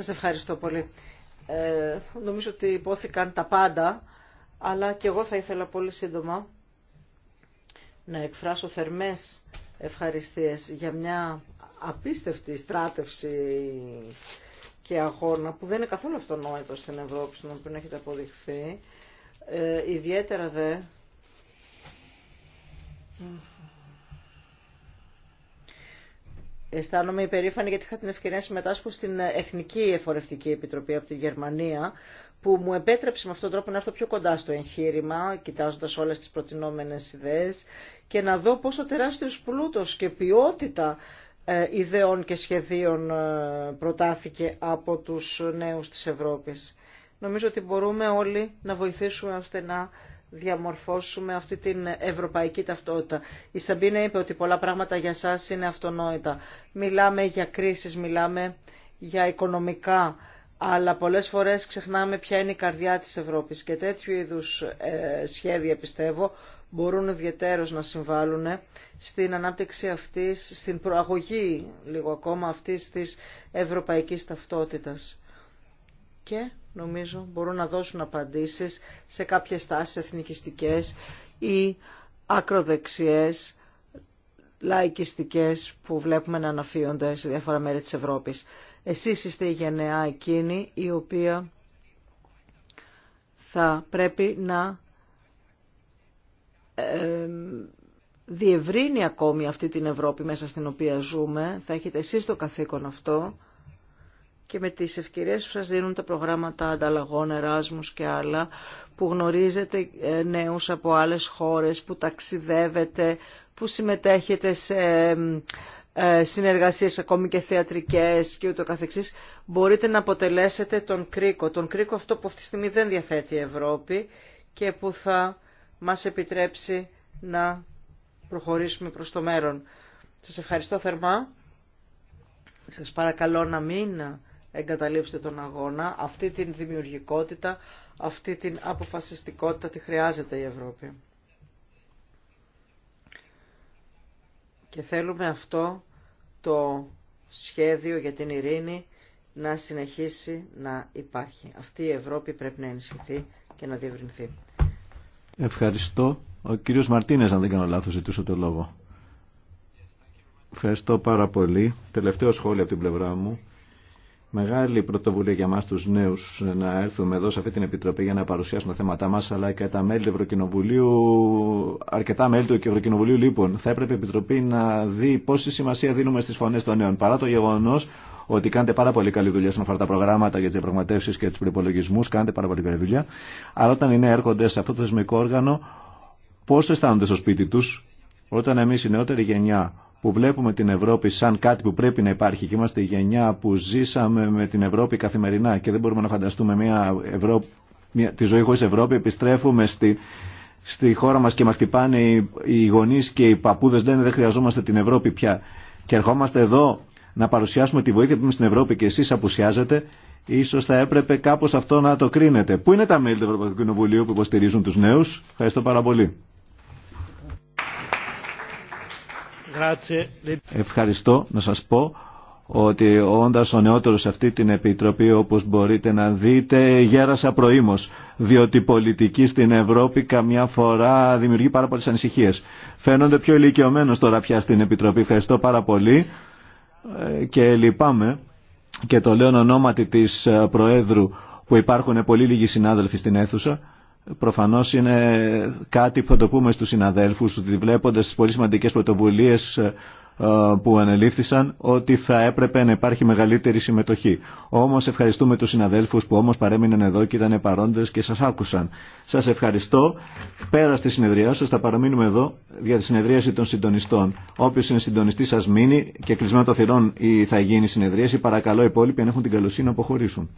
Σας ευχαριστώ πολύ. Ε, νομίζω ότι υπόθηκαν τα πάντα, αλλά και εγώ θα ήθελα πολύ σύντομα να εκφράσω θερμές ευχαριστίες για μια απίστευτη στράτευση και αγώνα που δεν είναι καθόλου αυτονόητο στην Ευρώπη, στον οποίο έχετε αποδειχθεί. Ε, ιδιαίτερα δε Αισθάνομαι υπερήφανη γιατί είχα την ευκαιρία να συμμετάσχω στην Εθνική Εφορευτική Επιτροπή από τη Γερμανία που μου επέτρεψε με αυτόν τον τρόπο να έρθω πιο κοντά στο εγχείρημα, κοιτάζοντα όλε τι προτινόμενε ιδέε και να δω πόσο τεράστιο πλούτο και ποιότητα ε, ιδεών και σχεδίων ε, προτάθηκε από τους νέους της Ευρώπης. Νομίζω ότι μπορούμε όλοι να βοηθήσουμε ώστε να διαμορφώσουμε αυτή την ευρωπαϊκή ταυτότητα. Η Σαμπίνα είπε ότι πολλά πράγματα για σας είναι αυτονόητα. Μιλάμε για κρίσεις, μιλάμε για οικονομικά, αλλά πολλές φορές ξεχνάμε ποια είναι η καρδιά της Ευρώπης και τέτοιου είδους ε, σχέδια πιστεύω μπορούν ιδιαίτερως να συμβάλλουν στην ανάπτυξη αυτής, στην προαγωγή λίγο ακόμα αυτής της ευρωπαϊκής ταυτότητας και νομίζω μπορούν να δώσουν απαντήσεις σε κάποιες τάσεις εθνικιστικές ή ακροδεξιές, λαϊκιστικές που βλέπουμε να αναφύονται σε διάφορα μέρη της Ευρώπης. Εσείς είστε η γενεά εκείνη η οποία θα πρέπει να διευρύνει ακόμη αυτή την Ευρώπη μέσα στην οποία ζούμε. Θα έχετε εσείς το καθήκον αυτό και με τις ευκαιρίες που σας δίνουν τα προγράμματα ανταλλαγών, εράσμους και άλλα, που γνωρίζετε ε, νέους από άλλες χώρες, που ταξιδεύετε, που συμμετέχετε σε ε, συνεργασίες ακόμη και θεατρικές και ούτω καθεξής, μπορείτε να αποτελέσετε τον κρίκο. Τον κρίκο αυτό που αυτή τη στιγμή δεν διαθέτει η Ευρώπη και που θα μας επιτρέψει να προχωρήσουμε προς το μέλλον. Σας ευχαριστώ θερμά. Σας παρακαλώ να μην εγκαταλείψτε τον αγώνα. Αυτή την δημιουργικότητα, αυτή την αποφασιστικότητα τη χρειάζεται η Ευρώπη. Και θέλουμε αυτό το σχέδιο για την ειρήνη να συνεχίσει να υπάρχει. Αυτή η Ευρώπη πρέπει να ενισχυθεί και να διευρυνθεί. Ευχαριστώ. Ο κύριος Μαρτίνες, αν δεν κάνω λάθος, ζητούσε το λόγο. Ευχαριστώ πάρα πολύ. Τελευταίο σχόλιο από την πλευρά μου. Μεγάλη πρωτοβουλία για μας τους νέους να έρθουμε εδώ σε αυτή την Επιτροπή για να παρουσιάσουμε τα θέματά μας, αλλά και τα μέλη του Ευρωκοινοβουλίου, αρκετά μέλη του Ευρωκοινοβουλίου λοιπόν. Θα έπρεπε η Επιτροπή να δει πόση σημασία δίνουμε στις φωνές των νέων, παρά το γεγονός ότι κάνετε πάρα πολύ καλή δουλειά στον αφορά τα προγράμματα για τι διαπραγματεύσει και του προπολογισμού. Κάνετε πάρα πολύ καλή δουλειά. Αλλά όταν οι νέοι έρχονται σε αυτό το θεσμικό όργανο, πώ αισθάνονται στο σπίτι του, όταν εμεί η νεότερη γενιά που βλέπουμε την Ευρώπη σαν κάτι που πρέπει να υπάρχει και είμαστε η γενιά που ζήσαμε με την Ευρώπη καθημερινά και δεν μπορούμε να φανταστούμε μια Ευρώπη, μια, τη ζωή χωρίς Ευρώπη, επιστρέφουμε στη, χώρα μας και μας χτυπάνε οι, οι γονείς και οι παππούδες λένε δεν χρειαζόμαστε την Ευρώπη πια. Και ερχόμαστε εδώ να παρουσιάσουμε τη βοήθεια που είμαστε στην Ευρώπη και εσείς απουσιάζετε, Ίσως θα έπρεπε κάπως αυτό να το κρίνετε. Πού είναι τα μέλη του Ευρωπαϊκού Κοινοβουλίου που υποστηρίζουν του νέου. Ευχαριστώ πάρα πολύ. Ευχαριστώ να σας πω ότι όντας ο νεότερος σε αυτή την επιτροπή όπως μπορείτε να δείτε γέρασα προήμως διότι η πολιτική στην Ευρώπη καμιά φορά δημιουργεί πάρα πολλές ανησυχίες. Φαίνονται πιο ηλικιωμένο τώρα πια στην επιτροπή. Ευχαριστώ πάρα πολύ ε, και λυπάμαι και το λέω ονόματι της ε, Προέδρου που υπάρχουν πολύ λίγοι συνάδελφοι στην αίθουσα. Προφανώς είναι κάτι που θα το πούμε στους συναδέλφους, ότι βλέποντας τις πολύ σημαντικές πρωτοβουλίες ε, που ανελήφθησαν, ότι θα έπρεπε να υπάρχει μεγαλύτερη συμμετοχή. Όμως ευχαριστούμε τους συναδέλφους που όμως παρέμειναν εδώ και ήταν παρόντες και σας άκουσαν. Σας ευχαριστώ. Πέρα στη συνεδρία σας θα παραμείνουμε εδώ για τη συνεδρίαση των συντονιστών. Όποιος είναι συντονιστή σας μείνει και κλεισμένο το θηρόν θα γίνει η συνεδρίαση. Παρακαλώ οι υπόλοιποι αν έχουν την καλοσύνη να αποχωρήσουν.